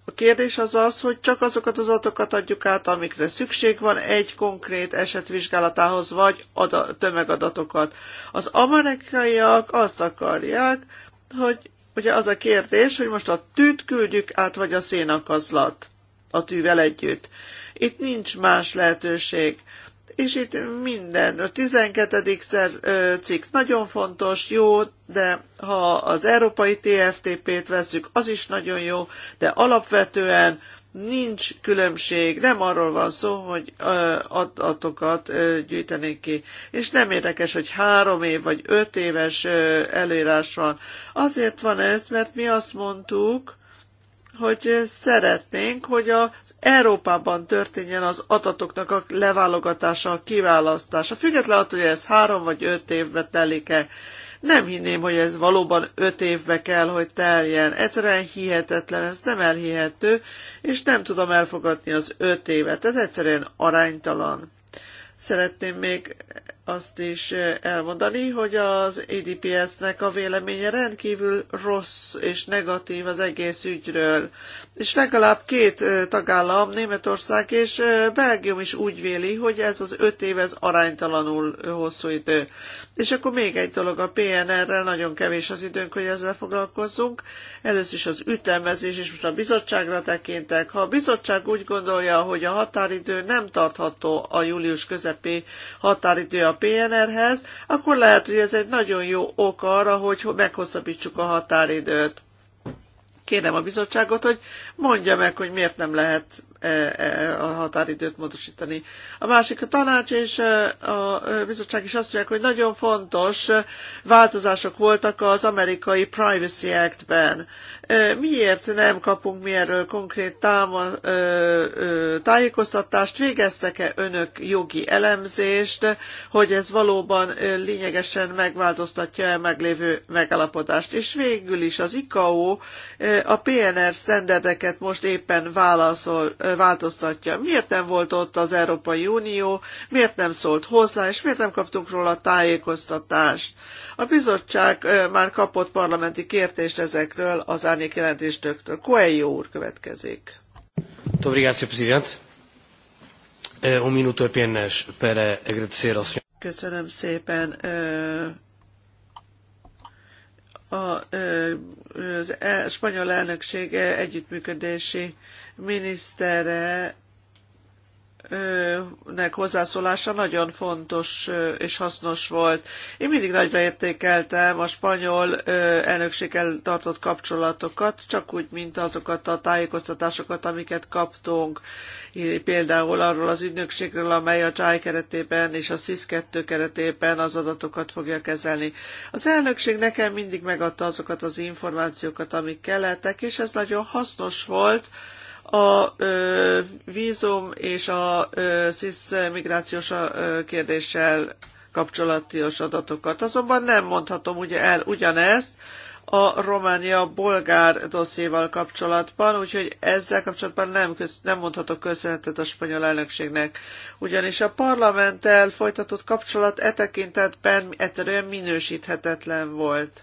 a kérdés az az, hogy csak azokat az adatokat adjuk át, amikre szükség van egy konkrét eset vizsgálatához, vagy ada, tömegadatokat. Az amerikaiak azt akarják, hogy ugye az a kérdés, hogy most a tűt küldjük át, vagy a szénakazlat a tűvel együtt. Itt nincs más lehetőség és itt minden. A 12. Szer, cikk nagyon fontos, jó, de ha az európai TFTP-t veszük, az is nagyon jó, de alapvetően nincs különbség, nem arról van szó, hogy adatokat gyűjtenék ki. És nem érdekes, hogy három év vagy öt éves előírás van. Azért van ez, mert mi azt mondtuk, hogy szeretnénk, hogy a Európában történjen az adatoknak a leválogatása, a kiválasztása, függetlenül attól, hogy ez három vagy öt évbe telik-e. Nem hinném, hogy ez valóban öt évbe kell, hogy teljen. Egyszerűen hihetetlen, ez nem elhihető, és nem tudom elfogadni az öt évet. Ez egyszerűen aránytalan. Szeretném még azt is eh, elmondani, hogy az EDPS-nek a véleménye rendkívül rossz és negatív az egész ügyről. És legalább két eh, tagállam, Németország és eh, Belgium is úgy véli, hogy ez az öt év ez aránytalanul hosszú idő. És akkor még egy dolog, a PNR-rel nagyon kevés az időnk, hogy ezzel foglalkozzunk. Először is az ütemezés, és most a bizottságra tekintek. Ha a bizottság úgy gondolja, hogy a határidő nem tartható a július közepi határidő a PNR-hez, akkor lehet, hogy ez egy nagyon jó ok arra, hogy meghosszabbítsuk a határidőt. Kérem a bizottságot, hogy mondja meg, hogy miért nem lehet E, e, a határidőt módosítani. A másik a tanács és e, a bizottság is azt mondják, hogy nagyon fontos változások voltak az amerikai Privacy Act-ben. Miért nem kapunk mi erről konkrét táma, tájékoztatást? Végeztek-e önök jogi elemzést, hogy ez valóban lényegesen megváltoztatja a meglévő megalapodást? És végül is az ICAO a PNR standardeket most éppen válaszol, változtatja. Miért nem volt ott az Európai Unió, miért nem szólt hozzá, és miért nem kaptunk róla tájékoztatást? A bizottság már kapott parlamenti kértést ezekről az árnyék jelentéstöktől. Coelho úr következik. Um Köszönöm szépen a, az e, spanyol elnökség együttműködési minisztere nek hozzászólása nagyon fontos és hasznos volt. Én mindig nagyra értékeltem a spanyol elnökséggel tartott kapcsolatokat, csak úgy, mint azokat a tájékoztatásokat, amiket kaptunk, például arról az ügynökségről, amely a JAI keretében és a SIS-2 keretében az adatokat fogja kezelni. Az elnökség nekem mindig megadta azokat az információkat, amik kellettek, és ez nagyon hasznos volt, a vízum és a SZISZ migrációs kérdéssel kapcsolatos adatokat. Azonban nem mondhatom ugye el ugyanezt a Románia-Bolgár dosszéval kapcsolatban, úgyhogy ezzel kapcsolatban nem, köz, nem mondhatok köszönetet a spanyol elnökségnek. Ugyanis a parlamenttel folytatott kapcsolat e tekintetben egyszerűen minősíthetetlen volt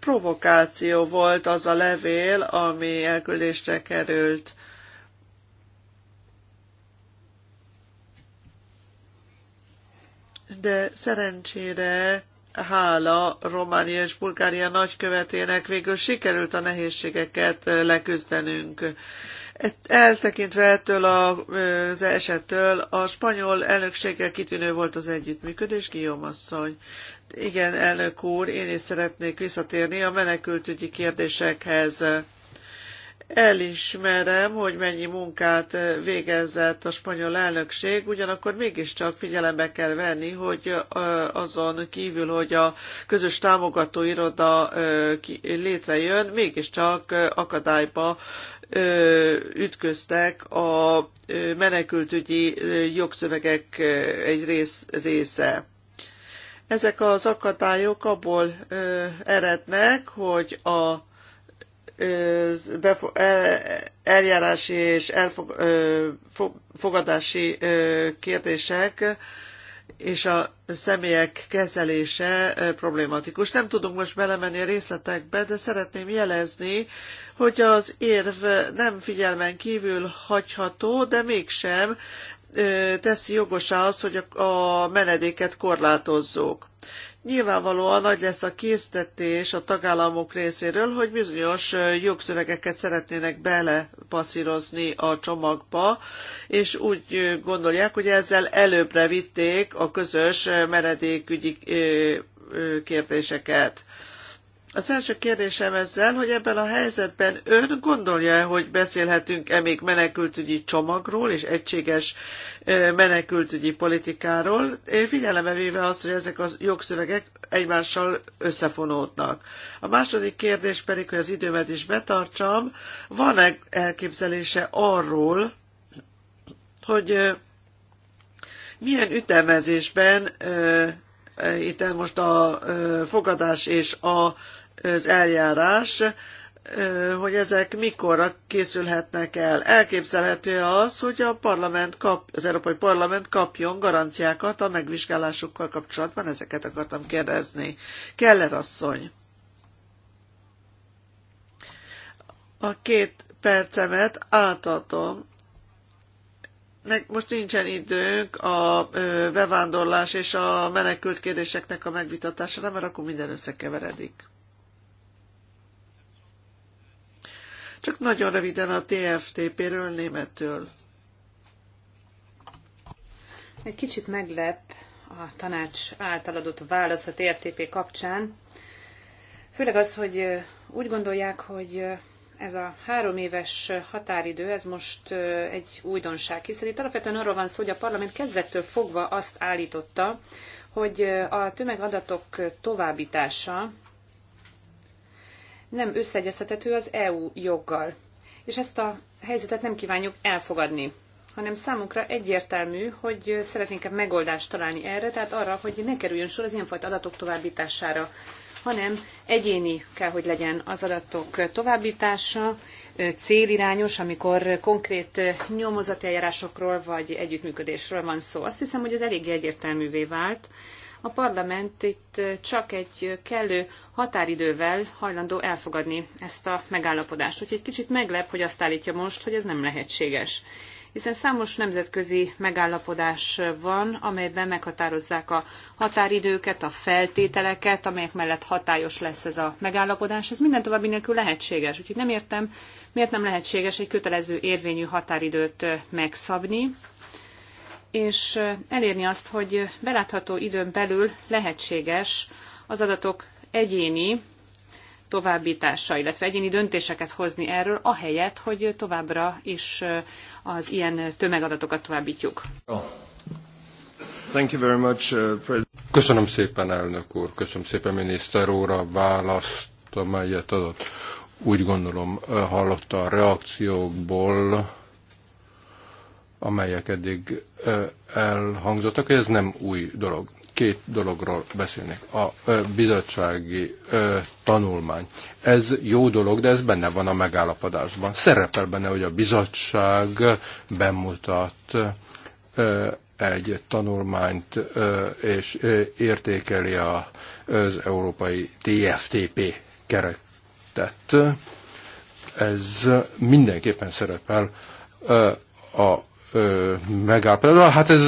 provokáció volt az a levél, ami elküldésre került. De szerencsére hála Románia és Bulgária nagykövetének végül sikerült a nehézségeket leküzdenünk. Eltekintve ettől az esettől, a spanyol elnökséggel kitűnő volt az együttműködés, Guillaume asszony. Igen, elnök úr, én is szeretnék visszatérni a menekültügyi kérdésekhez. Elismerem, hogy mennyi munkát végezett a spanyol elnökség, ugyanakkor mégiscsak figyelembe kell venni, hogy azon kívül, hogy a közös támogató iroda létrejön, mégiscsak akadályba ütköztek a menekültügyi jogszövegek egy rész, része ezek az akadályok abból ö, erednek, hogy a e, eljárási és elfogadási kérdések és a személyek kezelése problématikus. Nem tudunk most belemenni a részletekbe, de szeretném jelezni, hogy az érv nem figyelmen kívül hagyható, de mégsem teszi jogosá az, hogy a menedéket korlátozzuk. Nyilvánvalóan nagy lesz a késztetés a tagállamok részéről, hogy bizonyos jogszövegeket szeretnének belepasszírozni a csomagba, és úgy gondolják, hogy ezzel előbbre vitték a közös menedékügyi kérdéseket. Az első kérdésem ezzel, hogy ebben a helyzetben ön gondolja, hogy beszélhetünk-e még menekültügyi csomagról és egységes e, menekültügyi politikáról, eh, figyelembe véve azt, hogy ezek a jogszövegek egymással összefonódnak. A második kérdés pedig, hogy az időmet is betartsam, van-e elképzelése arról, hogy eh, milyen ütemezésben eh, itt most a fogadás és a az eljárás, hogy ezek mikorra készülhetnek el. Elképzelhető az, hogy a parlament kap, az Európai Parlament kapjon garanciákat a megvizsgálásukkal kapcsolatban, ezeket akartam kérdezni. Keller asszony. A két percemet átadom. Most nincsen időnk a bevándorlás és a menekült kérdéseknek a megvitatására, mert akkor minden összekeveredik. Csak nagyon röviden a TFTP-ről németül. Egy kicsit meglep a tanács által adott válasz a TFTP kapcsán. Főleg az, hogy úgy gondolják, hogy ez a három éves határidő, ez most egy újdonság, hiszen itt alapvetően arról van szó, hogy a parlament kezdettől fogva azt állította, hogy a tömegadatok továbbítása nem összeegyeztethető az EU joggal. És ezt a helyzetet nem kívánjuk elfogadni hanem számunkra egyértelmű, hogy szeretnénk -e megoldást találni erre, tehát arra, hogy ne kerüljön sor az ilyenfajta adatok továbbítására, hanem egyéni kell, hogy legyen az adatok továbbítása, célirányos, amikor konkrét nyomozati eljárásokról vagy együttműködésről van szó. Azt hiszem, hogy ez eléggé egyértelművé vált, a parlament itt csak egy kellő határidővel hajlandó elfogadni ezt a megállapodást. Úgyhogy kicsit meglep, hogy azt állítja most, hogy ez nem lehetséges hiszen számos nemzetközi megállapodás van, amelyben meghatározzák a határidőket, a feltételeket, amelyek mellett hatályos lesz ez a megállapodás. Ez minden további nélkül lehetséges, úgyhogy nem értem, miért nem lehetséges egy kötelező érvényű határidőt megszabni, és elérni azt, hogy belátható időn belül lehetséges az adatok egyéni továbbítása, illetve egyéni döntéseket hozni erről, ahelyett, hogy továbbra is az ilyen tömegadatokat továbbítjuk. Oh. Thank you very much, uh, Köszönöm szépen, elnök úr, köszönöm szépen, miniszter úr, a választ, amelyet adott. Úgy gondolom, hallotta a reakciókból, amelyek eddig elhangzottak. Ez nem új dolog. Két dologról beszélnék A bizottsági tanulmány. Ez jó dolog, de ez benne van a megállapodásban. Szerepel benne, hogy a bizottság bemutat egy tanulmányt, és értékeli az európai TFTP keretet. Ez mindenképpen szerepel a megállapodva, Hát ez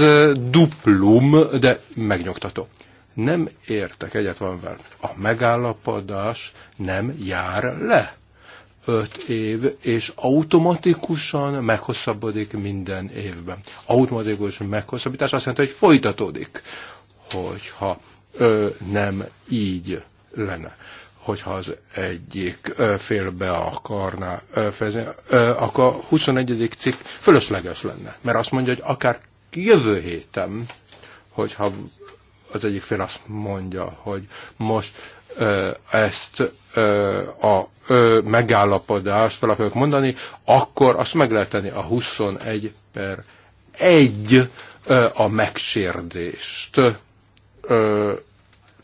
duplum, de megnyugtató. Nem értek egyet van vel. A megállapodás nem jár le. Öt év, és automatikusan meghosszabbodik minden évben. Automatikus meghosszabbítás azt jelenti, hogy folytatódik, hogyha ö, nem így lenne hogyha az egyik be akarná fezni, akkor a 21. cikk fölösleges lenne. Mert azt mondja, hogy akár jövő héten, hogyha az egyik fél azt mondja, hogy most ezt a megállapodást fel akarok mondani, akkor azt meg lehet tenni a 21 per 1 a megsérdést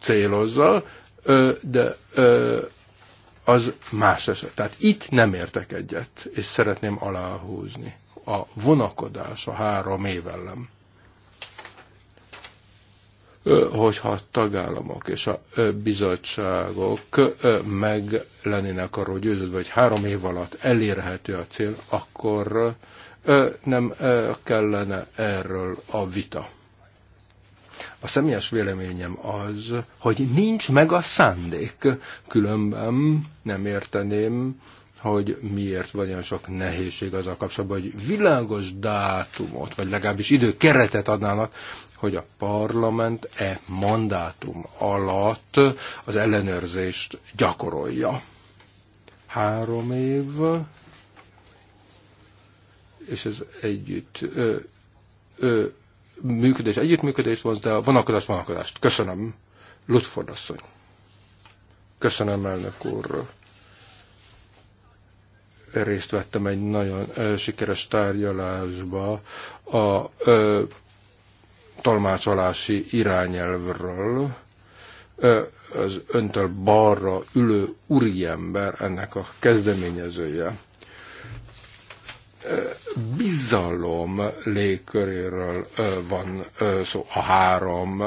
célozza, de az más eset. Tehát itt nem értek egyet, és szeretném aláhúzni. A vonakodás a három évellem hogyha a tagállamok és a bizottságok meg lennének arról győződve, hogy három év alatt elérhető a cél, akkor nem kellene erről a vita. A személyes véleményem az, hogy nincs meg a szándék, különben nem érteném, hogy miért van olyan sok nehézség a kapcsolatban, hogy világos dátumot, vagy legalábbis időkeretet adnának, hogy a parlament e mandátum alatt az ellenőrzést gyakorolja. Három év, és ez együtt ö, ö, működés, együttműködés volt, de a vonakodás, vonakodást. Köszönöm, Lutford asszony. Köszönöm, elnök úr. Részt vettem egy nagyon sikeres tárgyalásba a ö, tolmácsolási irányelvről. Ö, az öntől balra ülő úriember ennek a kezdeményezője bizalom légköréről van szó a három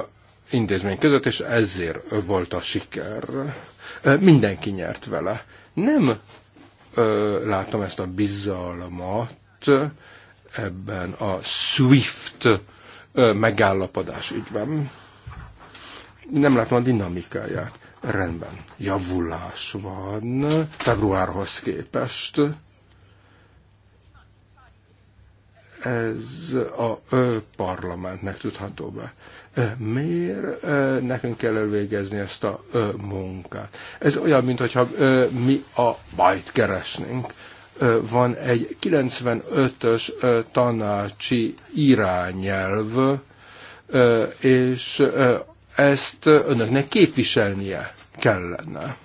intézmény között, és ezért volt a siker. Mindenki nyert vele. Nem látom ezt a bizalmat ebben a SWIFT megállapodás ügyben. Nem látom a dinamikáját. Rendben, javulás van februárhoz képest ez a parlamentnek tudható be. Miért nekünk kell elvégezni ezt a munkát? Ez olyan, mintha mi a bajt keresnénk. Van egy 95-ös tanácsi irányelv, és ezt önöknek képviselnie kellene.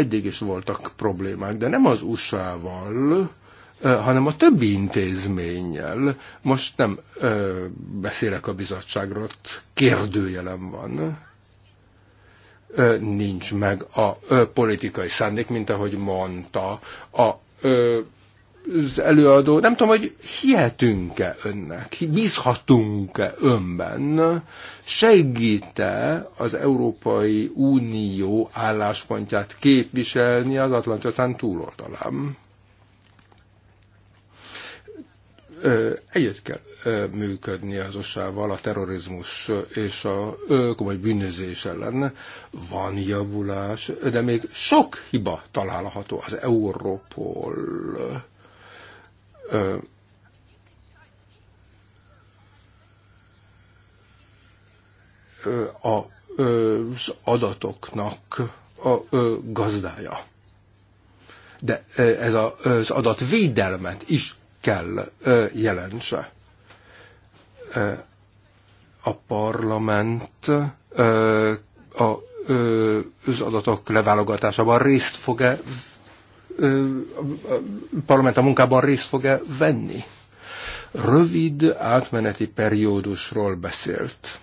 eddig is voltak problémák, de nem az USA-val, hanem a többi intézménnyel. Most nem ö, beszélek a bizottságról, ott kérdőjelem van. Ö, nincs meg a ö, politikai szándék, mint ahogy mondta. A ö, az előadó, nem tudom, hogy hihetünk-e önnek, bízhatunk-e önben, segíte az Európai Unió álláspontját képviselni az Atlanti óceán túloldalán. Együtt kell működni az osával a terrorizmus és a komoly bűnözés ellen. Van javulás, de még sok hiba található az Európol az adatoknak a gazdája. De ez az adatvédelmet is kell jelentse. A parlament a az adatok leválogatásában részt fog-e parlament a munkában részt fog-e venni. Rövid átmeneti periódusról beszélt.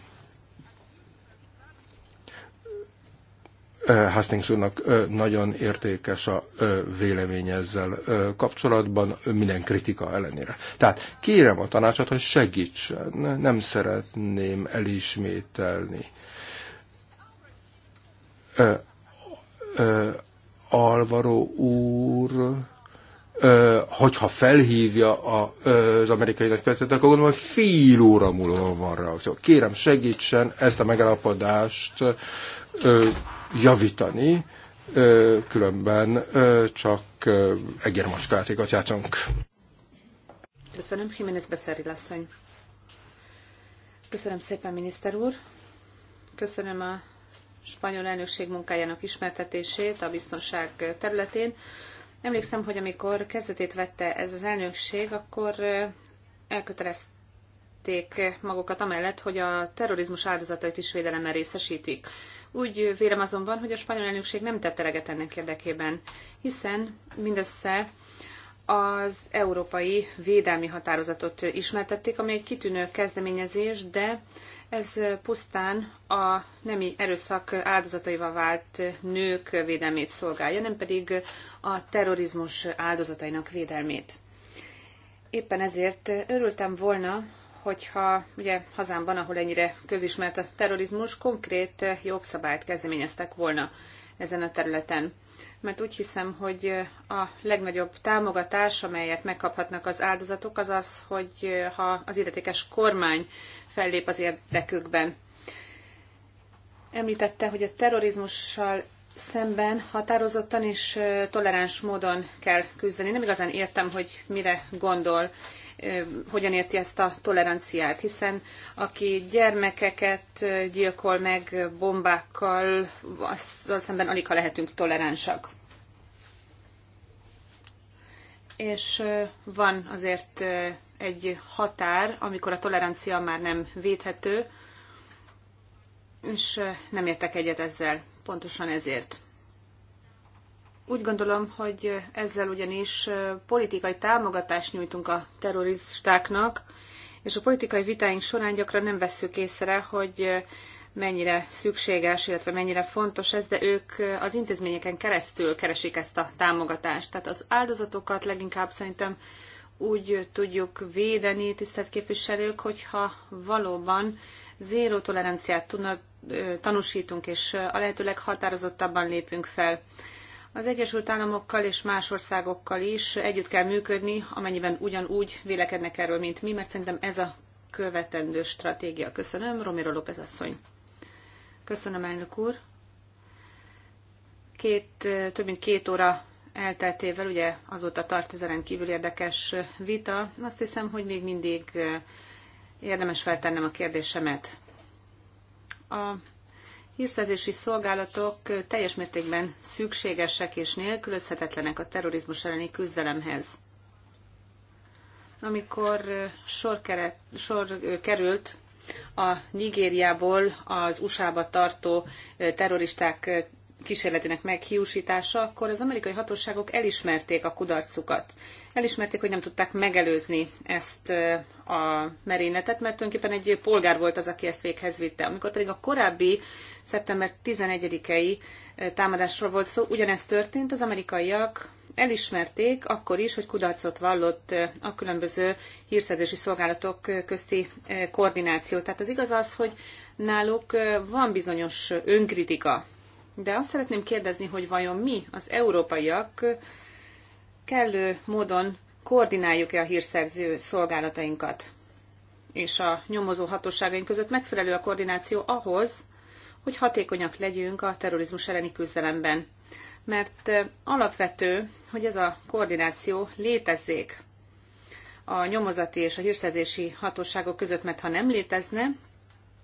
Hastings úrnak nagyon értékes a vélemény ezzel kapcsolatban, minden kritika ellenére. Tehát kérem a tanácsot, hogy segítsen, nem szeretném elismételni Alvaro úr ö, hogyha felhívja a, ö, az amerikai nagykövetet, akkor gondolom, hogy fél óra múlva van rá. Szóval kérem, segítsen ezt a megállapodást ö, javítani, ö, különben ö, csak egérmacskátékat játszunk. Köszönöm, Jiménez Beszeri lasszony. Köszönöm szépen, miniszter úr. Köszönöm a spanyol elnökség munkájának ismertetését a biztonság területén. Emlékszem, hogy amikor kezdetét vette ez az elnökség, akkor elkötelezték magukat amellett, hogy a terrorizmus áldozatait is védelemmel részesítik. Úgy vélem azonban, hogy a spanyol elnökség nem tette eleget ennek érdekében, hiszen mindössze az európai védelmi határozatot ismertették, ami egy kitűnő kezdeményezés, de ez pusztán a nemi erőszak áldozataival vált nők védelmét szolgálja, nem pedig a terrorizmus áldozatainak védelmét. Éppen ezért örültem volna, hogyha ugye hazámban, ahol ennyire közismert a terrorizmus, konkrét jogszabályt kezdeményeztek volna ezen a területen mert úgy hiszem, hogy a legnagyobb támogatás, amelyet megkaphatnak az áldozatok, az az, hogy ha az illetékes kormány fellép az érdekükben. Említette, hogy a terrorizmussal szemben határozottan és toleráns módon kell küzdeni. Nem igazán értem, hogy mire gondol, hogyan érti ezt a toleranciát, hiszen aki gyermekeket gyilkol meg bombákkal, azzal szemben alig ha lehetünk toleránsak. És van azért egy határ, amikor a tolerancia már nem védhető, és nem értek egyet ezzel pontosan ezért. Úgy gondolom, hogy ezzel ugyanis politikai támogatást nyújtunk a terroristáknak, és a politikai vitáink során gyakran nem vesszük észre, hogy mennyire szükséges, illetve mennyire fontos ez, de ők az intézményeken keresztül keresik ezt a támogatást. Tehát az áldozatokat leginkább szerintem úgy tudjuk védeni, tisztelt képviselők, hogyha valóban zéró toleranciát tudnak tanúsítunk, és a lehető leghatározottabban lépünk fel. Az Egyesült Államokkal és más országokkal is együtt kell működni, amennyiben ugyanúgy vélekednek erről, mint mi, mert szerintem ez a követendő stratégia. Köszönöm, Romero López asszony. Köszönöm, elnök úr. Két, több mint két óra elteltével, ugye azóta tart ez a rendkívül érdekes vita, azt hiszem, hogy még mindig érdemes feltennem a kérdésemet. A hírszerzési szolgálatok teljes mértékben szükségesek és nélkülözhetetlenek a terrorizmus elleni küzdelemhez. Amikor sor, keret, sor került a Nigériából az USA-ba tartó terroristák kísérletének meghiúsítása, akkor az amerikai hatóságok elismerték a kudarcukat. Elismerték, hogy nem tudták megelőzni ezt a merényletet, mert tulajdonképpen egy polgár volt az, aki ezt véghez vitte. Amikor pedig a korábbi szeptember 11-i támadásról volt szó, ugyanez történt, az amerikaiak elismerték akkor is, hogy kudarcot vallott a különböző hírszerzési szolgálatok közti koordináció. Tehát az igaz az, hogy náluk van bizonyos önkritika de azt szeretném kérdezni, hogy vajon mi, az európaiak, kellő módon koordináljuk-e a hírszerző szolgálatainkat? És a nyomozó hatóságaink között megfelelő a koordináció ahhoz, hogy hatékonyak legyünk a terrorizmus elleni küzdelemben. Mert alapvető, hogy ez a koordináció létezzék a nyomozati és a hírszerzési hatóságok között, mert ha nem létezne,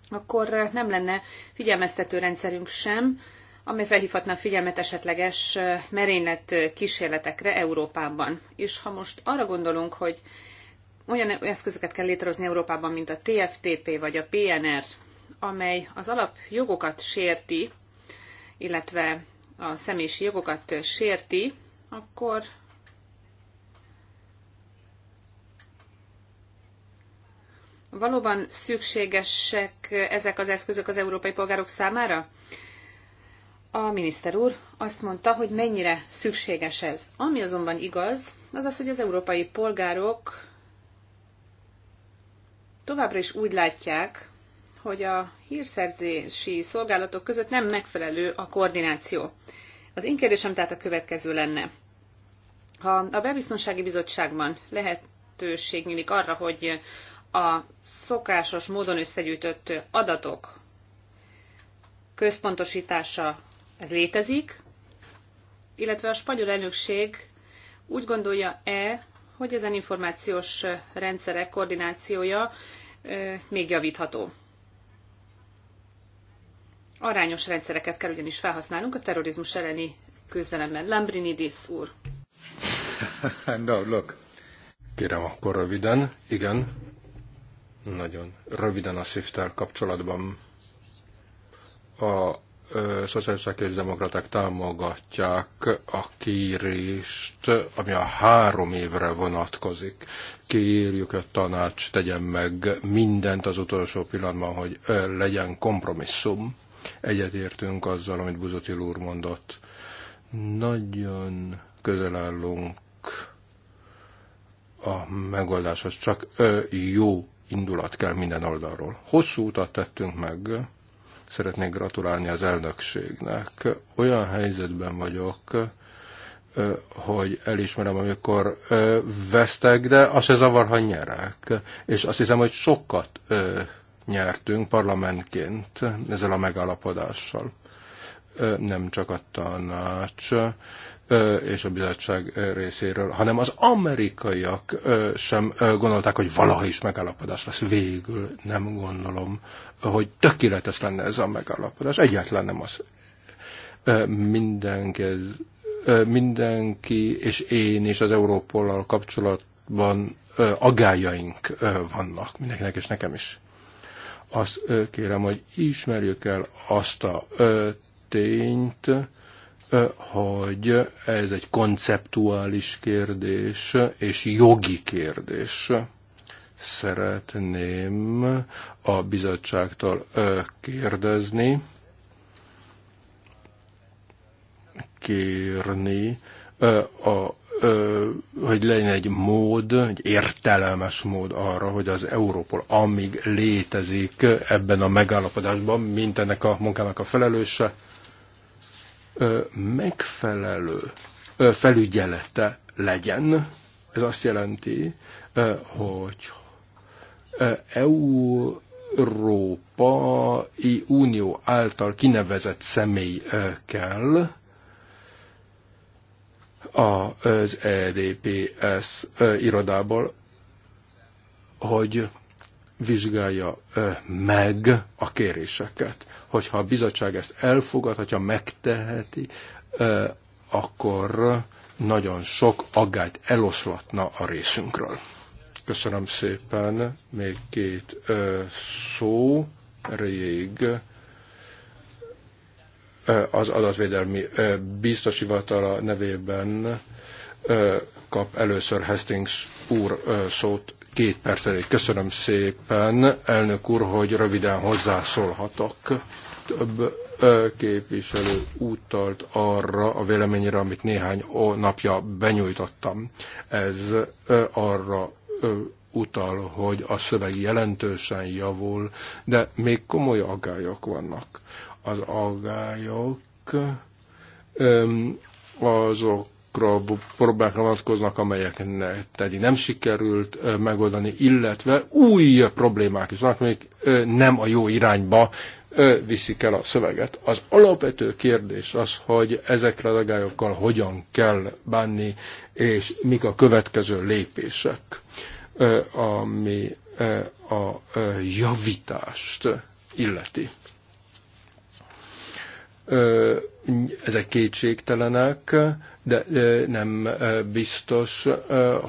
akkor nem lenne figyelmeztető rendszerünk sem, amely felhívhatná a figyelmet esetleges merénylet kísérletekre Európában. És ha most arra gondolunk, hogy olyan eszközöket kell létrehozni Európában, mint a TFTP vagy a PNR, amely az alapjogokat sérti, illetve a személyi jogokat sérti, akkor valóban szükségesek ezek az eszközök az európai polgárok számára? a miniszter úr azt mondta, hogy mennyire szükséges ez. Ami azonban igaz, az az, hogy az európai polgárok továbbra is úgy látják, hogy a hírszerzési szolgálatok között nem megfelelő a koordináció. Az én kérdésem tehát a következő lenne. Ha a Belbiztonsági Bizottságban lehetőség nyílik arra, hogy a szokásos módon összegyűjtött adatok központosítása ez létezik, illetve a spanyol elnökség úgy gondolja-e, hogy ezen információs rendszerek koordinációja még javítható. Arányos rendszereket kell ugyanis felhasználnunk a terrorizmus elleni küzdelemben. Lambrinidis úr. (laughs) no, look. Kérem akkor röviden. Igen. Nagyon röviden a Swift-tel kapcsolatban. A szocialisták és demokraták támogatják a kérést, ami a három évre vonatkozik. Kérjük a tanács tegyen meg mindent az utolsó pillanatban, hogy legyen kompromisszum. Egyetértünk azzal, amit Buzotil úr mondott. Nagyon közel állunk a megoldáshoz, csak jó indulat kell minden oldalról. Hosszú utat tettünk meg, szeretnék gratulálni az elnökségnek. Olyan helyzetben vagyok, hogy elismerem, amikor vesztek, de az se zavar, ha nyerek. És azt hiszem, hogy sokat nyertünk parlamentként ezzel a megállapodással nem csak a tanács és a bizottság részéről, hanem az amerikaiak sem gondolták, hogy valaha is megállapodás lesz. Végül nem gondolom, hogy tökéletes lenne ez a megállapodás. Egyáltalán nem az. Mindenki, mindenki és én is az Európollal kapcsolatban agályaink vannak mindenkinek, és nekem is azt kérem, hogy ismerjük el azt a tényt, hogy ez egy konceptuális kérdés és jogi kérdés. Szeretném a bizottságtól kérdezni, kérni, a, hogy legyen egy mód, egy értelmes mód arra, hogy az Európol amíg létezik ebben a megállapodásban, mint ennek a munkának a felelőse, megfelelő felügyelete legyen. Ez azt jelenti, hogy Európai Unió által kinevezett személy kell az EDPS irodából, hogy vizsgálja meg a kéréseket hogyha a bizottság ezt elfogadhatja, megteheti, akkor nagyon sok aggályt eloszlatna a részünkről. Köszönöm szépen. Még két ö, szó rég ö, az adatvédelmi ö, nevében ö, kap először Hastings úr ö, szót két percet. Köszönöm szépen, elnök úr, hogy röviden hozzászólhatok több képviselő utalt arra a véleményre, amit néhány napja benyújtottam. Ez arra utal, hogy a szöveg jelentősen javul, de még komoly agályok vannak. Az agályok azok azokra problémákra vonatkoznak, amelyeknek tedi nem sikerült megoldani, illetve új problémák is vannak, amik nem a jó irányba viszik el a szöveget. Az alapvető kérdés az, hogy ezekre a agályokkal hogyan kell bánni, és mik a következő lépések, ami a javítást illeti. Ezek kétségtelenek, de nem biztos,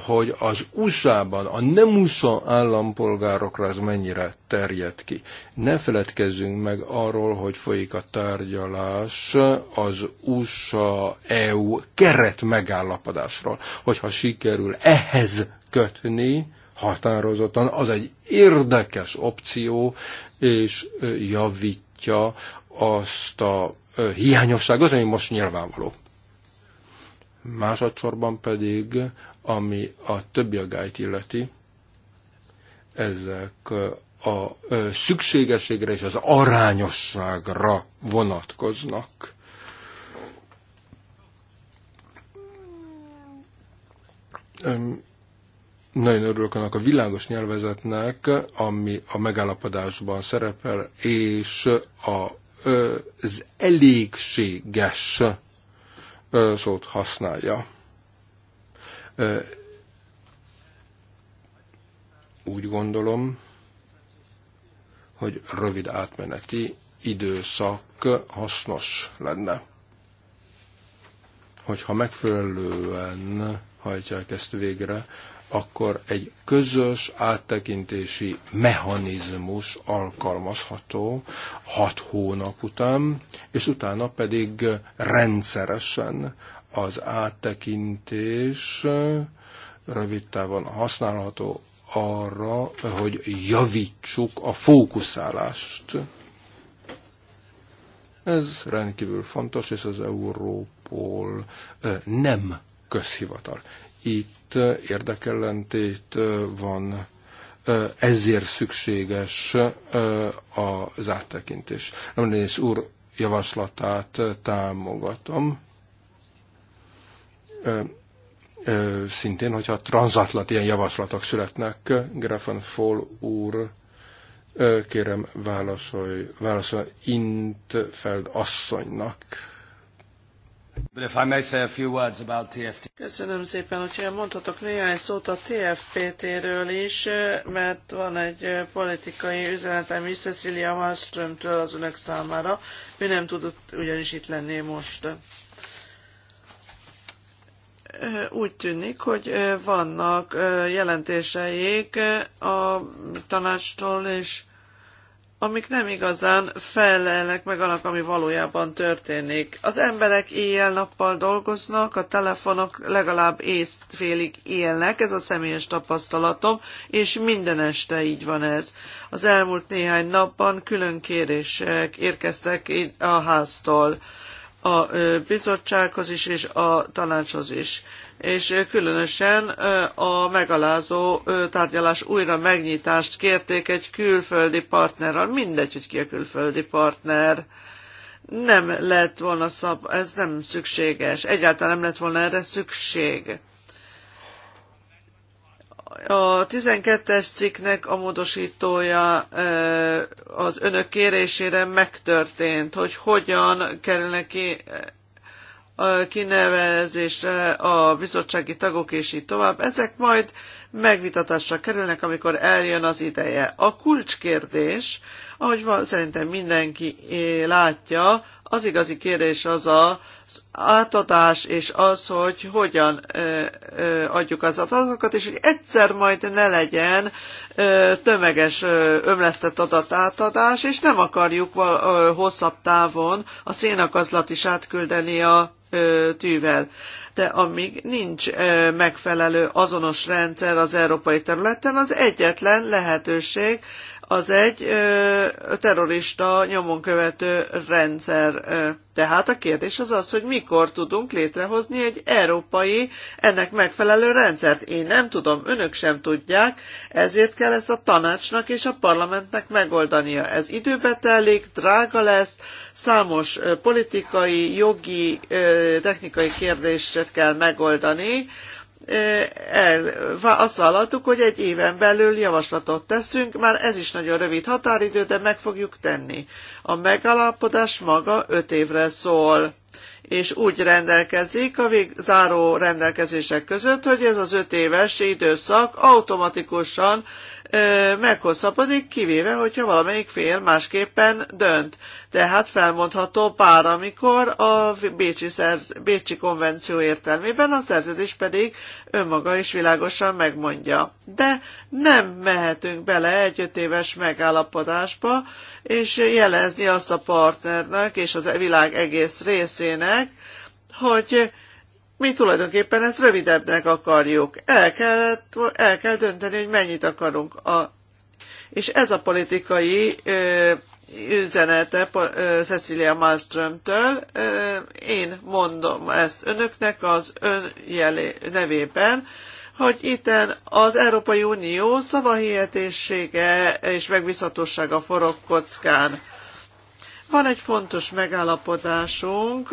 hogy az USA-ban a nem USA állampolgárokra ez mennyire terjed ki. Ne feledkezzünk meg arról, hogy folyik a tárgyalás az USA-EU keret megállapodásról. Hogyha sikerül ehhez kötni, határozottan, az egy érdekes opció, és javítja azt a hiányosságot, ami most nyilvánvaló. Másodszorban pedig, ami a többi agályt illeti, ezek a szükségességre és az arányosságra vonatkoznak. Nagyon örülök annak a világos nyelvezetnek, ami a megállapodásban szerepel, és a, az elégséges szót használja. Úgy gondolom, hogy rövid átmeneti időszak hasznos lenne. Hogyha megfelelően hajtják ezt végre, akkor egy közös áttekintési mechanizmus alkalmazható hat hónap után, és utána pedig rendszeresen az áttekintés rövid távon használható arra, hogy javítsuk a fókuszálást. Ez rendkívül fontos, és az Európol nem közhivatal itt érdekellentét van, ezért szükséges az áttekintés. Reményész úr javaslatát támogatom. Szintén, hogyha transatlant ilyen javaslatok születnek, Grafen Fall úr, kérem válaszolj, válaszolj Intfeld asszonynak Köszönöm szépen, hogy mondhatok néhány szót a TFPT-ről is, mert van egy politikai üzenetem is Cecilia Mastroianni-től az önök számára. Mi nem tudott ugyanis itt lenni most. Úgy tűnik, hogy vannak jelentéseik a tanácstól és amik nem igazán felelnek meg annak, ami valójában történik. Az emberek éjjel-nappal dolgoznak, a telefonok legalább észfélig élnek, ez a személyes tapasztalatom, és minden este így van ez. Az elmúlt néhány napban külön kérések érkeztek a háztól, a bizottsághoz is és a tanácshoz is és különösen a megalázó tárgyalás újra megnyitást kérték egy külföldi partnerrel, mindegy, hogy ki a külföldi partner. Nem lett volna szab, ez nem szükséges, egyáltalán nem lett volna erre szükség. A 12-es cikknek a módosítója az önök kérésére megtörtént, hogy hogyan kerülnek ki kinevezés, kinevezésre a bizottsági tagok és így tovább. Ezek majd megvitatásra kerülnek, amikor eljön az ideje. A kulcskérdés, ahogy van, szerintem mindenki látja, az igazi kérdés az az átadás, és az, hogy hogyan ö, ö, adjuk az adatokat, és hogy egyszer majd ne legyen ö, tömeges ö, ömlesztett adatátadás, és nem akarjuk val, ö, hosszabb távon a szénakazlat is átküldeni a tűvel. De amíg nincs megfelelő azonos rendszer az európai területen, az egyetlen lehetőség, az egy ö, terrorista nyomon követő rendszer. Tehát a kérdés az az, hogy mikor tudunk létrehozni egy európai, ennek megfelelő rendszert. Én nem tudom, önök sem tudják, ezért kell ezt a tanácsnak és a parlamentnek megoldania. Ez időbe telik, drága lesz, számos politikai, jogi, technikai kérdést kell megoldani, el, azt vállaltuk, hogy egy éven belül javaslatot teszünk, már ez is nagyon rövid határidő, de meg fogjuk tenni. A megállapodás maga öt évre szól, és úgy rendelkezik a vég, záró rendelkezések között, hogy ez az öt éves időszak automatikusan meghosszabbodik, kivéve, hogyha valamelyik fél másképpen dönt. Tehát felmondható pár, amikor a Bécsi, szerz, Bécsi konvenció értelmében a szerződés pedig önmaga is világosan megmondja. De nem mehetünk bele egy öt éves megállapodásba, és jelezni azt a partnernek és az világ egész részének, hogy mi tulajdonképpen ezt rövidebbnek akarjuk. El, kellett, el kell dönteni, hogy mennyit akarunk. A, és ez a politikai ö, üzenete ö, Cecilia Malmström-től én mondom ezt önöknek az ön jelé, nevében, hogy itten az Európai Unió szavahihetésége és megbízhatósága forog kockán. Van egy fontos megállapodásunk,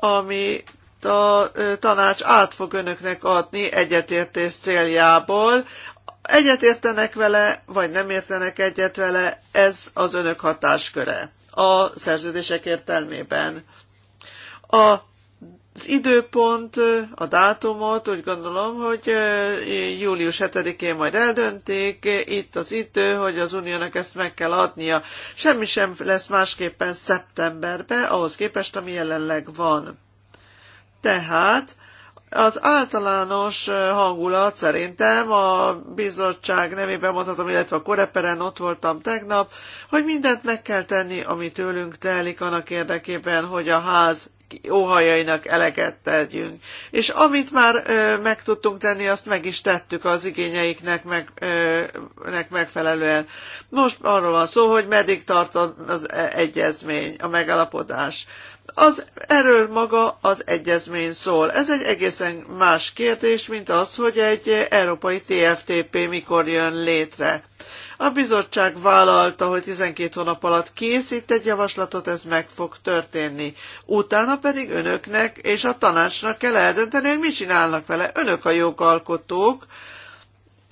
ami a tanács át fog önöknek adni egyetértés céljából. Egyetértenek vele, vagy nem értenek egyet vele, ez az önök hatásköre a szerződések értelmében. A az időpont, a dátumot úgy gondolom, hogy július 7-én majd eldönték, itt az idő, hogy az uniónak ezt meg kell adnia. Semmi sem lesz másképpen szeptemberbe, ahhoz képest, ami jelenleg van. Tehát az általános hangulat szerintem a bizottság nevében mondhatom, illetve a koreperen ott voltam tegnap, hogy mindent meg kell tenni, ami tőlünk telik annak érdekében, hogy a ház óhajainak eleget tegyünk. És amit már ö, meg tudtunk tenni, azt meg is tettük az igényeiknek meg, ö, nek megfelelően. Most arról van szó, hogy meddig tart az egyezmény, a megalapodás. Az erről maga az egyezmény szól. Ez egy egészen más kérdés, mint az, hogy egy európai TFTP mikor jön létre. A bizottság vállalta, hogy 12 hónap alatt készít egy javaslatot, ez meg fog történni. Utána pedig önöknek és a tanácsnak kell eldönteni, hogy mit csinálnak vele. Önök a jogalkotók,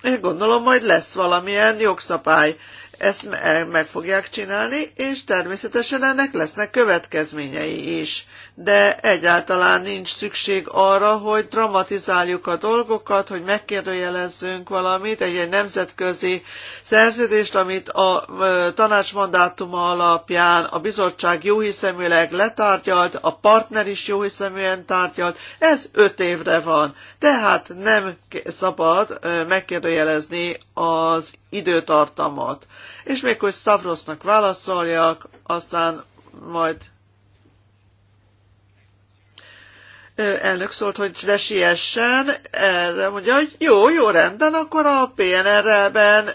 én gondolom, majd lesz valamilyen jogszabály ezt meg fogják csinálni, és természetesen ennek lesznek következményei is de egyáltalán nincs szükség arra, hogy dramatizáljuk a dolgokat, hogy megkérdőjelezzünk valamit, egy, egy nemzetközi szerződést, amit a tanácsmandátuma alapján a bizottság jóhiszeműleg letárgyalt, a partner is jóhiszeműen tárgyalt, ez öt évre van. Tehát nem szabad megkérdőjelezni az időtartamot. És még hogy Stavrosnak válaszoljak, aztán majd elnök szólt, hogy ne siessen, erre mondja, hogy jó, jó, rendben, akkor a PNR-ben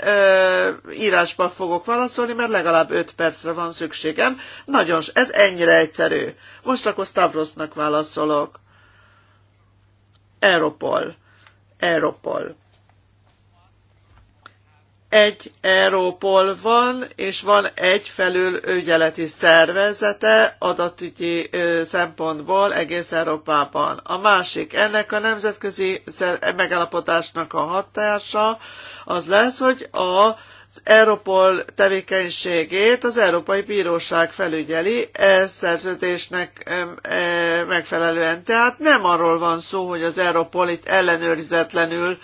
írásban fogok válaszolni, mert legalább 5 percre van szükségem. Nagyon, ez ennyire egyszerű. Most akkor Stavrosnak válaszolok. Europol. Europol. Egy Európol van, és van egy felül ügyeleti szervezete adatügyi szempontból egész Európában. A másik, ennek a nemzetközi megállapodásnak a hatása az lesz, hogy a Europol tevékenységét az Európai Bíróság felügyeli e szerződésnek e, megfelelően. Tehát nem arról van szó, hogy az Europol itt ellenőrizetlenül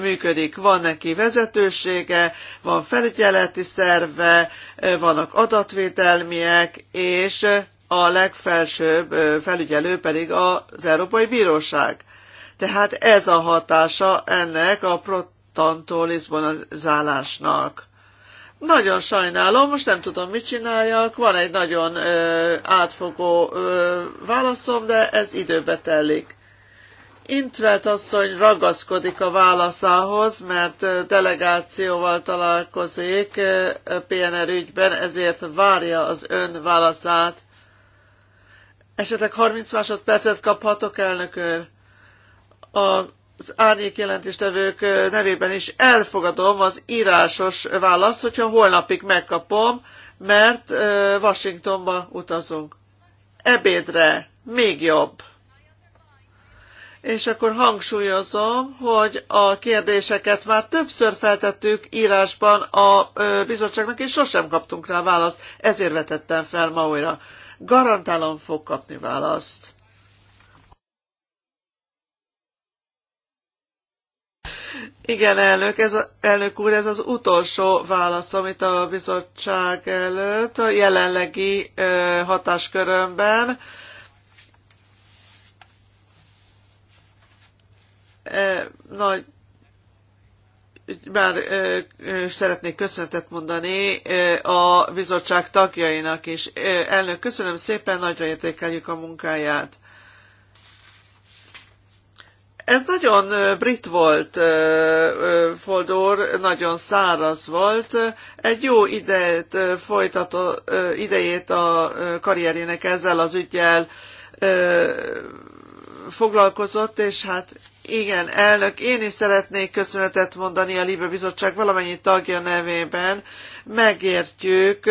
működik. Van neki vezetősége, van felügyeleti szerve, vannak adatvételmiek, és a legfelsőbb felügyelő pedig az Európai Bíróság. Tehát ez a hatása ennek a az állásnak. Nagyon sajnálom, most nem tudom, mit csináljak. Van egy nagyon ö, átfogó ö, válaszom, de ez időbe telik. Intvelt asszony ragaszkodik a válaszához, mert delegációval találkozik PNR ügyben, ezért várja az ön válaszát. Esetleg 30 másodpercet kaphatok, elnök úr? A az árnyék jelentéstevők nevében is elfogadom az írásos választ, hogyha holnapig megkapom, mert Washingtonba utazunk. Ebédre még jobb. És akkor hangsúlyozom, hogy a kérdéseket már többször feltettük írásban a bizottságnak, és sosem kaptunk rá választ, ezért vetettem fel ma újra. Garantálom fog kapni választ. Igen, elnök, ez a, elnök úr, ez az utolsó válaszom itt a bizottság előtt, a jelenlegi ö, hatáskörömben. nagy bár ö, ö, szeretnék köszönetet mondani ö, a bizottság tagjainak is. Ö, elnök, köszönöm szépen, nagyra értékeljük a munkáját. Ez nagyon brit volt, Foldor, nagyon száraz volt. Egy jó idejét, folytató, idejét a karrierének ezzel az ügyjel foglalkozott, és hát igen, elnök, én is szeretnék köszönetet mondani a Libe Bizottság valamennyi tagja nevében. Megértjük,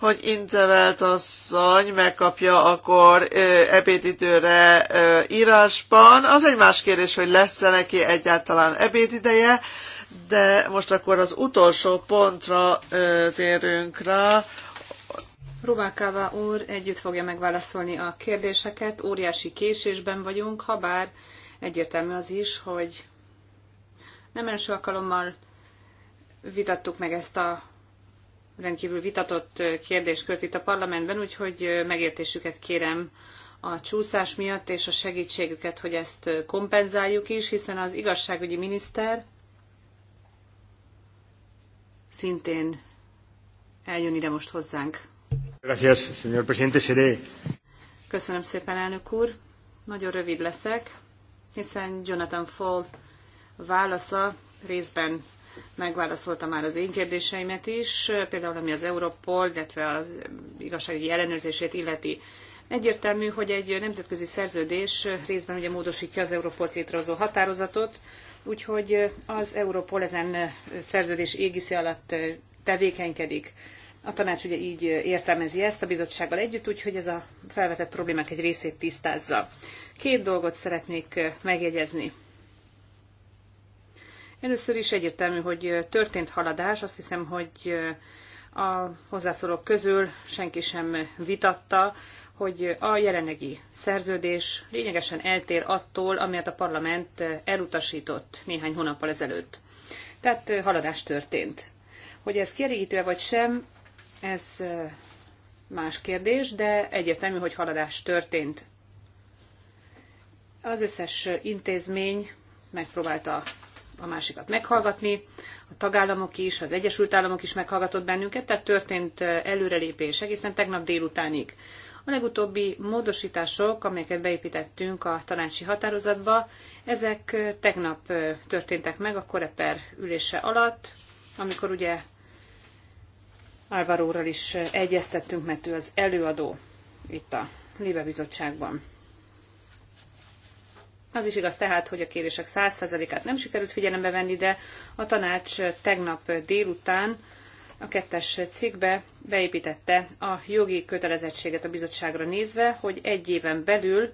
hogy Inzevelt asszony megkapja akkor ö, ebédidőre ö, írásban. Az egy más kérdés, hogy lesz-e neki egyáltalán ebédideje, de most akkor az utolsó pontra ö, térünk rá. Rubákáva úr együtt fogja megválaszolni a kérdéseket. Óriási késésben vagyunk, habár egyértelmű az is, hogy nem első alkalommal vitattuk meg ezt a rendkívül vitatott kérdéskört itt a parlamentben, úgyhogy megértésüket kérem a csúszás miatt, és a segítségüket, hogy ezt kompenzáljuk is, hiszen az igazságügyi miniszter szintén eljön ide most hozzánk. Köszönöm szépen, elnök úr. Nagyon rövid leszek, hiszen Jonathan Fall válasza részben megválaszolta már az én kérdéseimet is, például ami az Europol, illetve az igazságügyi ellenőrzését illeti. Egyértelmű, hogy egy nemzetközi szerződés részben ugye módosítja az Europolt létrehozó határozatot, úgyhogy az Europol ezen szerződés égisze alatt tevékenykedik. A tanács ugye így értelmezi ezt a bizottsággal együtt, úgyhogy ez a felvetett problémák egy részét tisztázza. Két dolgot szeretnék megjegyezni. Először is egyértelmű, hogy történt haladás. Azt hiszem, hogy a hozzászólók közül senki sem vitatta, hogy a jelenlegi szerződés lényegesen eltér attól, amelyet a parlament elutasított néhány hónappal ezelőtt. Tehát haladás történt. Hogy ez kielégítő vagy sem, ez más kérdés, de egyértelmű, hogy haladás történt. Az összes intézmény megpróbálta a másikat meghallgatni. A tagállamok is, az Egyesült Államok is meghallgatott bennünket, tehát történt előrelépés egészen tegnap délutánig. A legutóbbi módosítások, amelyeket beépítettünk a tanácsi határozatba, ezek tegnap történtek meg a Koreper ülése alatt, amikor ugye Álvaróral is egyeztettünk, mert ő az előadó itt a Libe Bizottságban. Az is igaz tehát, hogy a kérések 100%-át nem sikerült figyelembe venni, de a tanács tegnap délután a kettes cikkbe beépítette a jogi kötelezettséget a bizottságra nézve, hogy egy éven belül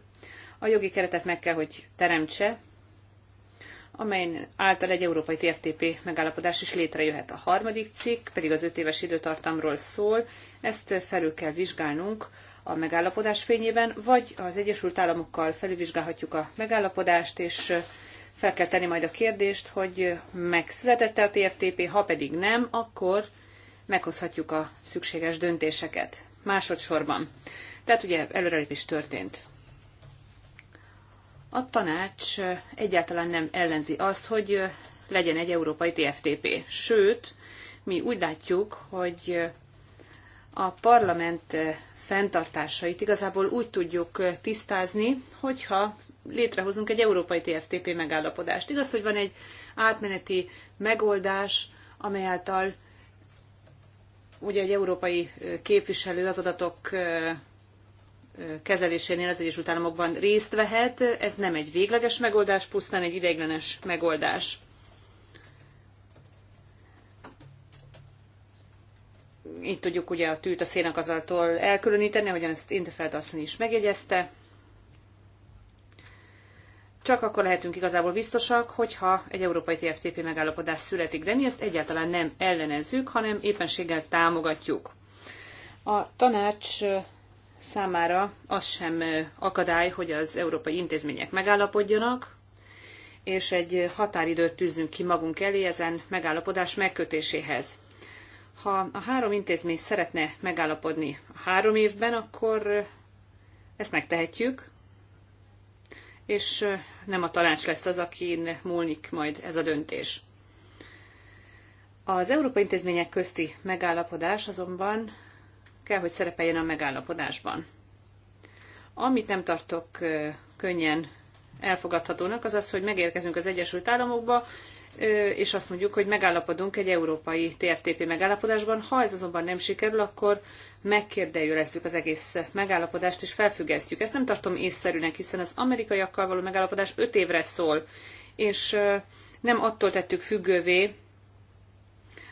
a jogi keretet meg kell, hogy teremtse, amely által egy európai TFTP megállapodás is létrejöhet. A harmadik cikk pedig az öt éves időtartamról szól, ezt felül kell vizsgálnunk a megállapodás fényében, vagy az Egyesült Államokkal felülvizsgálhatjuk a megállapodást, és fel kell tenni majd a kérdést, hogy megszületette a TFTP, ha pedig nem, akkor meghozhatjuk a szükséges döntéseket. Másodszorban. Tehát ugye előrelépés történt. A tanács egyáltalán nem ellenzi azt, hogy legyen egy európai TFTP. Sőt, mi úgy látjuk, hogy a parlament fenntartásait igazából úgy tudjuk tisztázni, hogyha létrehozunk egy európai TFTP megállapodást. Igaz, hogy van egy átmeneti megoldás, amely által ugye egy európai képviselő az adatok kezelésénél az Egyesült Államokban részt vehet. Ez nem egy végleges megoldás, pusztán egy ideiglenes megoldás. így tudjuk ugye a tűt a szénakazaltól elkülöníteni, ahogyan ezt Intefeld asszony is megjegyezte. Csak akkor lehetünk igazából biztosak, hogyha egy európai TFTP megállapodás születik, de mi ezt egyáltalán nem ellenezzük, hanem éppenséggel támogatjuk. A tanács számára az sem akadály, hogy az európai intézmények megállapodjanak, és egy határidőt tűzzünk ki magunk elé ezen megállapodás megkötéséhez. Ha a három intézmény szeretne megállapodni a három évben, akkor ezt megtehetjük, és nem a tanács lesz az, akin múlnik majd ez a döntés. Az Európai Intézmények közti megállapodás azonban kell, hogy szerepeljen a megállapodásban. Amit nem tartok könnyen elfogadhatónak, az az, hogy megérkezünk az Egyesült Államokba, és azt mondjuk, hogy megállapodunk egy európai TFTP megállapodásban. Ha ez azonban nem sikerül, akkor megkérdőjelezzük az egész megállapodást, és felfüggesztjük. Ezt nem tartom észszerűnek, hiszen az amerikaiakkal való megállapodás öt évre szól, és nem attól tettük függővé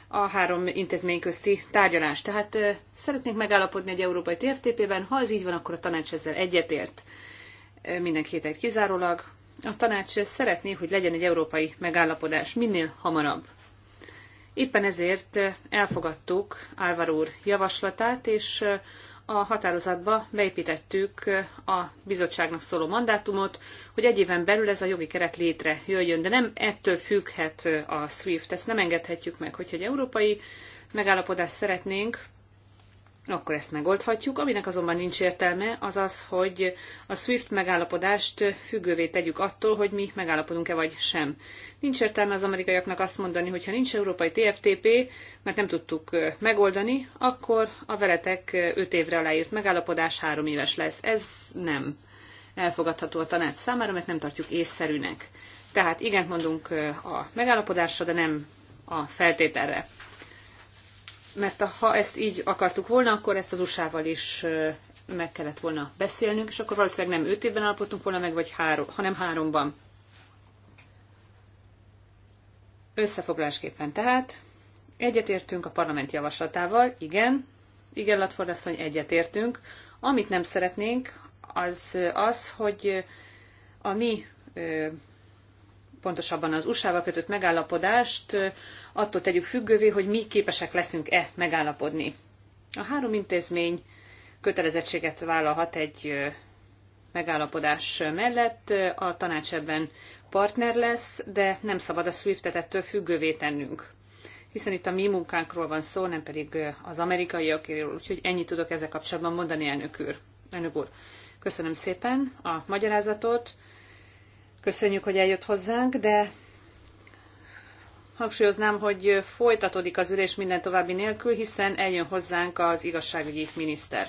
a három intézmény közti tárgyalást. Tehát szeretnénk megállapodni egy európai TFTP-ben, ha ez így van, akkor a tanács ezzel egyetért. Minden kételyt kizárólag, a tanács szeretné, hogy legyen egy európai megállapodás minél hamarabb. Éppen ezért elfogadtuk Álvaro úr javaslatát, és a határozatba beépítettük a bizottságnak szóló mandátumot, hogy egy éven belül ez a jogi keret létrejöjjön, de nem ettől függhet a SWIFT, ezt nem engedhetjük meg. Hogyha egy európai megállapodást szeretnénk, akkor ezt megoldhatjuk. Aminek azonban nincs értelme, az az, hogy a SWIFT megállapodást függővé tegyük attól, hogy mi megállapodunk-e vagy sem. Nincs értelme az amerikaiaknak azt mondani, hogy ha nincs európai TFTP, mert nem tudtuk megoldani, akkor a veletek 5 évre aláírt megállapodás 3 éves lesz. Ez nem elfogadható a tanács számára, mert nem tartjuk észszerűnek. Tehát igen mondunk a megállapodásra, de nem a feltételre mert ha ezt így akartuk volna, akkor ezt az USA-val is meg kellett volna beszélnünk, és akkor valószínűleg nem öt évben alapodtunk volna meg, vagy három, hanem háromban. Összefoglásképpen tehát egyetértünk a parlament javaslatával, igen, igen, Latford asszony, egyetértünk. Amit nem szeretnénk, az az, hogy a mi pontosabban az USA-val kötött megállapodást attól tegyük függővé, hogy mi képesek leszünk-e megállapodni. A három intézmény kötelezettséget vállalhat egy megállapodás mellett. A tanács ebben partner lesz, de nem szabad a SWIFT-et ettől függővé tennünk. Hiszen itt a mi munkánkról van szó, nem pedig az amerikaiakéről, úgyhogy ennyit tudok ezzel kapcsolatban mondani, elnök úr. Elnök úr. Köszönöm szépen a magyarázatot. Köszönjük, hogy eljött hozzánk, de Hangsúlyoznám, hogy folytatódik az ülés minden további nélkül, hiszen eljön hozzánk az igazságügyi miniszter.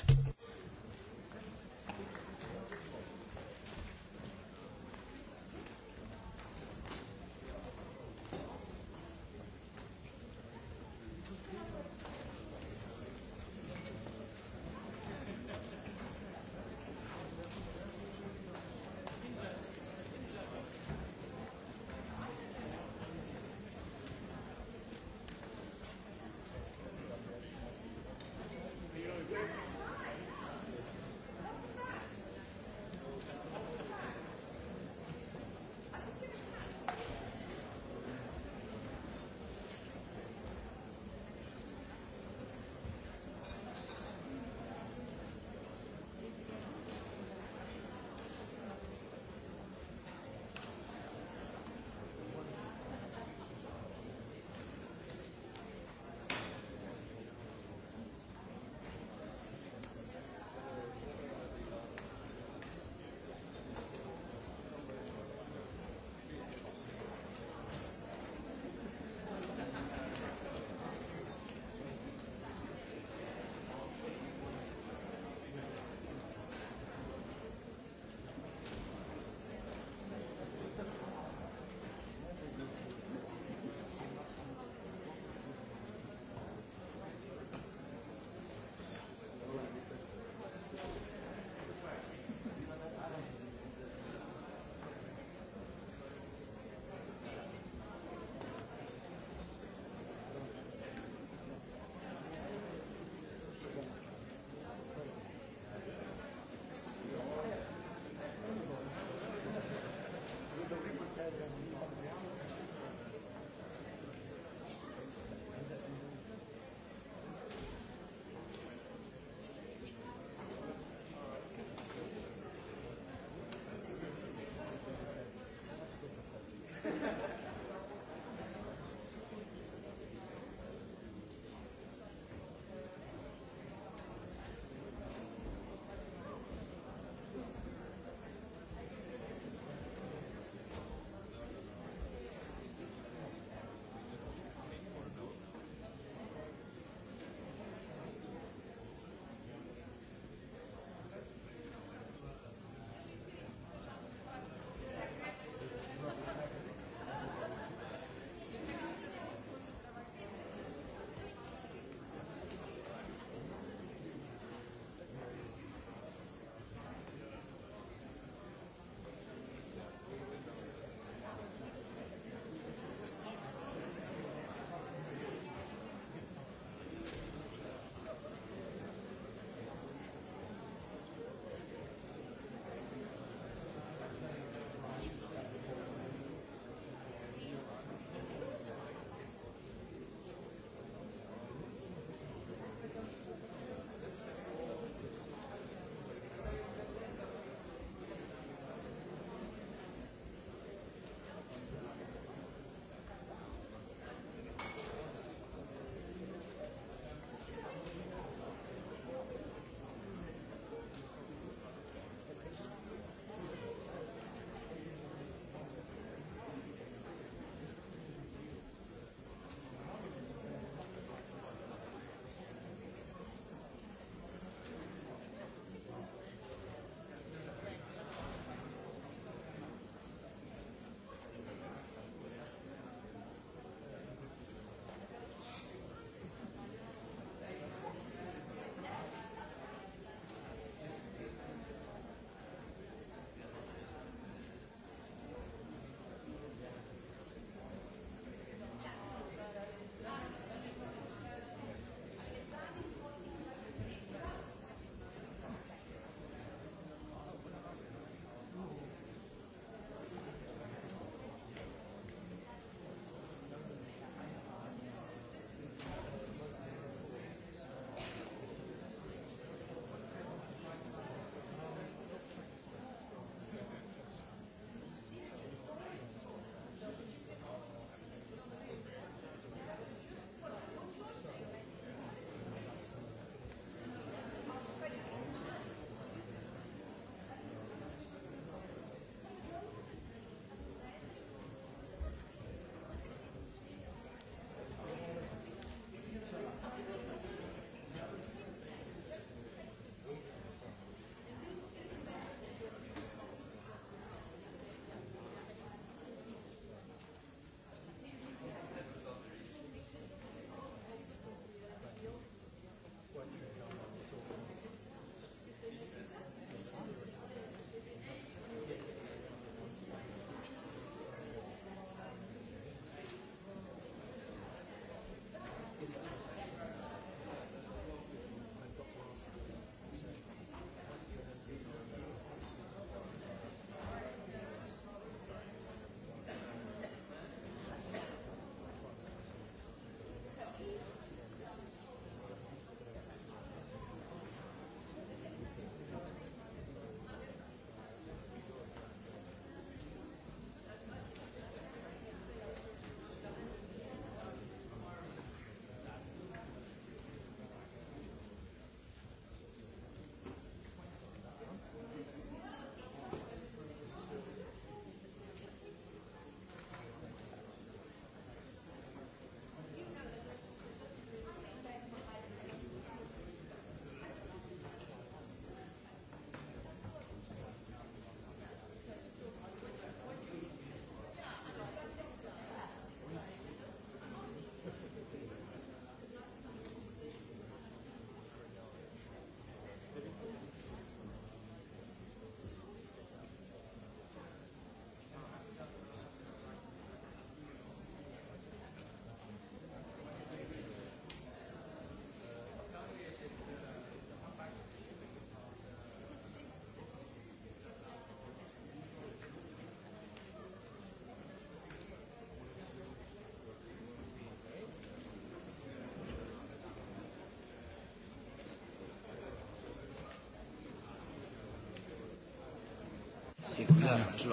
que cuidarlas.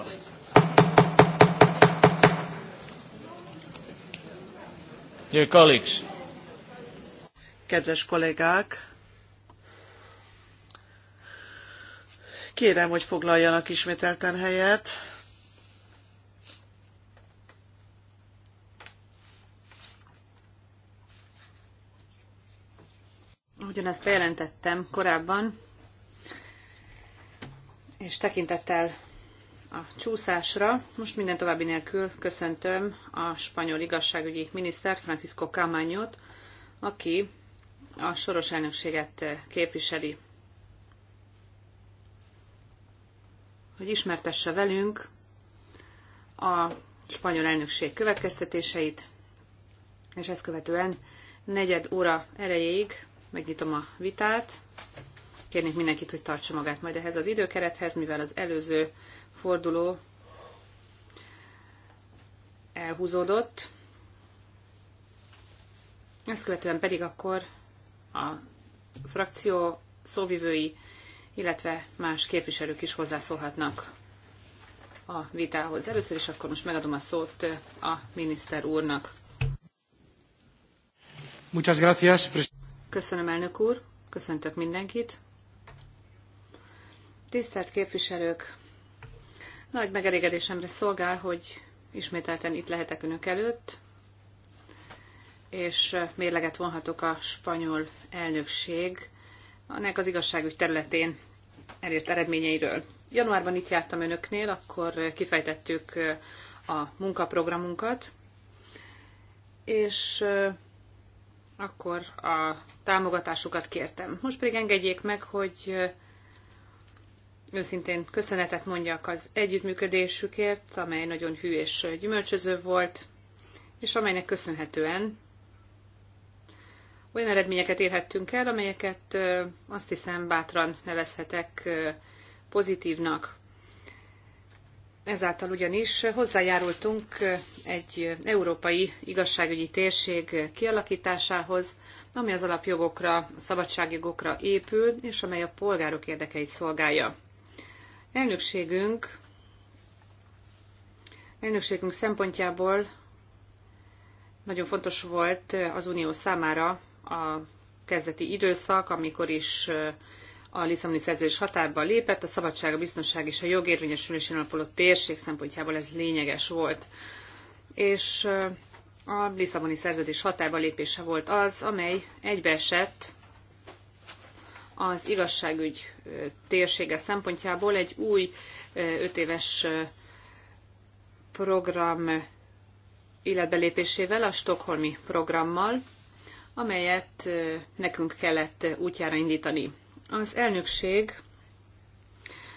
Dear Kedves kollégák! Kérem, hogy foglaljanak ismételten helyet. Ugyanezt bejelentettem korábban, és tekintettel a csúszásra. Most minden további nélkül köszöntöm a spanyol igazságügyi miniszter Francisco Camányot, aki a soros elnökséget képviseli. Hogy ismertesse velünk a spanyol elnökség következtetéseit, és ezt követően negyed óra erejéig megnyitom a vitát. Kérnék mindenkit, hogy tartsa magát majd ehhez az időkerethez, mivel az előző forduló elhúzódott. Ezt követően pedig akkor a frakció szóvivői, illetve más képviselők is hozzászólhatnak a vitához. Először is akkor most megadom a szót a miniszter úrnak. Muchas gracias. Köszönöm, elnök úr. Köszöntök mindenkit. Tisztelt képviselők, nagy megelégedésemre szolgál, hogy ismételten itt lehetek önök előtt, és mérleget vonhatok a spanyol elnökség annak az igazságügy területén elért eredményeiről. Januárban itt jártam önöknél, akkor kifejtettük a munkaprogramunkat, és akkor a támogatásukat kértem. Most pedig engedjék meg, hogy őszintén köszönetet mondjak az együttműködésükért, amely nagyon hű és gyümölcsöző volt, és amelynek köszönhetően olyan eredményeket érhettünk el, amelyeket azt hiszem bátran nevezhetek pozitívnak. Ezáltal ugyanis hozzájárultunk egy európai igazságügyi térség kialakításához, ami az alapjogokra, a szabadságjogokra épül, és amely a polgárok érdekeit szolgálja. Elnökségünk, elnökségünk szempontjából nagyon fontos volt az Unió számára a kezdeti időszak, amikor is eh, a Lisszaboni szerződés hatályba lépett, a szabadság, a biztonság és a jog érvényesülésén alapuló térség szempontjából ez lényeges volt. És eh, a Lisszaboni szerződés hatályba lépése volt az, amely egybeesett az igazságügy térsége szempontjából egy új öt éves program életbelépésével, a Stockholmi programmal, amelyet nekünk kellett útjára indítani. Az elnökség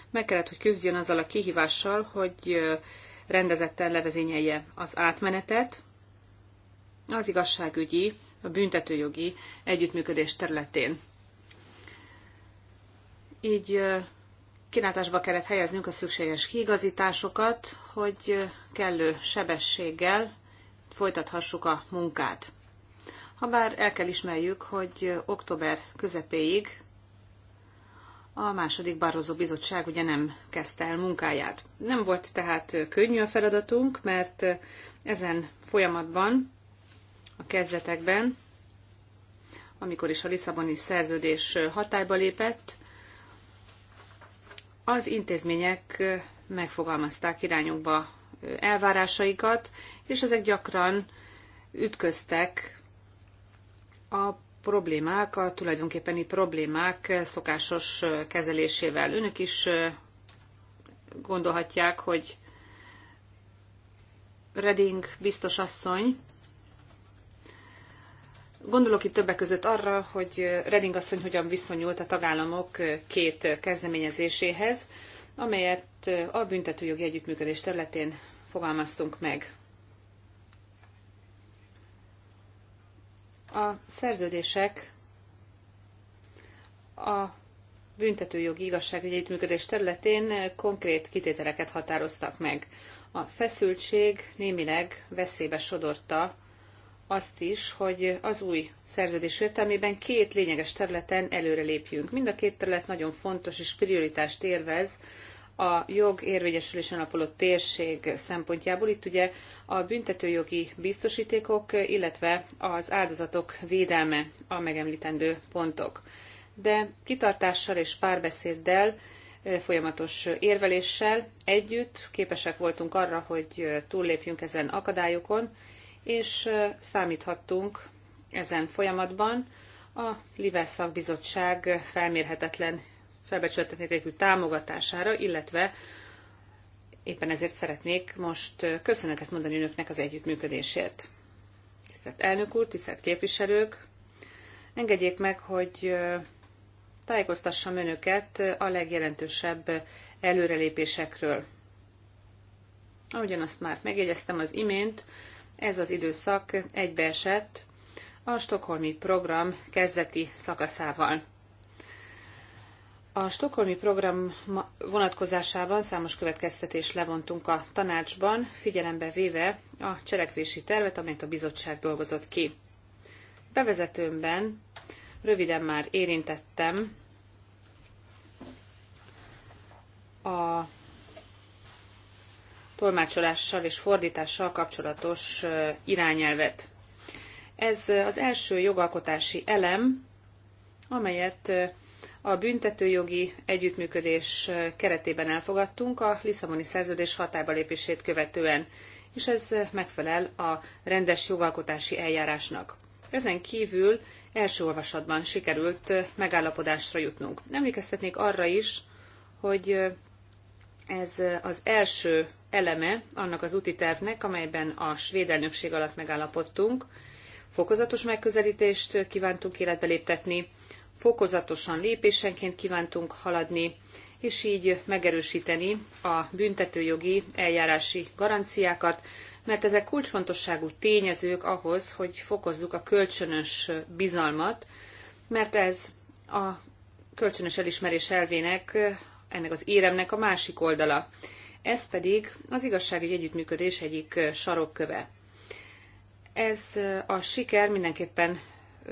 meg kellett, hogy küzdjön azzal a kihívással, hogy rendezetten levezényelje az átmenetet az igazságügyi, a büntetőjogi együttműködés területén. Így kilátásba kellett helyeznünk a szükséges kiigazításokat, hogy kellő sebességgel folytathassuk a munkát. Habár el kell ismerjük, hogy október közepéig a második Barroso bizottság ugye nem kezdte el munkáját. Nem volt tehát könnyű a feladatunk, mert ezen folyamatban, a kezdetekben, amikor is a Lisszaboni szerződés hatályba lépett, az intézmények megfogalmazták irányunkba elvárásaikat, és ezek gyakran ütköztek a problémák, a tulajdonképpeni problémák szokásos kezelésével. Önök is gondolhatják, hogy Reding biztos asszony Gondolok itt többek között arra, hogy Reding asszony hogyan viszonyult a tagállamok két kezdeményezéséhez, amelyet a büntetőjogi együttműködés területén fogalmaztunk meg. A szerződések a büntetőjogi igazságügyi együttműködés területén konkrét kitételeket határoztak meg. A feszültség némileg veszélybe sodorta azt is, hogy az új szerződés értelmében két lényeges területen előrelépjünk. Mind a két terület nagyon fontos és prioritást élvez a jog érvényesülésen alapuló térség szempontjából. Itt ugye a büntetőjogi biztosítékok, illetve az áldozatok védelme a megemlítendő pontok. De kitartással és párbeszéddel folyamatos érveléssel együtt képesek voltunk arra, hogy túllépjünk ezen akadályokon, és számíthattunk ezen folyamatban a Libel szakbizottság felmérhetetlen, felbecsületetértékű támogatására, illetve éppen ezért szeretnék most köszönetet mondani önöknek az együttműködésért. Tisztelt elnök úr, tisztelt képviselők, engedjék meg, hogy tájékoztassam önöket a legjelentősebb előrelépésekről. Ahogyan azt már megjegyeztem az imént, ez az időszak egybeesett a stokholmi program kezdeti szakaszával. A stokholmi program vonatkozásában számos következtetés levontunk a tanácsban, figyelembe véve a cselekvési tervet, amelyet a bizottság dolgozott ki. Bevezetőmben röviden már érintettem a tolmácsolással és fordítással kapcsolatos irányelvet. Ez az első jogalkotási elem, amelyet a büntetőjogi együttműködés keretében elfogadtunk a Lisszaboni szerződés hatályba lépését követően, és ez megfelel a rendes jogalkotási eljárásnak. Ezen kívül első olvasatban sikerült megállapodásra jutnunk. Emlékeztetnék arra is, hogy ez az első eleme annak az úti tervnek, amelyben a svéd elnökség alatt megállapodtunk. Fokozatos megközelítést kívántunk életbe léptetni, fokozatosan lépésenként kívántunk haladni, és így megerősíteni a büntetőjogi eljárási garanciákat, mert ezek kulcsfontosságú tényezők ahhoz, hogy fokozzuk a kölcsönös bizalmat, mert ez a kölcsönös elismerés elvének, ennek az éremnek a másik oldala. Ez pedig az igazságügyi együttműködés egyik sarokköve. Ez a siker mindenképpen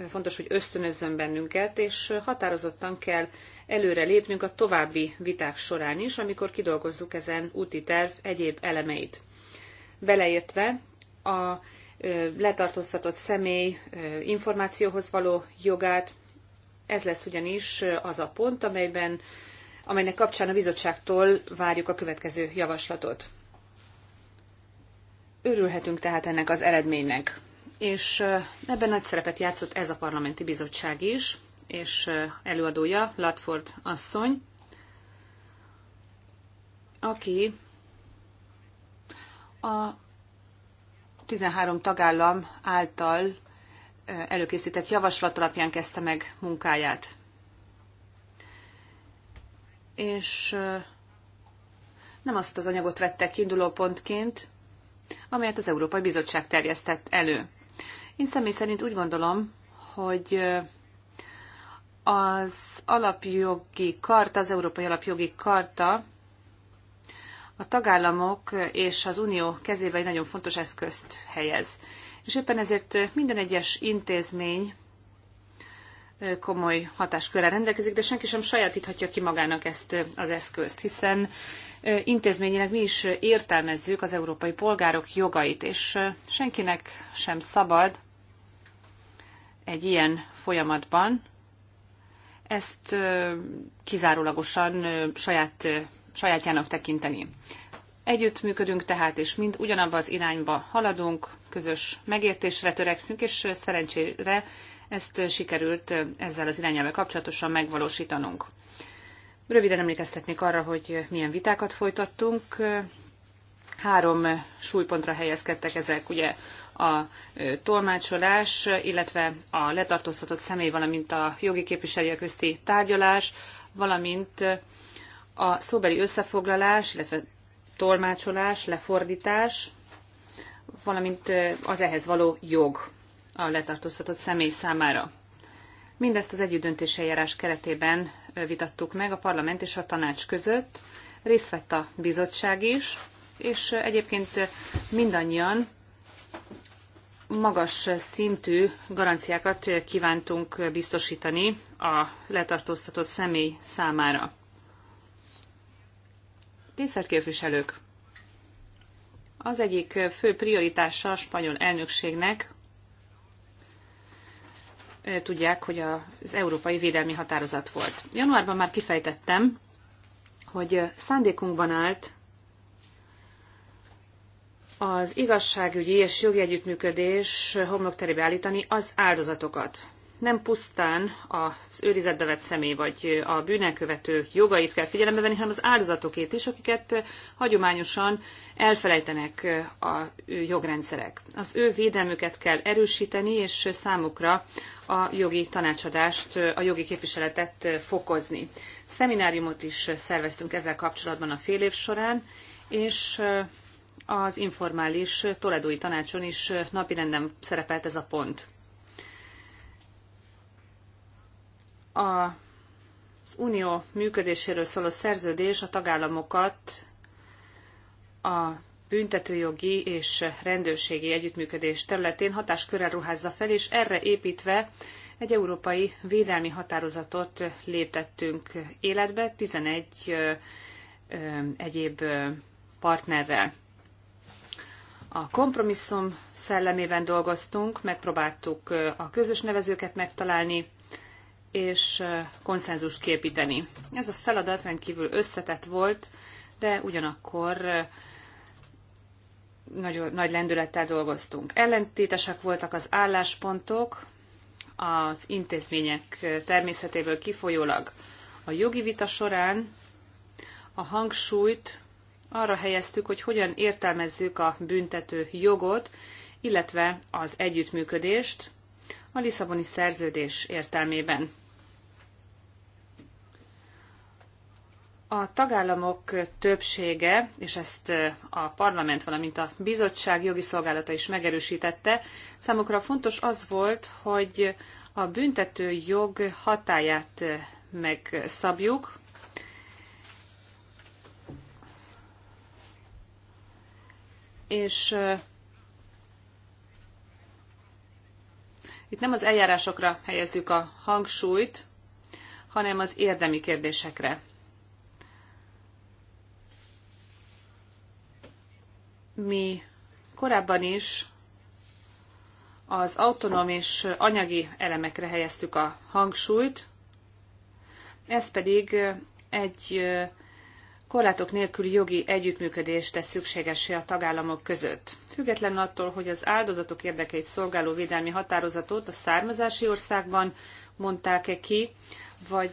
fontos, hogy ösztönözzön bennünket, és határozottan kell előre lépnünk a további viták során is, amikor kidolgozzuk ezen úti terv egyéb elemeit. Beleértve a letartóztatott személy információhoz való jogát, ez lesz ugyanis az a pont, amelyben amelynek kapcsán a bizottságtól várjuk a következő javaslatot. Örülhetünk tehát ennek az eredménynek. És eh, ebben nagy szerepet játszott ez a parlamenti bizottság is, és eh, előadója, Latford asszony, aki a 13 tagállam által eh, előkészített javaslat alapján kezdte meg munkáját és nem azt az anyagot vettek pontként, amelyet az Európai Bizottság terjesztett elő. Én személy szerint úgy gondolom, hogy az alapjogi karta, az Európai Alapjogi Karta a tagállamok és az Unió kezébe egy nagyon fontos eszközt helyez. És éppen ezért minden egyes intézmény komoly hatáskörrel rendelkezik, de senki sem sajátíthatja ki magának ezt az eszközt, hiszen intézményileg mi is értelmezzük az európai polgárok jogait, és senkinek sem szabad egy ilyen folyamatban ezt kizárólagosan saját, sajátjának tekinteni. Együtt működünk tehát, és mind ugyanabba az irányba haladunk, közös megértésre törekszünk, és szerencsére ezt sikerült ezzel az irányelvvel kapcsolatosan megvalósítanunk. Röviden emlékeztetnék arra, hogy milyen vitákat folytattunk. Három súlypontra helyezkedtek ezek, ugye a tolmácsolás, illetve a letartóztatott személy, valamint a jogi képviselők közti tárgyalás, valamint a szóbeli összefoglalás, illetve tolmácsolás, lefordítás, valamint az ehhez való jog a letartóztatott személy számára. Mindezt az eljárás keretében vitattuk meg a parlament és a tanács között. Részt vett a bizottság is, és egyébként mindannyian magas szintű garanciákat kívántunk biztosítani a letartóztatott személy számára. Tisztelt képviselők! Az egyik fő prioritása a spanyol elnökségnek Eh, tudják, hogy az Európai Védelmi Határozat volt. Januárban már kifejtettem, hogy eh, szándékunkban állt az igazságügyi és jogi együttműködés eh, homlokterébe állítani az áldozatokat nem pusztán az őrizetbe vett személy vagy a bűnelkövető jogait kell figyelembe venni, hanem az áldozatokét is, akiket hagyományosan elfelejtenek a jogrendszerek. Az ő védelmüket kell erősíteni, és számukra a jogi tanácsadást, a jogi képviseletet fokozni. Szemináriumot is szerveztünk ezzel kapcsolatban a fél év során, és az informális toledói tanácson is napirenden szerepelt ez a pont. A az unió működéséről szóló szerződés a tagállamokat a büntetőjogi és rendőrségi együttműködés területén hatáskörrel ruházza fel, és erre építve egy európai védelmi határozatot léptettünk életbe 11 egyéb partnerrel. A kompromisszum szellemében dolgoztunk, megpróbáltuk a közös nevezőket megtalálni, és konszenzus képíteni. Ez a feladat rendkívül összetett volt, de ugyanakkor nagy, nagy lendülettel dolgoztunk. Ellentétesek voltak az álláspontok, az intézmények természetéből kifolyólag. A jogi vita során a hangsúlyt arra helyeztük, hogy hogyan értelmezzük a büntető jogot, illetve az együttműködést a Lisszaboni szerződés értelmében. A tagállamok többsége, és ezt a parlament, valamint a bizottság jogi szolgálata is megerősítette, számukra fontos az volt, hogy a büntető jog hatáját megszabjuk, és itt nem az eljárásokra helyezzük a hangsúlyt, hanem az érdemi kérdésekre. Mi korábban is az autonóm és anyagi elemekre helyeztük a hangsúlyt, ez pedig egy korlátok nélküli jogi együttműködést tesz szükségessé a tagállamok között. Független attól, hogy az áldozatok érdekeit szolgáló védelmi határozatot a származási országban mondták-e ki, vagy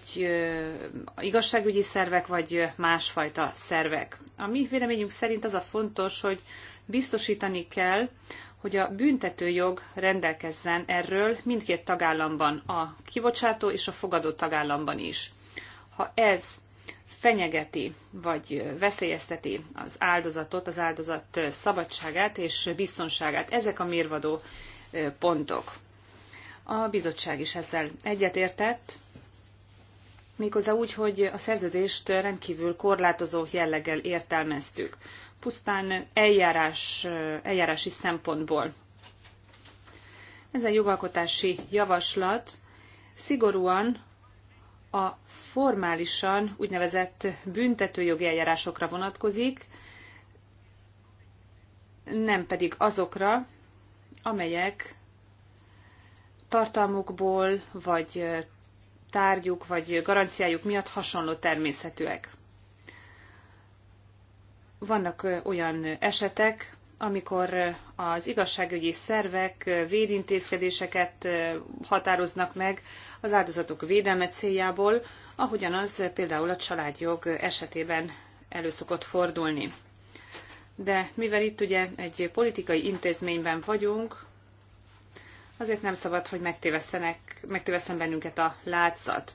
igazságügyi szervek, vagy másfajta szervek. A mi véleményünk szerint az a fontos, hogy biztosítani kell, hogy a büntetőjog rendelkezzen erről mindkét tagállamban, a kibocsátó és a fogadó tagállamban is. Ha ez fenyegeti vagy veszélyezteti az áldozatot, az áldozat szabadságát és biztonságát. Ezek a mérvadó pontok. A bizottság is ezzel egyetértett, méghozzá úgy, hogy a szerződést rendkívül korlátozó jelleggel értelmeztük. Pusztán eljárás, eljárási szempontból. Ez a jogalkotási javaslat szigorúan a formálisan úgynevezett büntetőjogi eljárásokra vonatkozik, nem pedig azokra, amelyek tartalmukból, vagy tárgyuk, vagy garanciájuk miatt hasonló természetűek. Vannak olyan esetek, amikor az igazságügyi szervek védintézkedéseket határoznak meg az áldozatok védelme céljából, ahogyan az például a családjog esetében előszokott fordulni. De mivel itt ugye egy politikai intézményben vagyunk, azért nem szabad, hogy megtévesztenek, bennünket a látszat.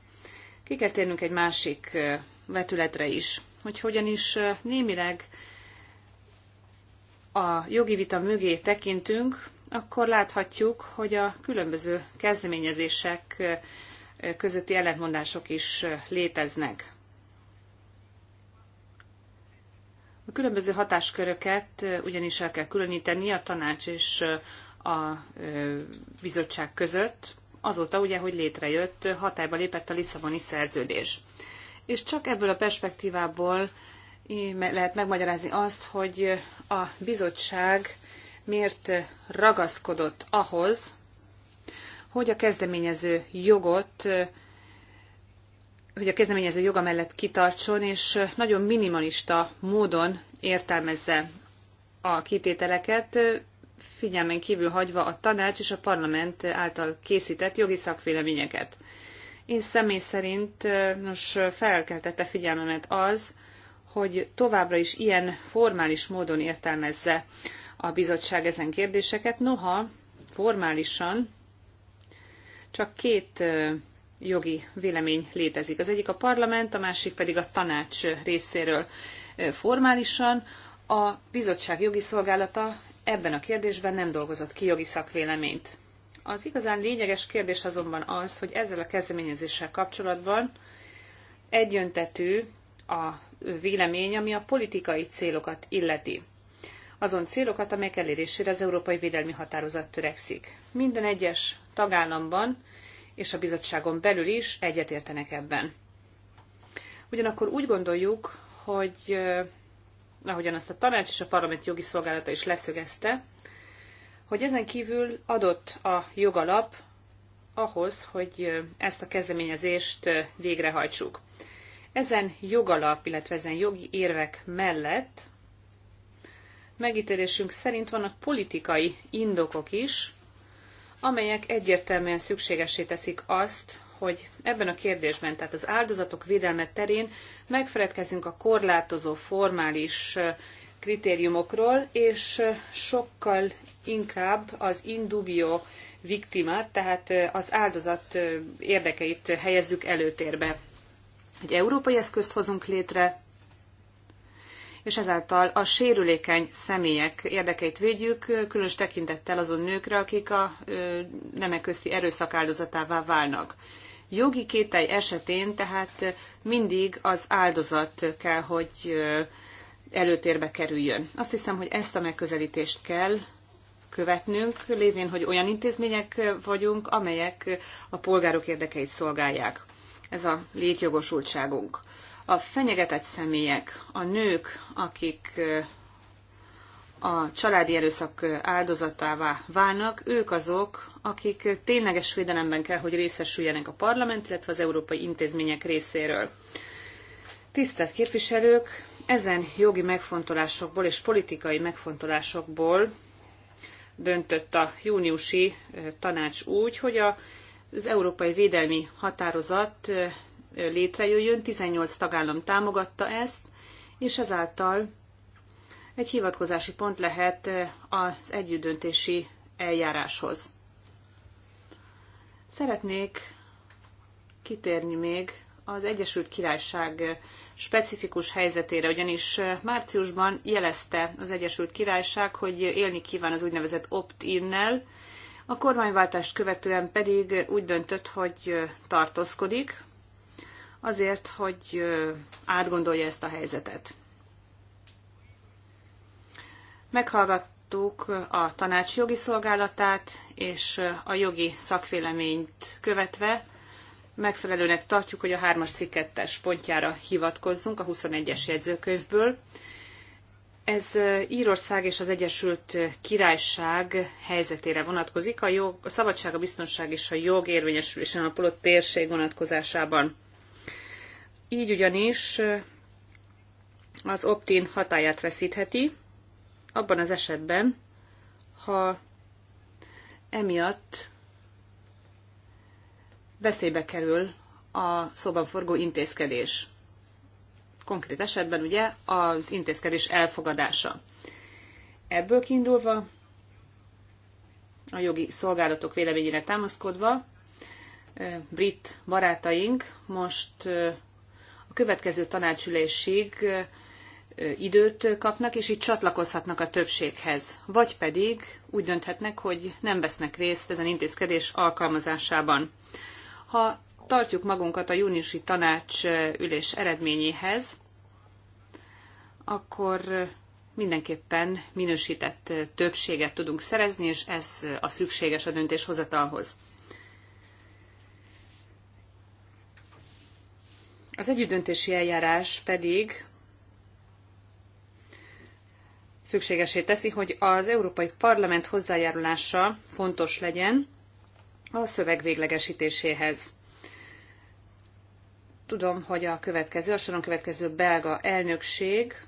Ki kell térnünk egy másik vetületre is, hogy hogyan is némileg a jogi vita mögé tekintünk, akkor láthatjuk, hogy a különböző kezdeményezések közötti ellentmondások is léteznek. A különböző hatásköröket ugyanis el kell különíteni a tanács és a bizottság között, azóta ugye, hogy létrejött, hatályba lépett a Lisszaboni szerződés. És csak ebből a perspektívából lehet megmagyarázni azt, hogy a bizottság miért ragaszkodott ahhoz, hogy a kezdeményező jogot, hogy a kezdeményező joga mellett kitartson, és nagyon minimalista módon értelmezze a kitételeket, figyelmen kívül hagyva a tanács és a parlament által készített jogi szakvéleményeket. Én személy szerint nos, felkeltette figyelmemet az, hogy továbbra is ilyen formális módon értelmezze a bizottság ezen kérdéseket, noha formálisan csak két jogi vélemény létezik. Az egyik a parlament, a másik pedig a tanács részéről formálisan. A bizottság jogi szolgálata ebben a kérdésben nem dolgozott ki jogi szakvéleményt. Az igazán lényeges kérdés azonban az, hogy ezzel a kezdeményezéssel kapcsolatban egyöntetű a vélemény, ami a politikai célokat illeti. Azon célokat, amelyek elérésére az Európai Védelmi Határozat törekszik. Minden egyes tagállamban és a bizottságon belül is egyetértenek ebben. Ugyanakkor úgy gondoljuk, hogy ahogyan azt a tanács és a parlament jogi szolgálata is leszögezte, hogy ezen kívül adott a jogalap ahhoz, hogy ezt a kezdeményezést végrehajtsuk. Ezen jogalap, illetve ezen jogi érvek mellett megítélésünk szerint vannak politikai indokok is, amelyek egyértelműen szükségessé teszik azt, hogy ebben a kérdésben, tehát az áldozatok védelme terén megfeledkezzünk a korlátozó formális kritériumokról, és sokkal inkább az indubio viktimát, tehát az áldozat érdekeit helyezzük előtérbe egy európai eszközt hozunk létre, és ezáltal a sérülékeny személyek érdekeit védjük, különös tekintettel azon nőkre, akik a nemek közti erőszak áldozatává válnak. Jogi kételj esetén tehát mindig az áldozat kell, hogy előtérbe kerüljön. Azt hiszem, hogy ezt a megközelítést kell követnünk, lévén, hogy olyan intézmények vagyunk, amelyek a polgárok érdekeit szolgálják ez a létjogosultságunk. A fenyegetett személyek, a nők, akik a családi erőszak áldozatává válnak, ők azok, akik tényleges védelemben kell, hogy részesüljenek a parlament, illetve az európai intézmények részéről. Tisztelt képviselők, ezen jogi megfontolásokból és politikai megfontolásokból döntött a júniusi tanács úgy, hogy a az Európai Védelmi Határozat létrejöjjön, 18 tagállam támogatta ezt, és ezáltal egy hivatkozási pont lehet az együttdöntési eljáráshoz. Szeretnék kitérni még az Egyesült Királyság specifikus helyzetére, ugyanis márciusban jelezte az Egyesült Királyság, hogy élni kíván az úgynevezett opt nel a kormányváltást követően pedig úgy döntött, hogy tartózkodik, azért, hogy átgondolja ezt a helyzetet. Meghallgattuk a tanács jogi szolgálatát, és a jogi szakvéleményt követve megfelelőnek tartjuk, hogy a 3-as cikk 2 pontjára hivatkozzunk a 21-es jegyzőkönyvből, ez Írország és az Egyesült Királyság helyzetére vonatkozik, a, jog, a szabadság, a biztonság és a jog érvényesülésen polott térség vonatkozásában. Így ugyanis az optin hatáját veszítheti, abban az esetben, ha emiatt veszélybe kerül a szóban forgó intézkedés konkrét esetben ugye az intézkedés elfogadása. Ebből kiindulva, a jogi szolgálatok véleményére támaszkodva, brit barátaink most a következő tanácsülésig időt kapnak, és így csatlakozhatnak a többséghez. Vagy pedig úgy dönthetnek, hogy nem vesznek részt ezen intézkedés alkalmazásában. Ha tartjuk magunkat a júniusi tanács ülés eredményéhez, akkor mindenképpen minősített többséget tudunk szerezni, és ez a szükséges a döntéshozatalhoz. Az együttdöntési eljárás pedig szükségesé teszi, hogy az Európai Parlament hozzájárulása fontos legyen a szöveg véglegesítéséhez. Tudom, hogy a következő, a soron következő belga elnökség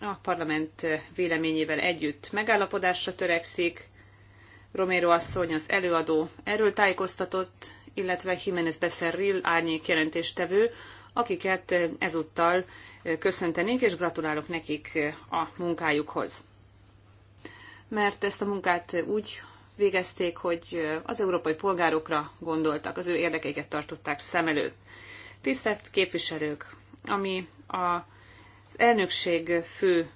a parlament véleményével együtt megállapodásra törekszik. Romero asszony az előadó erről tájékoztatott, illetve Jiménez Becerril árnyék jelentéstevő, akiket ezúttal köszöntenék, és gratulálok nekik a munkájukhoz. Mert ezt a munkát úgy végezték, hogy az európai polgárokra gondoltak, az ő érdekeiket tartották szem előtt. Tisztelt képviselők, ami az elnökség fő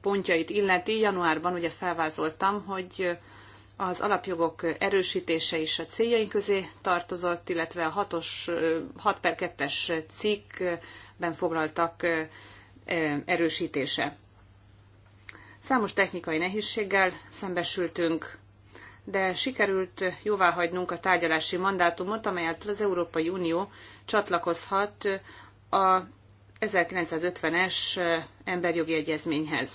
pontjait illeti, januárban ugye felvázoltam, hogy az alapjogok erősítése is a céljaink közé tartozott, illetve a 6-os, 6 per 2-es cikkben foglaltak erősítése. Számos technikai nehézséggel szembesültünk, de sikerült jóváhagynunk a tárgyalási mandátumot, amelyet az Európai Unió csatlakozhat a 1950-es emberjogi egyezményhez.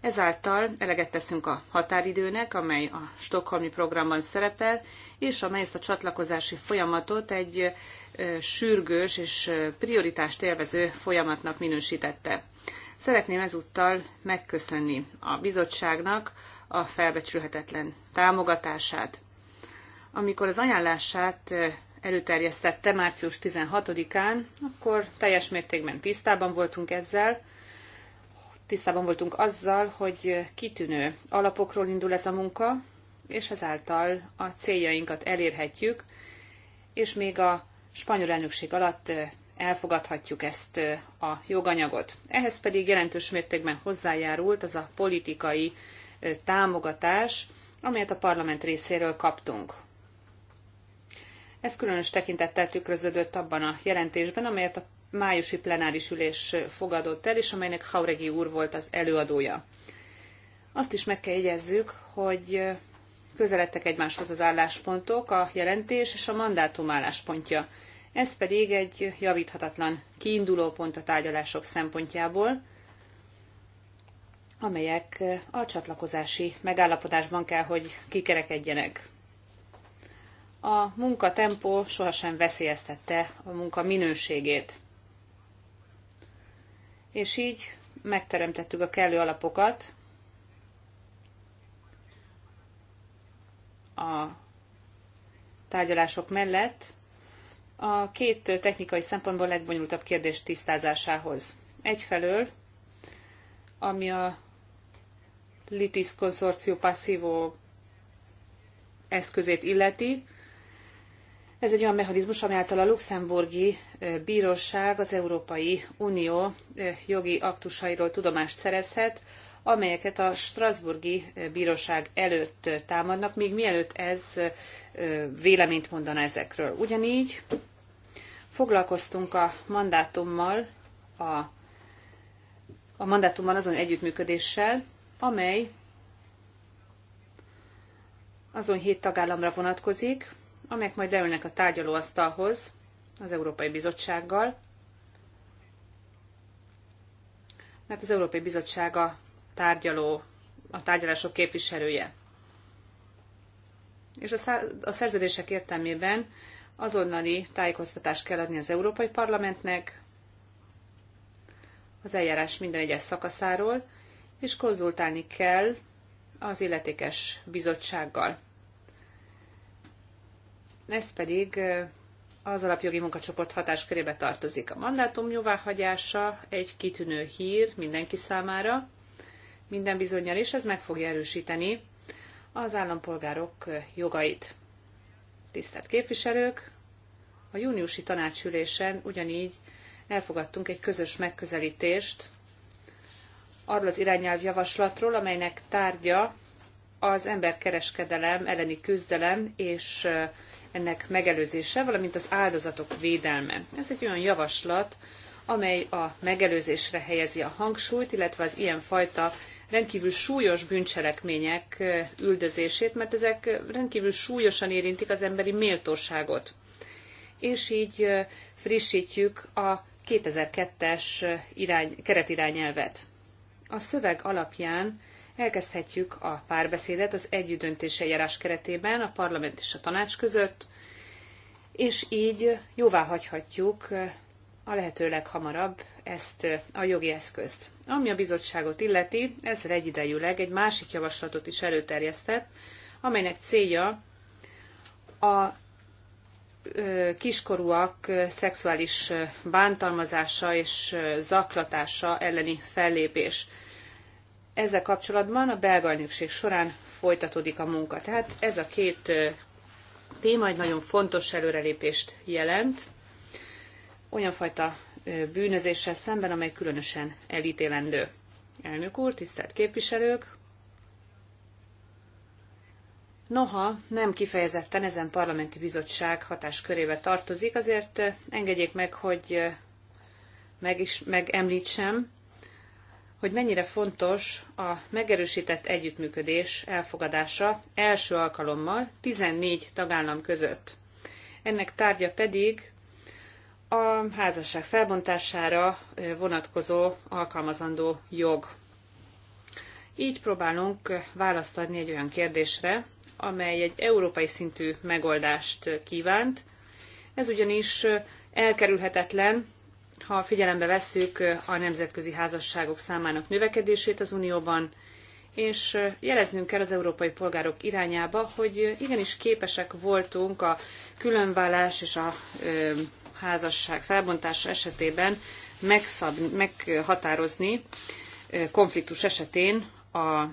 Ezáltal eleget teszünk a határidőnek, amely a Stockholmi programban szerepel, és amely ezt a csatlakozási folyamatot egy sürgős és prioritást élvező folyamatnak minősítette. Szeretném ezúttal megköszönni a bizottságnak a felbecsülhetetlen támogatását. Amikor az ajánlását előterjesztette március 16-án, akkor teljes mértékben tisztában voltunk ezzel, tisztában voltunk azzal, hogy kitűnő alapokról indul ez a munka, és ezáltal a céljainkat elérhetjük, és még a spanyol elnökség alatt elfogadhatjuk ezt a joganyagot. Ehhez pedig jelentős mértékben hozzájárult az a politikai támogatás, amelyet a parlament részéről kaptunk. Ez különös tekintettel tükröződött abban a jelentésben, amelyet a májusi plenáris ülés fogadott el, és amelynek Hauregi úr volt az előadója. Azt is meg kell jegyezzük, hogy közeledtek egymáshoz az álláspontok, a jelentés és a mandátum álláspontja. Ez pedig egy javíthatatlan kiinduló pont a tárgyalások szempontjából, amelyek a csatlakozási megállapodásban kell, hogy kikerekedjenek. A munkatempó sohasem veszélyeztette a munka minőségét. És így megteremtettük a kellő alapokat a tárgyalások mellett a két technikai szempontból legbonyolultabb kérdés tisztázásához. Egyfelől, ami a litis konszorció passzívó eszközét illeti. Ez egy olyan mechanizmus, ami által a luxemburgi bíróság az Európai Unió jogi aktusairól tudomást szerezhet, amelyeket a Strasburgi Bíróság előtt támadnak, még mielőtt ez véleményt mondana ezekről. Ugyanígy foglalkoztunk a mandátummal, a, a mandátummal azon együttműködéssel, amely azon hét tagállamra vonatkozik, amelyek majd leülnek a tárgyalóasztalhoz az Európai Bizottsággal, mert az Európai Bizottság a tárgyaló, a tárgyalások képviselője. És a szerződések értelmében azonnali tájékoztatást kell adni az Európai Parlamentnek az eljárás minden egyes szakaszáról, és konzultálni kell az illetékes bizottsággal. Ez pedig az alapjogi munkacsoport hatáskörébe tartozik. A mandátum jóváhagyása egy kitűnő hír mindenki számára, minden bizonyal, és ez meg fogja erősíteni az állampolgárok jogait. Tisztelt képviselők, a júniusi tanácsülésen ugyanígy elfogadtunk egy közös megközelítést arról az irányelvjavaslatról, amelynek tárgya az emberkereskedelem elleni küzdelem és ennek megelőzése, valamint az áldozatok védelme. Ez egy olyan javaslat, amely a megelőzésre helyezi a hangsúlyt, illetve az ilyenfajta rendkívül súlyos bűncselekmények üldözését, mert ezek rendkívül súlyosan érintik az emberi méltóságot. És így frissítjük a 2002-es irány, keretirányelvet a szöveg alapján elkezdhetjük a párbeszédet az együttdöntés eljárás keretében a parlament és a tanács között, és így jóvá hagyhatjuk eh, a lehető leghamarabb ezt eh, a jogi eszközt. Ami a bizottságot illeti, ezzel egyidejűleg egy másik javaslatot is előterjesztett, amelynek célja a kiskorúak szexuális bántalmazása és zaklatása elleni fellépés. Ezzel kapcsolatban a belga elnökség során folytatódik a munka. Tehát ez a két téma egy nagyon fontos előrelépést jelent, olyan fajta bűnözéssel szemben, amely különösen elítélendő. Elnök úr, tisztelt képviselők! Noha nem kifejezetten ezen parlamenti bizottság hatáskörébe tartozik, azért eh, engedjék meg, hogy eh, meg is, megemlítsem, hogy mennyire fontos a megerősített együttműködés elfogadása első alkalommal 14 tagállam között. Ennek tárgya pedig a házasság felbontására eh, vonatkozó alkalmazandó jog. Így próbálunk választ adni egy olyan kérdésre, amely egy európai szintű megoldást kívánt. Ez ugyanis elkerülhetetlen, ha figyelembe vesszük a nemzetközi házasságok számának növekedését az Unióban, és jeleznünk kell az európai polgárok irányába, hogy igenis képesek voltunk a különvállás és a házasság felbontása esetében megszabni, meghatározni konfliktus esetén a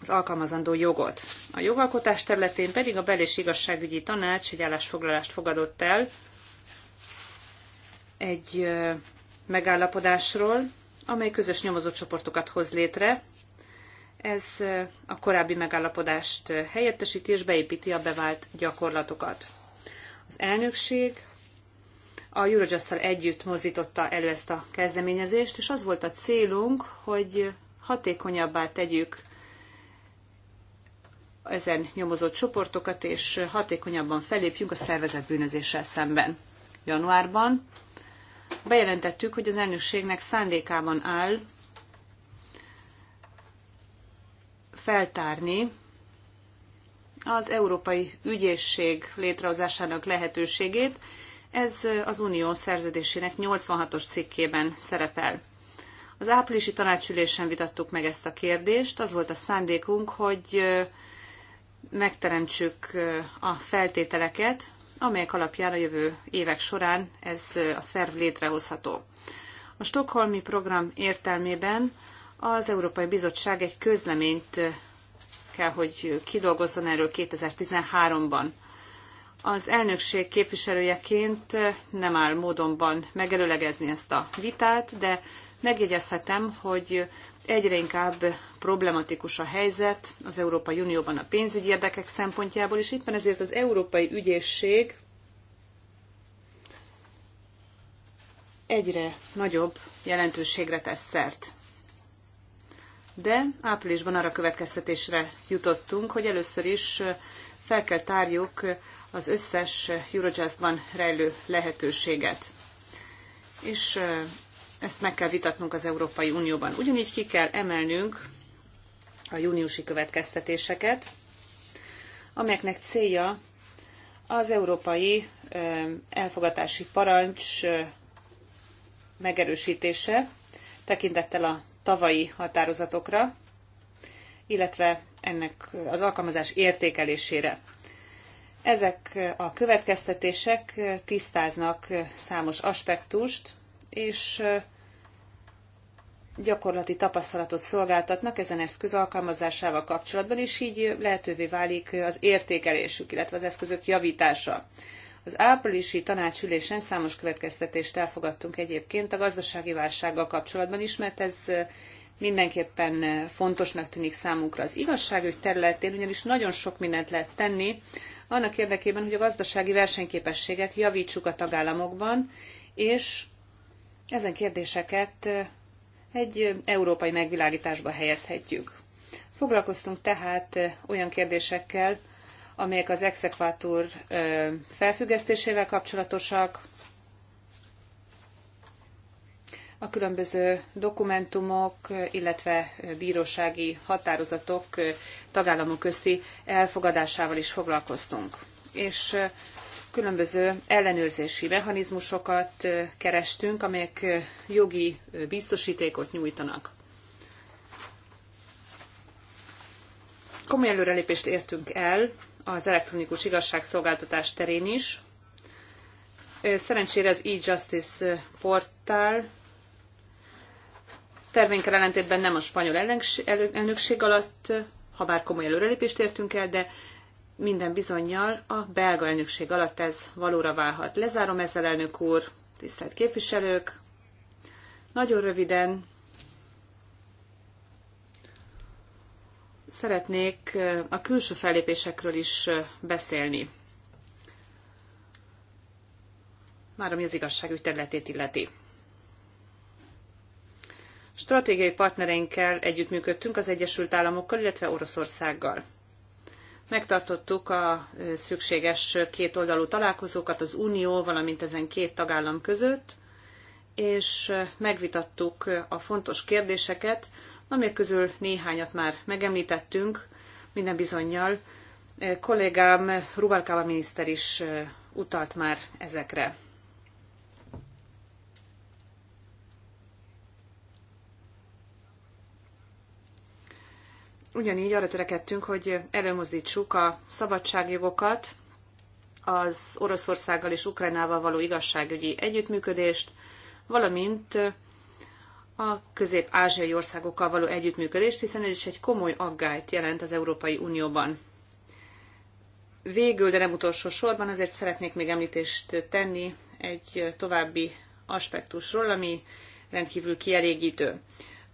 az alkalmazandó jogot. A jogalkotás területén pedig a bel- és igazságügyi tanács egy állásfoglalást fogadott el egy megállapodásról, amely közös nyomozócsoportokat hoz létre. Ez a korábbi megállapodást helyettesíti és beépíti a bevált gyakorlatokat. Az elnökség a eurojust együtt mozdította elő ezt a kezdeményezést, és az volt a célunk, hogy hatékonyabbá tegyük ezen nyomozott csoportokat, és hatékonyabban felépjünk a szervezett bűnözéssel szemben. Januárban bejelentettük, hogy az elnökségnek szándékában áll feltárni az Európai Ügyészség létrehozásának lehetőségét. Ez az Unió szerződésének 86-os cikkében szerepel. Az áprilisi tanácsülésen vitattuk meg ezt a kérdést. Az volt a szándékunk, hogy megteremtsük a feltételeket, amelyek alapján a jövő évek során ez a szerv létrehozható. A Stockholmi program értelmében az Európai Bizottság egy közleményt kell, hogy kidolgozzon erről 2013-ban. Az elnökség képviselőjeként nem áll módonban megelőlegezni ezt a vitát, de Megjegyezhetem, hogy egyre inkább problematikus a helyzet az Európai Unióban a pénzügyi érdekek szempontjából, és éppen ezért az Európai Ügyészség egyre nagyobb jelentőségre tesz szert. De áprilisban arra következtetésre jutottunk, hogy először is fel kell tárjuk az összes Eurojazzban rejlő lehetőséget. És ezt meg kell vitatnunk az Európai Unióban. Ugyanígy ki kell emelnünk a júniusi következtetéseket, amelyeknek célja az európai elfogadási parancs megerősítése tekintettel a tavalyi határozatokra, illetve ennek az alkalmazás értékelésére. Ezek a következtetések tisztáznak számos aspektust, és gyakorlati tapasztalatot szolgáltatnak ezen eszköz alkalmazásával kapcsolatban, és így lehetővé válik az értékelésük, illetve az eszközök javítása. Az áprilisi tanácsülésen számos következtetést elfogadtunk egyébként a gazdasági válsággal kapcsolatban is, mert ez mindenképpen fontosnak tűnik számunkra. Az igazságügy területén ugyanis nagyon sok mindent lehet tenni, annak érdekében, hogy a gazdasági versenyképességet javítsuk a tagállamokban, és ezen kérdéseket egy európai megvilágításba helyezhetjük. Foglalkoztunk tehát olyan kérdésekkel, amelyek az exekvátor felfüggesztésével kapcsolatosak, a különböző dokumentumok, illetve bírósági határozatok tagállamok közti elfogadásával is foglalkoztunk. És különböző ellenőrzési mechanizmusokat kerestünk, amelyek jogi biztosítékot nyújtanak. Komoly előrelépést értünk el az elektronikus igazságszolgáltatás terén is. Szerencsére az e-justice portál tervénkkel ellentétben nem a spanyol elnökség alatt, ha bár komoly előrelépést értünk el, de minden bizonyal a belga elnökség alatt ez valóra válhat. Lezárom ezzel, elnök úr, tisztelt képviselők. Nagyon röviden szeretnék a külső fellépésekről is beszélni. Már ami az igazságügy területét illeti. Stratégiai partnereinkkel együttműködtünk az Egyesült Államokkal, illetve Oroszországgal. Megtartottuk a szükséges kétoldalú találkozókat az Unió, valamint ezen két tagállam között, és megvitattuk a fontos kérdéseket, amelyek közül néhányat már megemlítettünk, minden bizonyal. Kollégám Rubalcaba miniszter is utalt már ezekre. ugyanígy arra törekedtünk, hogy előmozdítsuk a szabadságjogokat, az Oroszországgal és Ukrajnával való igazságügyi együttműködést, valamint a közép-ázsiai országokkal való együttműködést, hiszen ez is egy komoly aggályt jelent az Európai Unióban. Végül, de nem utolsó sorban, azért szeretnék még említést tenni egy további aspektusról, ami rendkívül kielégítő.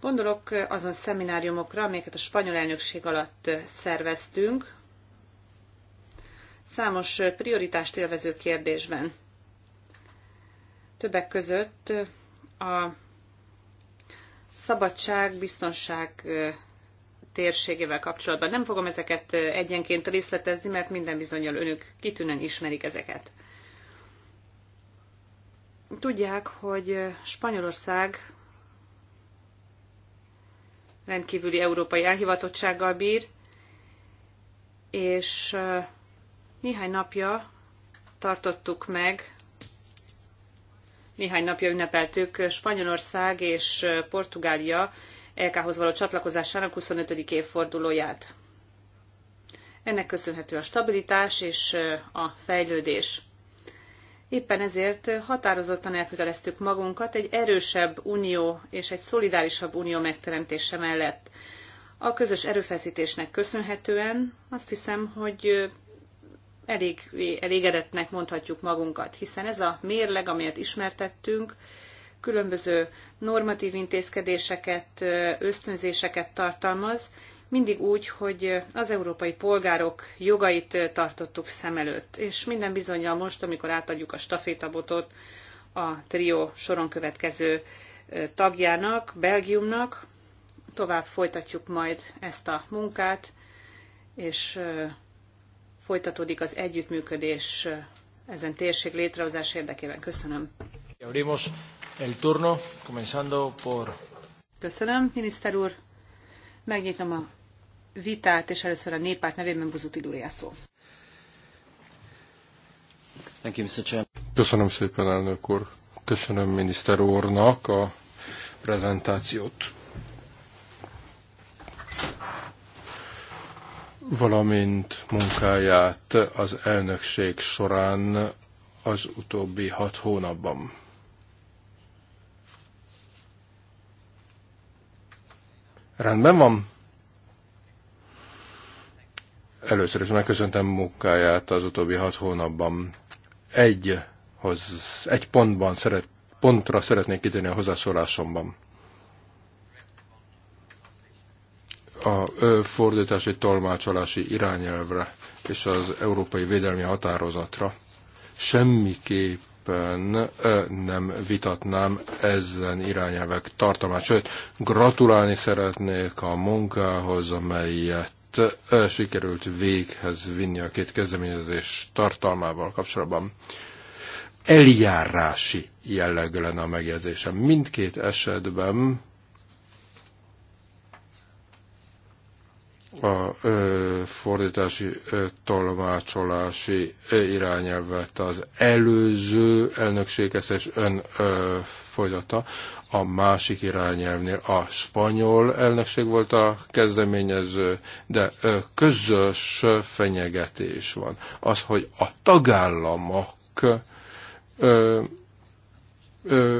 Gondolok azon szemináriumokra, amelyeket a spanyol elnökség alatt szerveztünk, számos prioritást élvező kérdésben. Többek között a szabadság, biztonság térségével kapcsolatban. Nem fogom ezeket egyenként részletezni, mert minden bizonyal önök kitűnően ismerik ezeket. Tudják, hogy Spanyolország rendkívüli európai elhivatottsággal bír, és néhány napja tartottuk meg, néhány napja ünnepeltük Spanyolország és Portugália LK-hoz való csatlakozásának 25. évfordulóját. Ennek köszönhető a stabilitás és a fejlődés. Éppen ezért határozottan elköteleztük magunkat egy erősebb unió és egy szolidárisabb unió megteremtése mellett. A közös erőfeszítésnek köszönhetően azt hiszem, hogy elég elégedettnek mondhatjuk magunkat, hiszen ez a mérleg, amelyet ismertettünk, különböző normatív intézkedéseket, ösztönzéseket tartalmaz, mindig úgy, hogy az európai polgárok jogait tartottuk szem előtt, és minden bizonyal most, amikor átadjuk a stafétabotot a trió soron következő tagjának, Belgiumnak, tovább folytatjuk majd ezt a munkát, és folytatódik az együttműködés ezen térség létrehozása érdekében. Köszönöm. Abrimos el turno, comenzando por... Köszönöm, miniszter úr. Megnyitom a vitát, és először a néppárt nevében Buzuti Dúria szó. Köszönöm szépen, elnök úr. Köszönöm miniszter úrnak a prezentációt. valamint munkáját az elnökség során az utóbbi hat hónapban. Rendben van? Először is megköszöntem munkáját az utóbbi hat hónapban. Egy, hoz, egy pontban szeret, pontra szeretnék kitérni a hozzászólásomban. A fordítási tolmácsolási irányelvre és az Európai Védelmi Határozatra semmiképpen nem vitatnám ezen irányelvek tartalmát. Sőt, gratulálni szeretnék a munkához, amelyet sikerült véghez vinni a két kezdeményezés tartalmával kapcsolatban. Eljárási jellegű lenne a megjegyzésem. Mindkét esetben a ö, fordítási, ö, tolmácsolási irányelvet az előző elnökségesztés ön ö, folytatta a másik irányelvnél. A spanyol elnökség volt a kezdeményező, de közös fenyegetés van. Az, hogy a tagállamok ö, ö,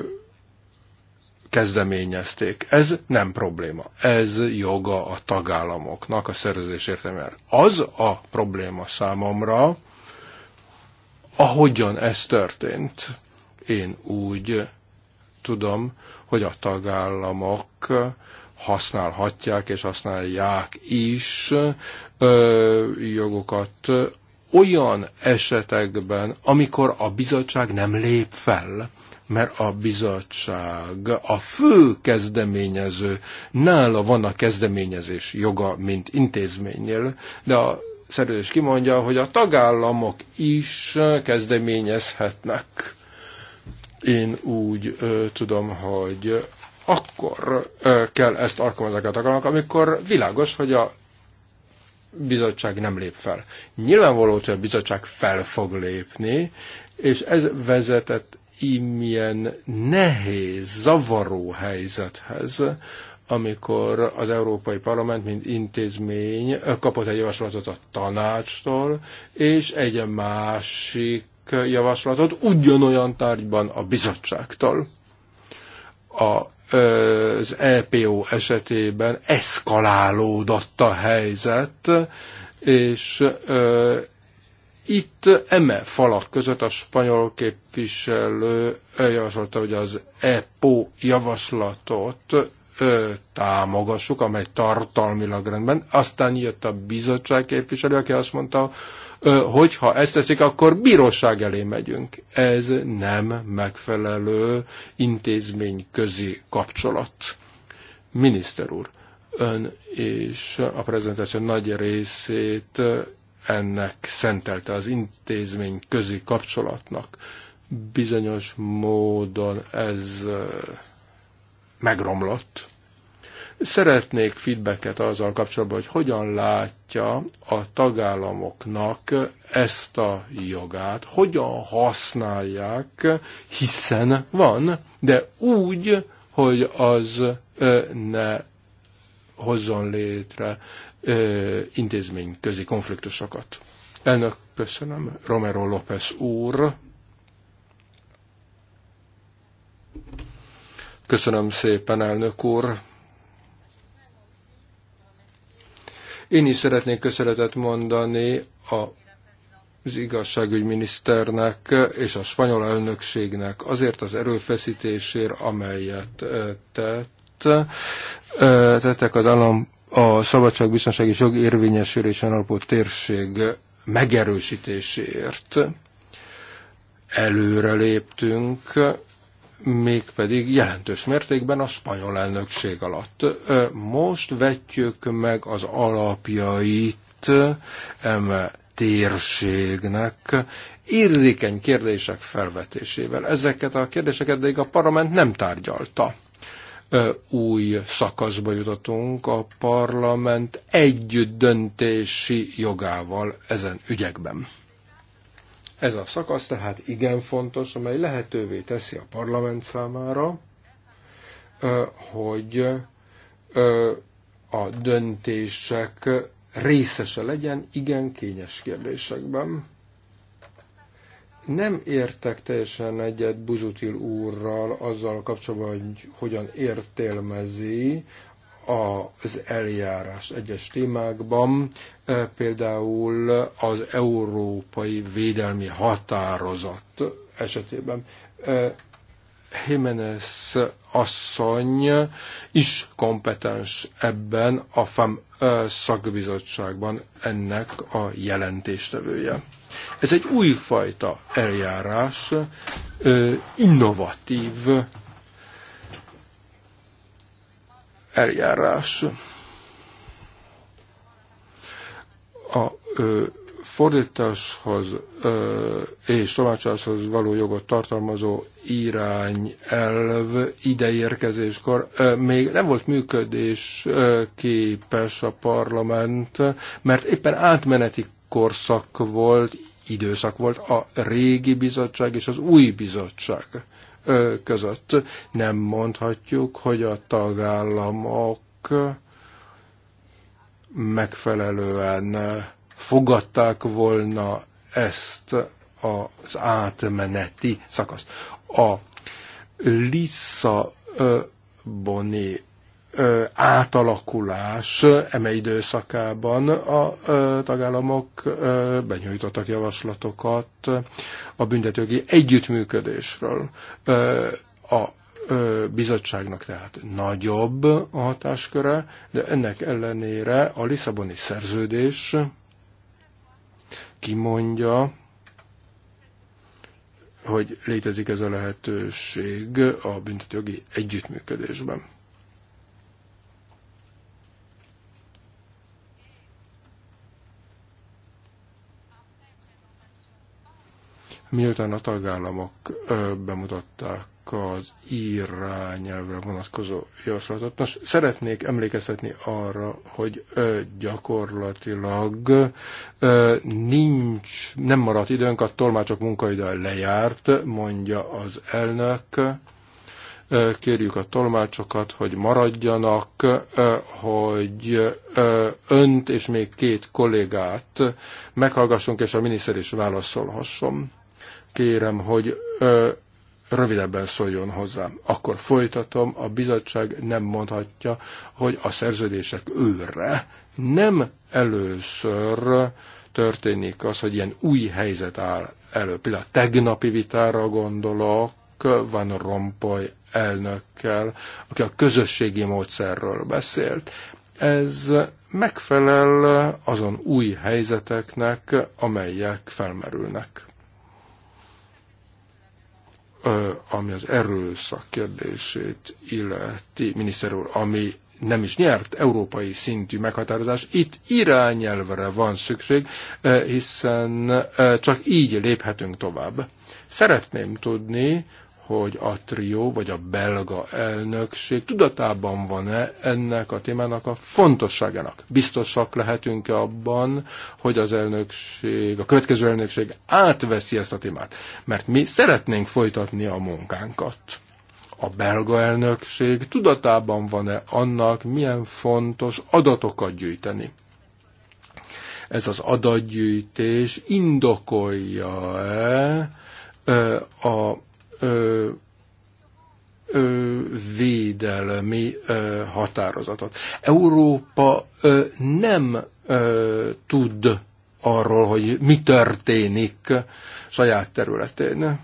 kezdeményezték. Ez nem probléma. Ez joga a tagállamoknak a szerződés értelmében. Az a probléma számomra, ahogyan ez történt, én úgy tudom, hogy a tagállamok használhatják és használják is ö, jogokat olyan esetekben, amikor a bizottság nem lép fel, mert a bizottság a fő kezdeményező, nála van a kezdeményezés joga, mint intézménynél, de a szerződés kimondja, hogy a tagállamok is kezdeményezhetnek én úgy ö, tudom, hogy akkor ö, kell ezt alkalmazni a tagállamok, amikor világos, hogy a bizottság nem lép fel. Nyilvánvaló, hogy a bizottság fel fog lépni, és ez vezetett ilyen nehéz, zavaró helyzethez, amikor az Európai Parlament, mint intézmény kapott egy javaslatot a tanácstól, és egy másik javaslatot ugyanolyan tárgyban a bizottságtól. A az EPO esetében eszkalálódott a helyzet, és ö, itt eme falak között a spanyol képviselő javasolta, hogy az EPO javaslatot ö, támogassuk, amely tartalmilag rendben. Aztán jött a bizottság képviselő, aki azt mondta, hogyha ezt teszik, akkor bíróság elé megyünk. Ez nem megfelelő intézmény kapcsolat. Miniszter úr, ön és a prezentáció nagy részét ennek szentelte az intézmény közi kapcsolatnak. Bizonyos módon ez megromlott. Szeretnék feedbacket azzal kapcsolatban, hogy hogyan látja a tagállamoknak ezt a jogát, hogyan használják, hiszen van, de úgy, hogy az ne hozzon létre intézményközi konfliktusokat. Elnök, köszönöm. Romero López úr. Köszönöm szépen, elnök úr. Én is szeretnék köszönetet mondani a az igazságügyminiszternek és a spanyol elnökségnek azért az erőfeszítésért, amelyet tett, tettek az állam a szabadságbiztonság és jog érvényesülésen alapú térség megerősítéséért. Előre léptünk mégpedig jelentős mértékben a spanyol elnökség alatt. Most vetjük meg az alapjait eme térségnek érzékeny kérdések felvetésével. Ezeket a kérdéseket eddig a parlament nem tárgyalta új szakaszba jutottunk a parlament együtt döntési jogával ezen ügyekben. Ez a szakasz tehát igen fontos, amely lehetővé teszi a parlament számára, hogy a döntések részese legyen igen kényes kérdésekben. Nem értek teljesen egyet Buzutil úrral azzal kapcsolatban, hogy hogyan értelmezi az eljárás egyes témákban, e, például az európai védelmi határozat esetében. E, Jiménez asszony is kompetens ebben a FAM e, szakbizottságban ennek a jelentéstevője. Ez egy újfajta eljárás, innovatív eljárás. A ö, fordításhoz ö, és tolmácsáshoz való jogot tartalmazó irányelv ideérkezéskor ö, még nem volt működés ö, képes a parlament, mert éppen átmeneti korszak volt, időszak volt a régi bizottság és az új bizottság között. Nem mondhatjuk, hogy a tagállamok megfelelően fogadták volna ezt az átmeneti szakaszt. A Lisszaboni átalakulás eme időszakában a tagállamok benyújtottak javaslatokat a büntetőgi együttműködésről. A bizottságnak tehát nagyobb a hatásköre, de ennek ellenére a Lisszaboni szerződés kimondja, hogy létezik ez a lehetőség a büntetőgi együttműködésben. Miután a tagállamok bemutatták az irányelvre vonatkozó javaslatot. Nos, szeretnék emlékeztetni arra, hogy ö, gyakorlatilag ö, nincs, nem maradt időnk, a tolmácsok munkaidő lejárt, mondja az elnök. kérjük a tolmácsokat, hogy maradjanak, hogy önt és még két kollégát meghallgassunk, és a miniszter is válaszolhasson kérem, hogy ö, rövidebben szóljon hozzám. Akkor folytatom, a bizottság nem mondhatja, hogy a szerződések őre nem először történik az, hogy ilyen új helyzet áll elő. Például tegnapi vitára gondolok, Van Rompuy elnökkel, aki a közösségi módszerről beszélt. Ez megfelel azon új helyzeteknek, amelyek felmerülnek ami az erőszak kérdését illeti, miniszter úr, ami nem is nyert európai szintű meghatározás. Itt irányelvre van szükség, hiszen csak így léphetünk tovább. Szeretném tudni, hogy a trió vagy a belga elnökség tudatában van-e ennek a témának a fontosságának. Biztosak lehetünk-e abban, hogy az elnökség, a következő elnökség átveszi ezt a témát, mert mi szeretnénk folytatni a munkánkat. A belga elnökség tudatában van-e annak, milyen fontos adatokat gyűjteni? Ez az adatgyűjtés indokolja-e a ö, ö, védelmi ö, határozatot. Európa ö, nem ö, tud arról, hogy mi történik saját területén.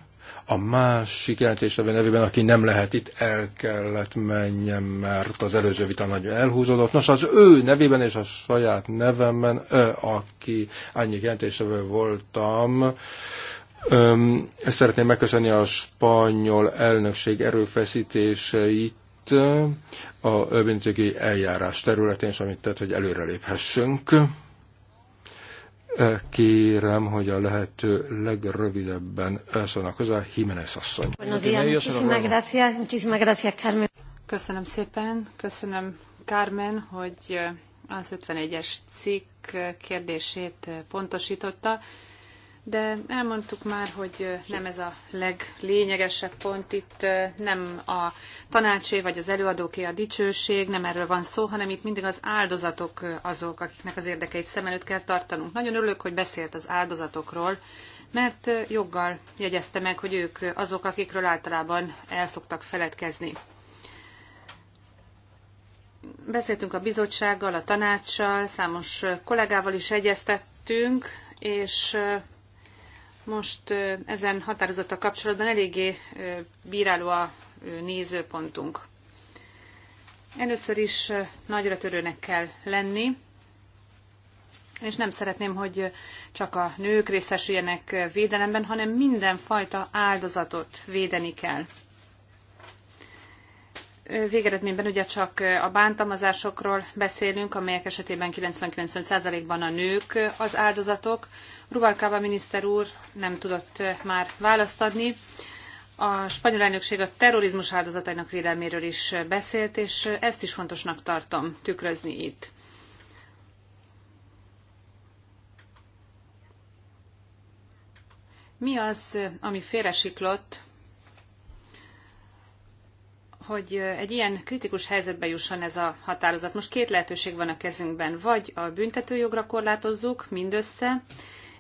A másik jelentésre nevében, aki nem lehet itt, el kellett menjen, mert az előző vita nagyon elhúzódott. Nos, az ő nevében és a saját nevemben, ö, aki annyi jelentésre voltam, ezt szeretném megköszönni a spanyol elnökség erőfeszítéseit a büntetői eljárás területén, és amit tett, hogy előreléphessünk. Kérem, hogy a lehető legrövidebben szólnak hozzá Jiménez asszony. Köszönöm szépen, köszönöm Carmen, hogy az 51-es cikk kérdését pontosította de elmondtuk már, hogy nem ez a leglényegesebb pont itt, nem a tanácsé vagy az előadóké a dicsőség, nem erről van szó, hanem itt mindig az áldozatok azok, akiknek az érdekeit szem előtt kell tartanunk. Nagyon örülök, hogy beszélt az áldozatokról, mert joggal jegyezte meg, hogy ők azok, akikről általában el szoktak feledkezni. Beszéltünk a bizottsággal, a tanácssal, számos kollégával is egyeztettünk, és most ezen határozata kapcsolatban eléggé bíráló a nézőpontunk. Először is nagyra törőnek kell lenni, és nem szeretném, hogy csak a nők részesüljenek védelemben, hanem mindenfajta áldozatot védeni kell. Végeredményben ugye csak a bántalmazásokról beszélünk, amelyek esetében 90-90%-ban a nők az áldozatok. Rubalcaba miniszter úr nem tudott már választ adni. A spanyol elnökség a terrorizmus áldozatainak védelméről is beszélt, és ezt is fontosnak tartom tükrözni itt. Mi az, ami félresiklott hogy egy ilyen kritikus helyzetbe jusson ez a határozat. Most két lehetőség van a kezünkben, vagy a büntetőjogra korlátozzuk mindössze,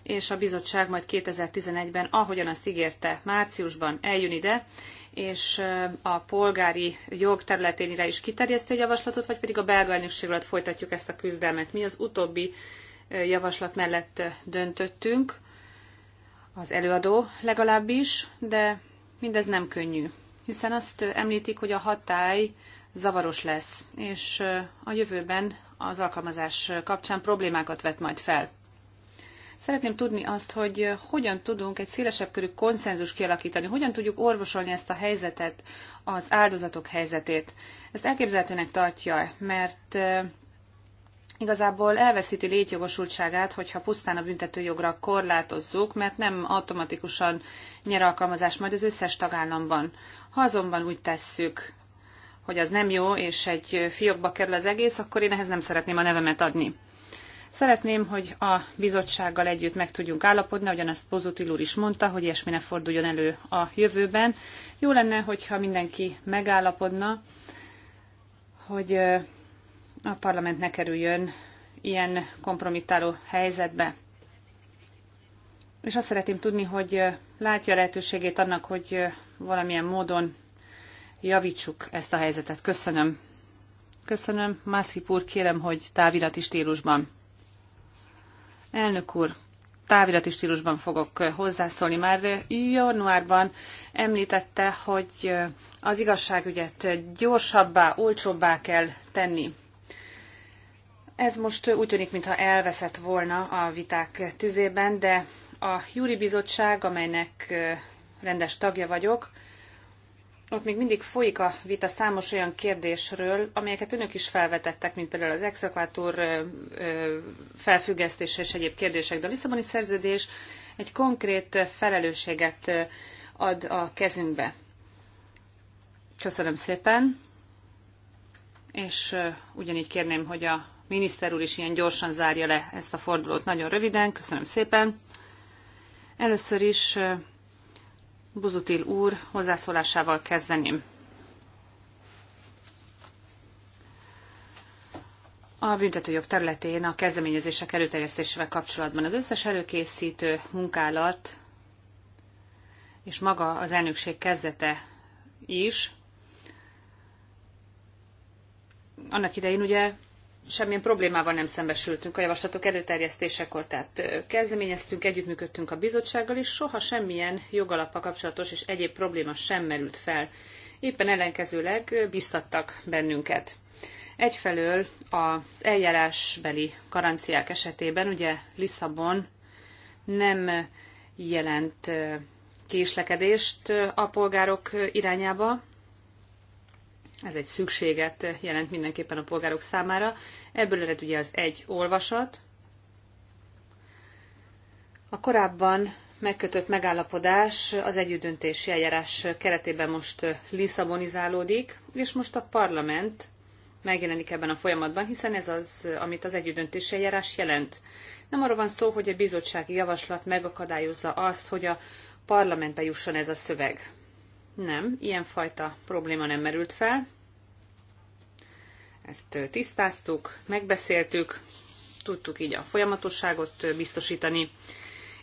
és a bizottság majd 2011-ben, ahogyan azt ígérte, márciusban eljön ide, és a polgári jog területénire is kiterjeszti a javaslatot, vagy pedig a belga elnökség alatt folytatjuk ezt a küzdelmet. Mi az utóbbi javaslat mellett döntöttünk, az előadó legalábbis, de mindez nem könnyű hiszen azt említik, hogy a hatály zavaros lesz, és a jövőben az alkalmazás kapcsán problémákat vet majd fel. Szeretném tudni azt, hogy hogyan tudunk egy szélesebb körű konszenzus kialakítani, hogyan tudjuk orvosolni ezt a helyzetet, az áldozatok helyzetét. Ezt elképzelhetőnek tartja, mert igazából elveszíti létjogosultságát, hogyha pusztán a büntetőjogra korlátozzuk, mert nem automatikusan nyer alkalmazás majd az összes tagállamban. Ha azonban úgy tesszük, hogy az nem jó, és egy fiókba kerül az egész, akkor én ehhez nem szeretném a nevemet adni. Szeretném, hogy a bizottsággal együtt meg tudjunk állapodni, ahogyan azt Bozutil úr is mondta, hogy ilyesmi ne forduljon elő a jövőben. Jó lenne, hogyha mindenki megállapodna, hogy a parlament ne kerüljön ilyen kompromittáló helyzetbe. És azt szeretném tudni, hogy látja lehetőségét annak, hogy valamilyen módon javítsuk ezt a helyzetet. Köszönöm. Köszönöm. Mászkip úr, kérem, hogy távirati stílusban. Elnök úr, távirati stílusban fogok hozzászólni. Már januárban említette, hogy az igazságügyet gyorsabbá, olcsóbbá kell tenni. Ez most úgy tűnik, mintha elveszett volna a viták tüzében, de a Júri Bizottság, amelynek rendes tagja vagyok, ott még mindig folyik a vita számos olyan kérdésről, amelyeket önök is felvetettek, mint például az exekvátor felfüggesztése és egyéb kérdések. De a Lisszaboni szerződés egy konkrét felelősséget ad a kezünkbe. Köszönöm szépen, és ugyanígy kérném, hogy a miniszter úr is ilyen gyorsan zárja le ezt a fordulót. Nagyon röviden, köszönöm szépen. Először is Buzutil úr hozzászólásával kezdeném. A büntetőjog területén a kezdeményezések előterjesztésével kapcsolatban az összes előkészítő munkálat és maga az elnökség kezdete is. Annak idején ugye semmilyen problémával nem szembesültünk a javaslatok előterjesztésekor, tehát kezdeményeztünk, együttműködtünk a bizottsággal, és soha semmilyen jogalappal kapcsolatos és egyéb probléma sem merült fel. Éppen ellenkezőleg biztattak bennünket. Egyfelől az eljárásbeli garanciák esetében, ugye Lisszabon nem jelent késlekedést a polgárok irányába, ez egy szükséget jelent mindenképpen a polgárok számára. Ebből ered ugye az egy olvasat. A korábban megkötött megállapodás az együttdöntési eljárás keretében most liszabonizálódik, és most a parlament megjelenik ebben a folyamatban, hiszen ez az, amit az együttdöntési eljárás jelent. Nem arról van szó, hogy a bizottsági javaslat megakadályozza azt, hogy a parlamentbe jusson ez a szöveg. Nem, ilyenfajta probléma nem merült fel. Ezt tisztáztuk, megbeszéltük, tudtuk így a folyamatosságot biztosítani.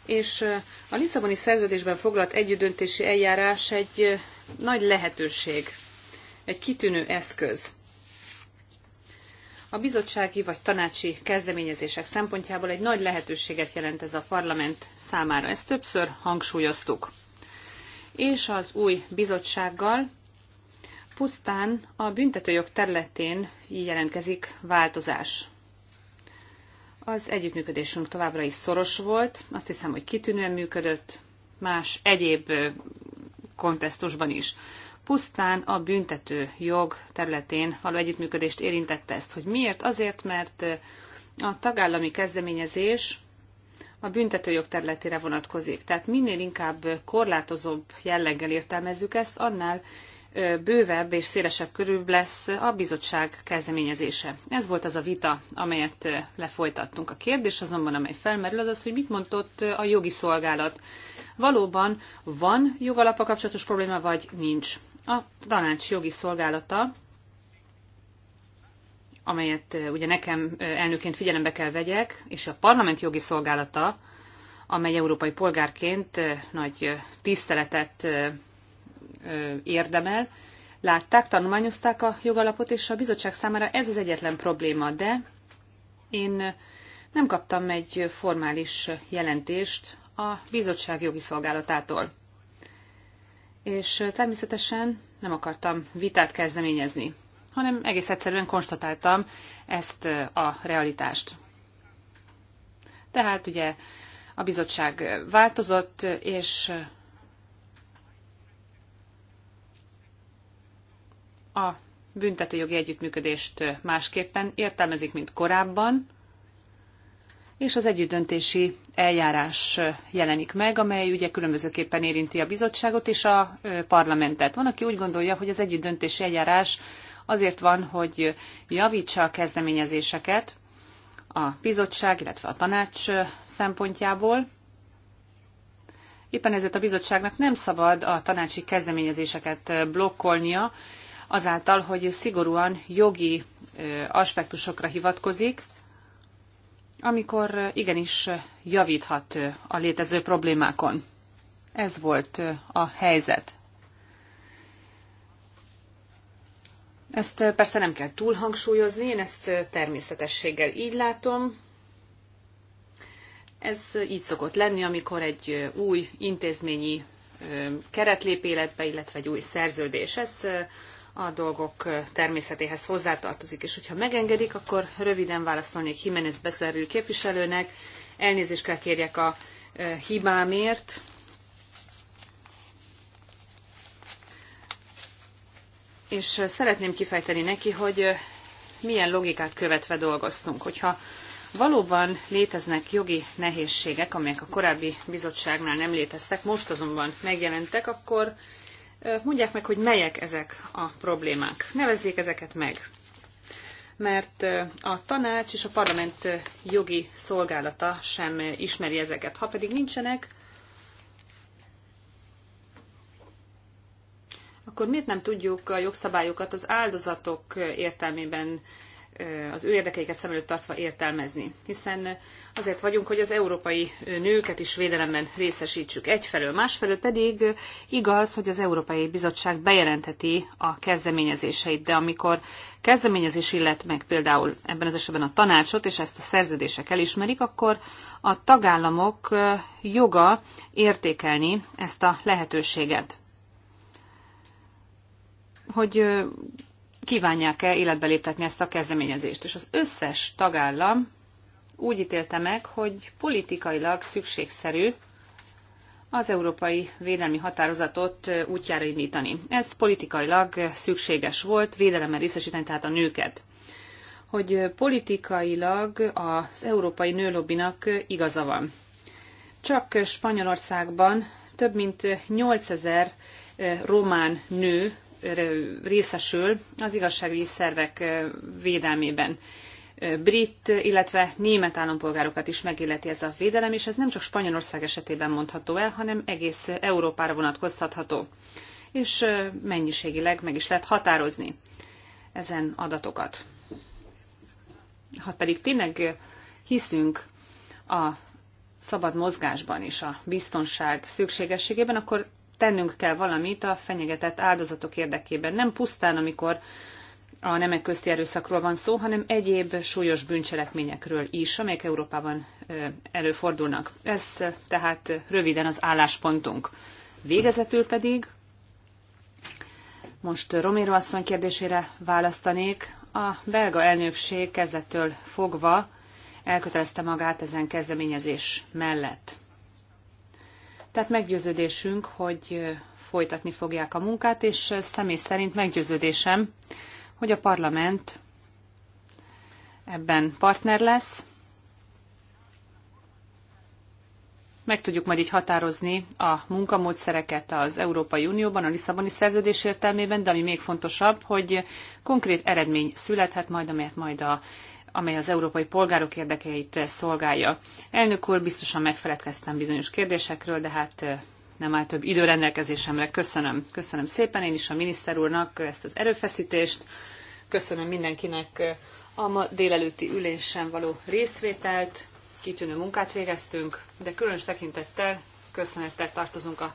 És a Lisszaboni szerződésben foglalt együttdöntési eljárás egy nagy lehetőség, egy kitűnő eszköz. A bizottsági vagy tanácsi kezdeményezések szempontjából egy nagy lehetőséget jelent ez a parlament számára. Ezt többször hangsúlyoztuk és az új bizottsággal pusztán a büntetőjog területén jelentkezik változás. Az együttműködésünk továbbra is szoros volt, azt hiszem, hogy kitűnően működött, más egyéb kontesztusban is. Pusztán a büntető jog területén való együttműködést érintette ezt. Hogy miért? Azért, mert a tagállami kezdeményezés a büntetőjog területére vonatkozik. Tehát minél inkább korlátozóbb jelleggel értelmezzük ezt, annál bővebb és szélesebb körül lesz a bizottság kezdeményezése. Ez volt az a vita, amelyet lefolytattunk. A kérdés azonban, amely felmerül, az az, hogy mit mondott a jogi szolgálat. Valóban van jogalapa kapcsolatos probléma, vagy nincs? A tanács jogi szolgálata amelyet ugye nekem elnőként figyelembe kell vegyek, és a parlament jogi szolgálata, amely európai polgárként nagy tiszteletet érdemel, látták, tanulmányozták a jogalapot, és a bizottság számára ez az egyetlen probléma, de én nem kaptam egy formális jelentést a bizottság jogi szolgálatától. És természetesen nem akartam vitát kezdeményezni hanem egész egyszerűen konstatáltam ezt a realitást. Tehát ugye a bizottság változott, és a büntetőjogi együttműködést másképpen értelmezik, mint korábban, és az együttdöntési eljárás jelenik meg, amely ugye különbözőképpen érinti a bizottságot és a parlamentet. Van, aki úgy gondolja, hogy az együttdöntési eljárás azért van, hogy javítsa a kezdeményezéseket a bizottság, illetve a tanács szempontjából. Éppen ezért a bizottságnak nem szabad a tanácsi kezdeményezéseket blokkolnia, azáltal, hogy szigorúan jogi aspektusokra hivatkozik, amikor igenis javíthat a létező problémákon. Ez volt a helyzet. Ezt persze nem kell túlhangsúlyozni, én ezt természetességgel így látom. Ez így szokott lenni, amikor egy új intézményi keret lép életbe, illetve egy új szerződés. Ez a dolgok természetéhez hozzátartozik, és hogyha megengedik, akkor röviden válaszolnék Jiménez beszerű képviselőnek. Elnézést kell kérjek a hibámért, és szeretném kifejteni neki, hogy milyen logikát követve dolgoztunk. Hogyha valóban léteznek jogi nehézségek, amelyek a korábbi bizottságnál nem léteztek, most azonban megjelentek, akkor mondják meg, hogy melyek ezek a problémák. Nevezzék ezeket meg. Mert a tanács és a parlament jogi szolgálata sem ismeri ezeket. Ha pedig nincsenek, akkor miért nem tudjuk a jogszabályokat az áldozatok értelmében az ő érdekeiket szem előtt tartva értelmezni. Hiszen azért vagyunk, hogy az európai nőket is védelemben részesítsük egyfelől, másfelől pedig igaz, hogy az Európai Bizottság bejelenteti a kezdeményezéseit, de amikor kezdeményezés illet meg például ebben az esetben a tanácsot, és ezt a szerződések elismerik, akkor a tagállamok joga értékelni ezt a lehetőséget hogy kívánják-e életbe léptetni ezt a kezdeményezést. És az összes tagállam úgy ítélte meg, hogy politikailag szükségszerű az európai védelmi határozatot útjára indítani. Ez politikailag szükséges volt, védelemmel részesíteni tehát a nőket. Hogy politikailag az európai nőlobbinak igaza van. Csak Spanyolországban több mint 8000 román nő részesül az igazságügyi szervek védelmében brit, illetve német állampolgárokat is megilleti ez a védelem, és ez nem csak Spanyolország esetében mondható el, hanem egész Európára vonatkoztatható. És mennyiségileg meg is lehet határozni ezen adatokat. Ha pedig tényleg hiszünk a szabad mozgásban és a biztonság szükségességében, akkor tennünk kell valamit a fenyegetett áldozatok érdekében. Nem pusztán, amikor a nemek közti erőszakról van szó, hanem egyéb súlyos bűncselekményekről is, amelyek Európában előfordulnak. Ez tehát röviden az álláspontunk. Végezetül pedig most Romero asszony kérdésére választanék. A belga elnökség kezdettől fogva elkötelezte magát ezen kezdeményezés mellett. Tehát meggyőződésünk, hogy folytatni fogják a munkát, és személy szerint meggyőződésem, hogy a parlament ebben partner lesz. Meg tudjuk majd így határozni a munkamódszereket az Európai Unióban, a Lisszaboni szerződés értelmében, de ami még fontosabb, hogy konkrét eredmény születhet majd, amelyet majd a amely az európai polgárok érdekeit szolgálja. Elnök úr, biztosan megfeledkeztem bizonyos kérdésekről, de hát nem áll több idő rendelkezésemre. Köszönöm. Köszönöm szépen én is a miniszter úrnak ezt az erőfeszítést. Köszönöm mindenkinek a ma délelőtti ülésen való részvételt. Kitűnő munkát végeztünk, de különös tekintettel köszönettel tartozunk a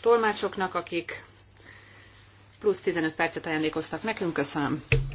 tolmácsoknak, akik plusz 15 percet ajándékoztak nekünk. Köszönöm.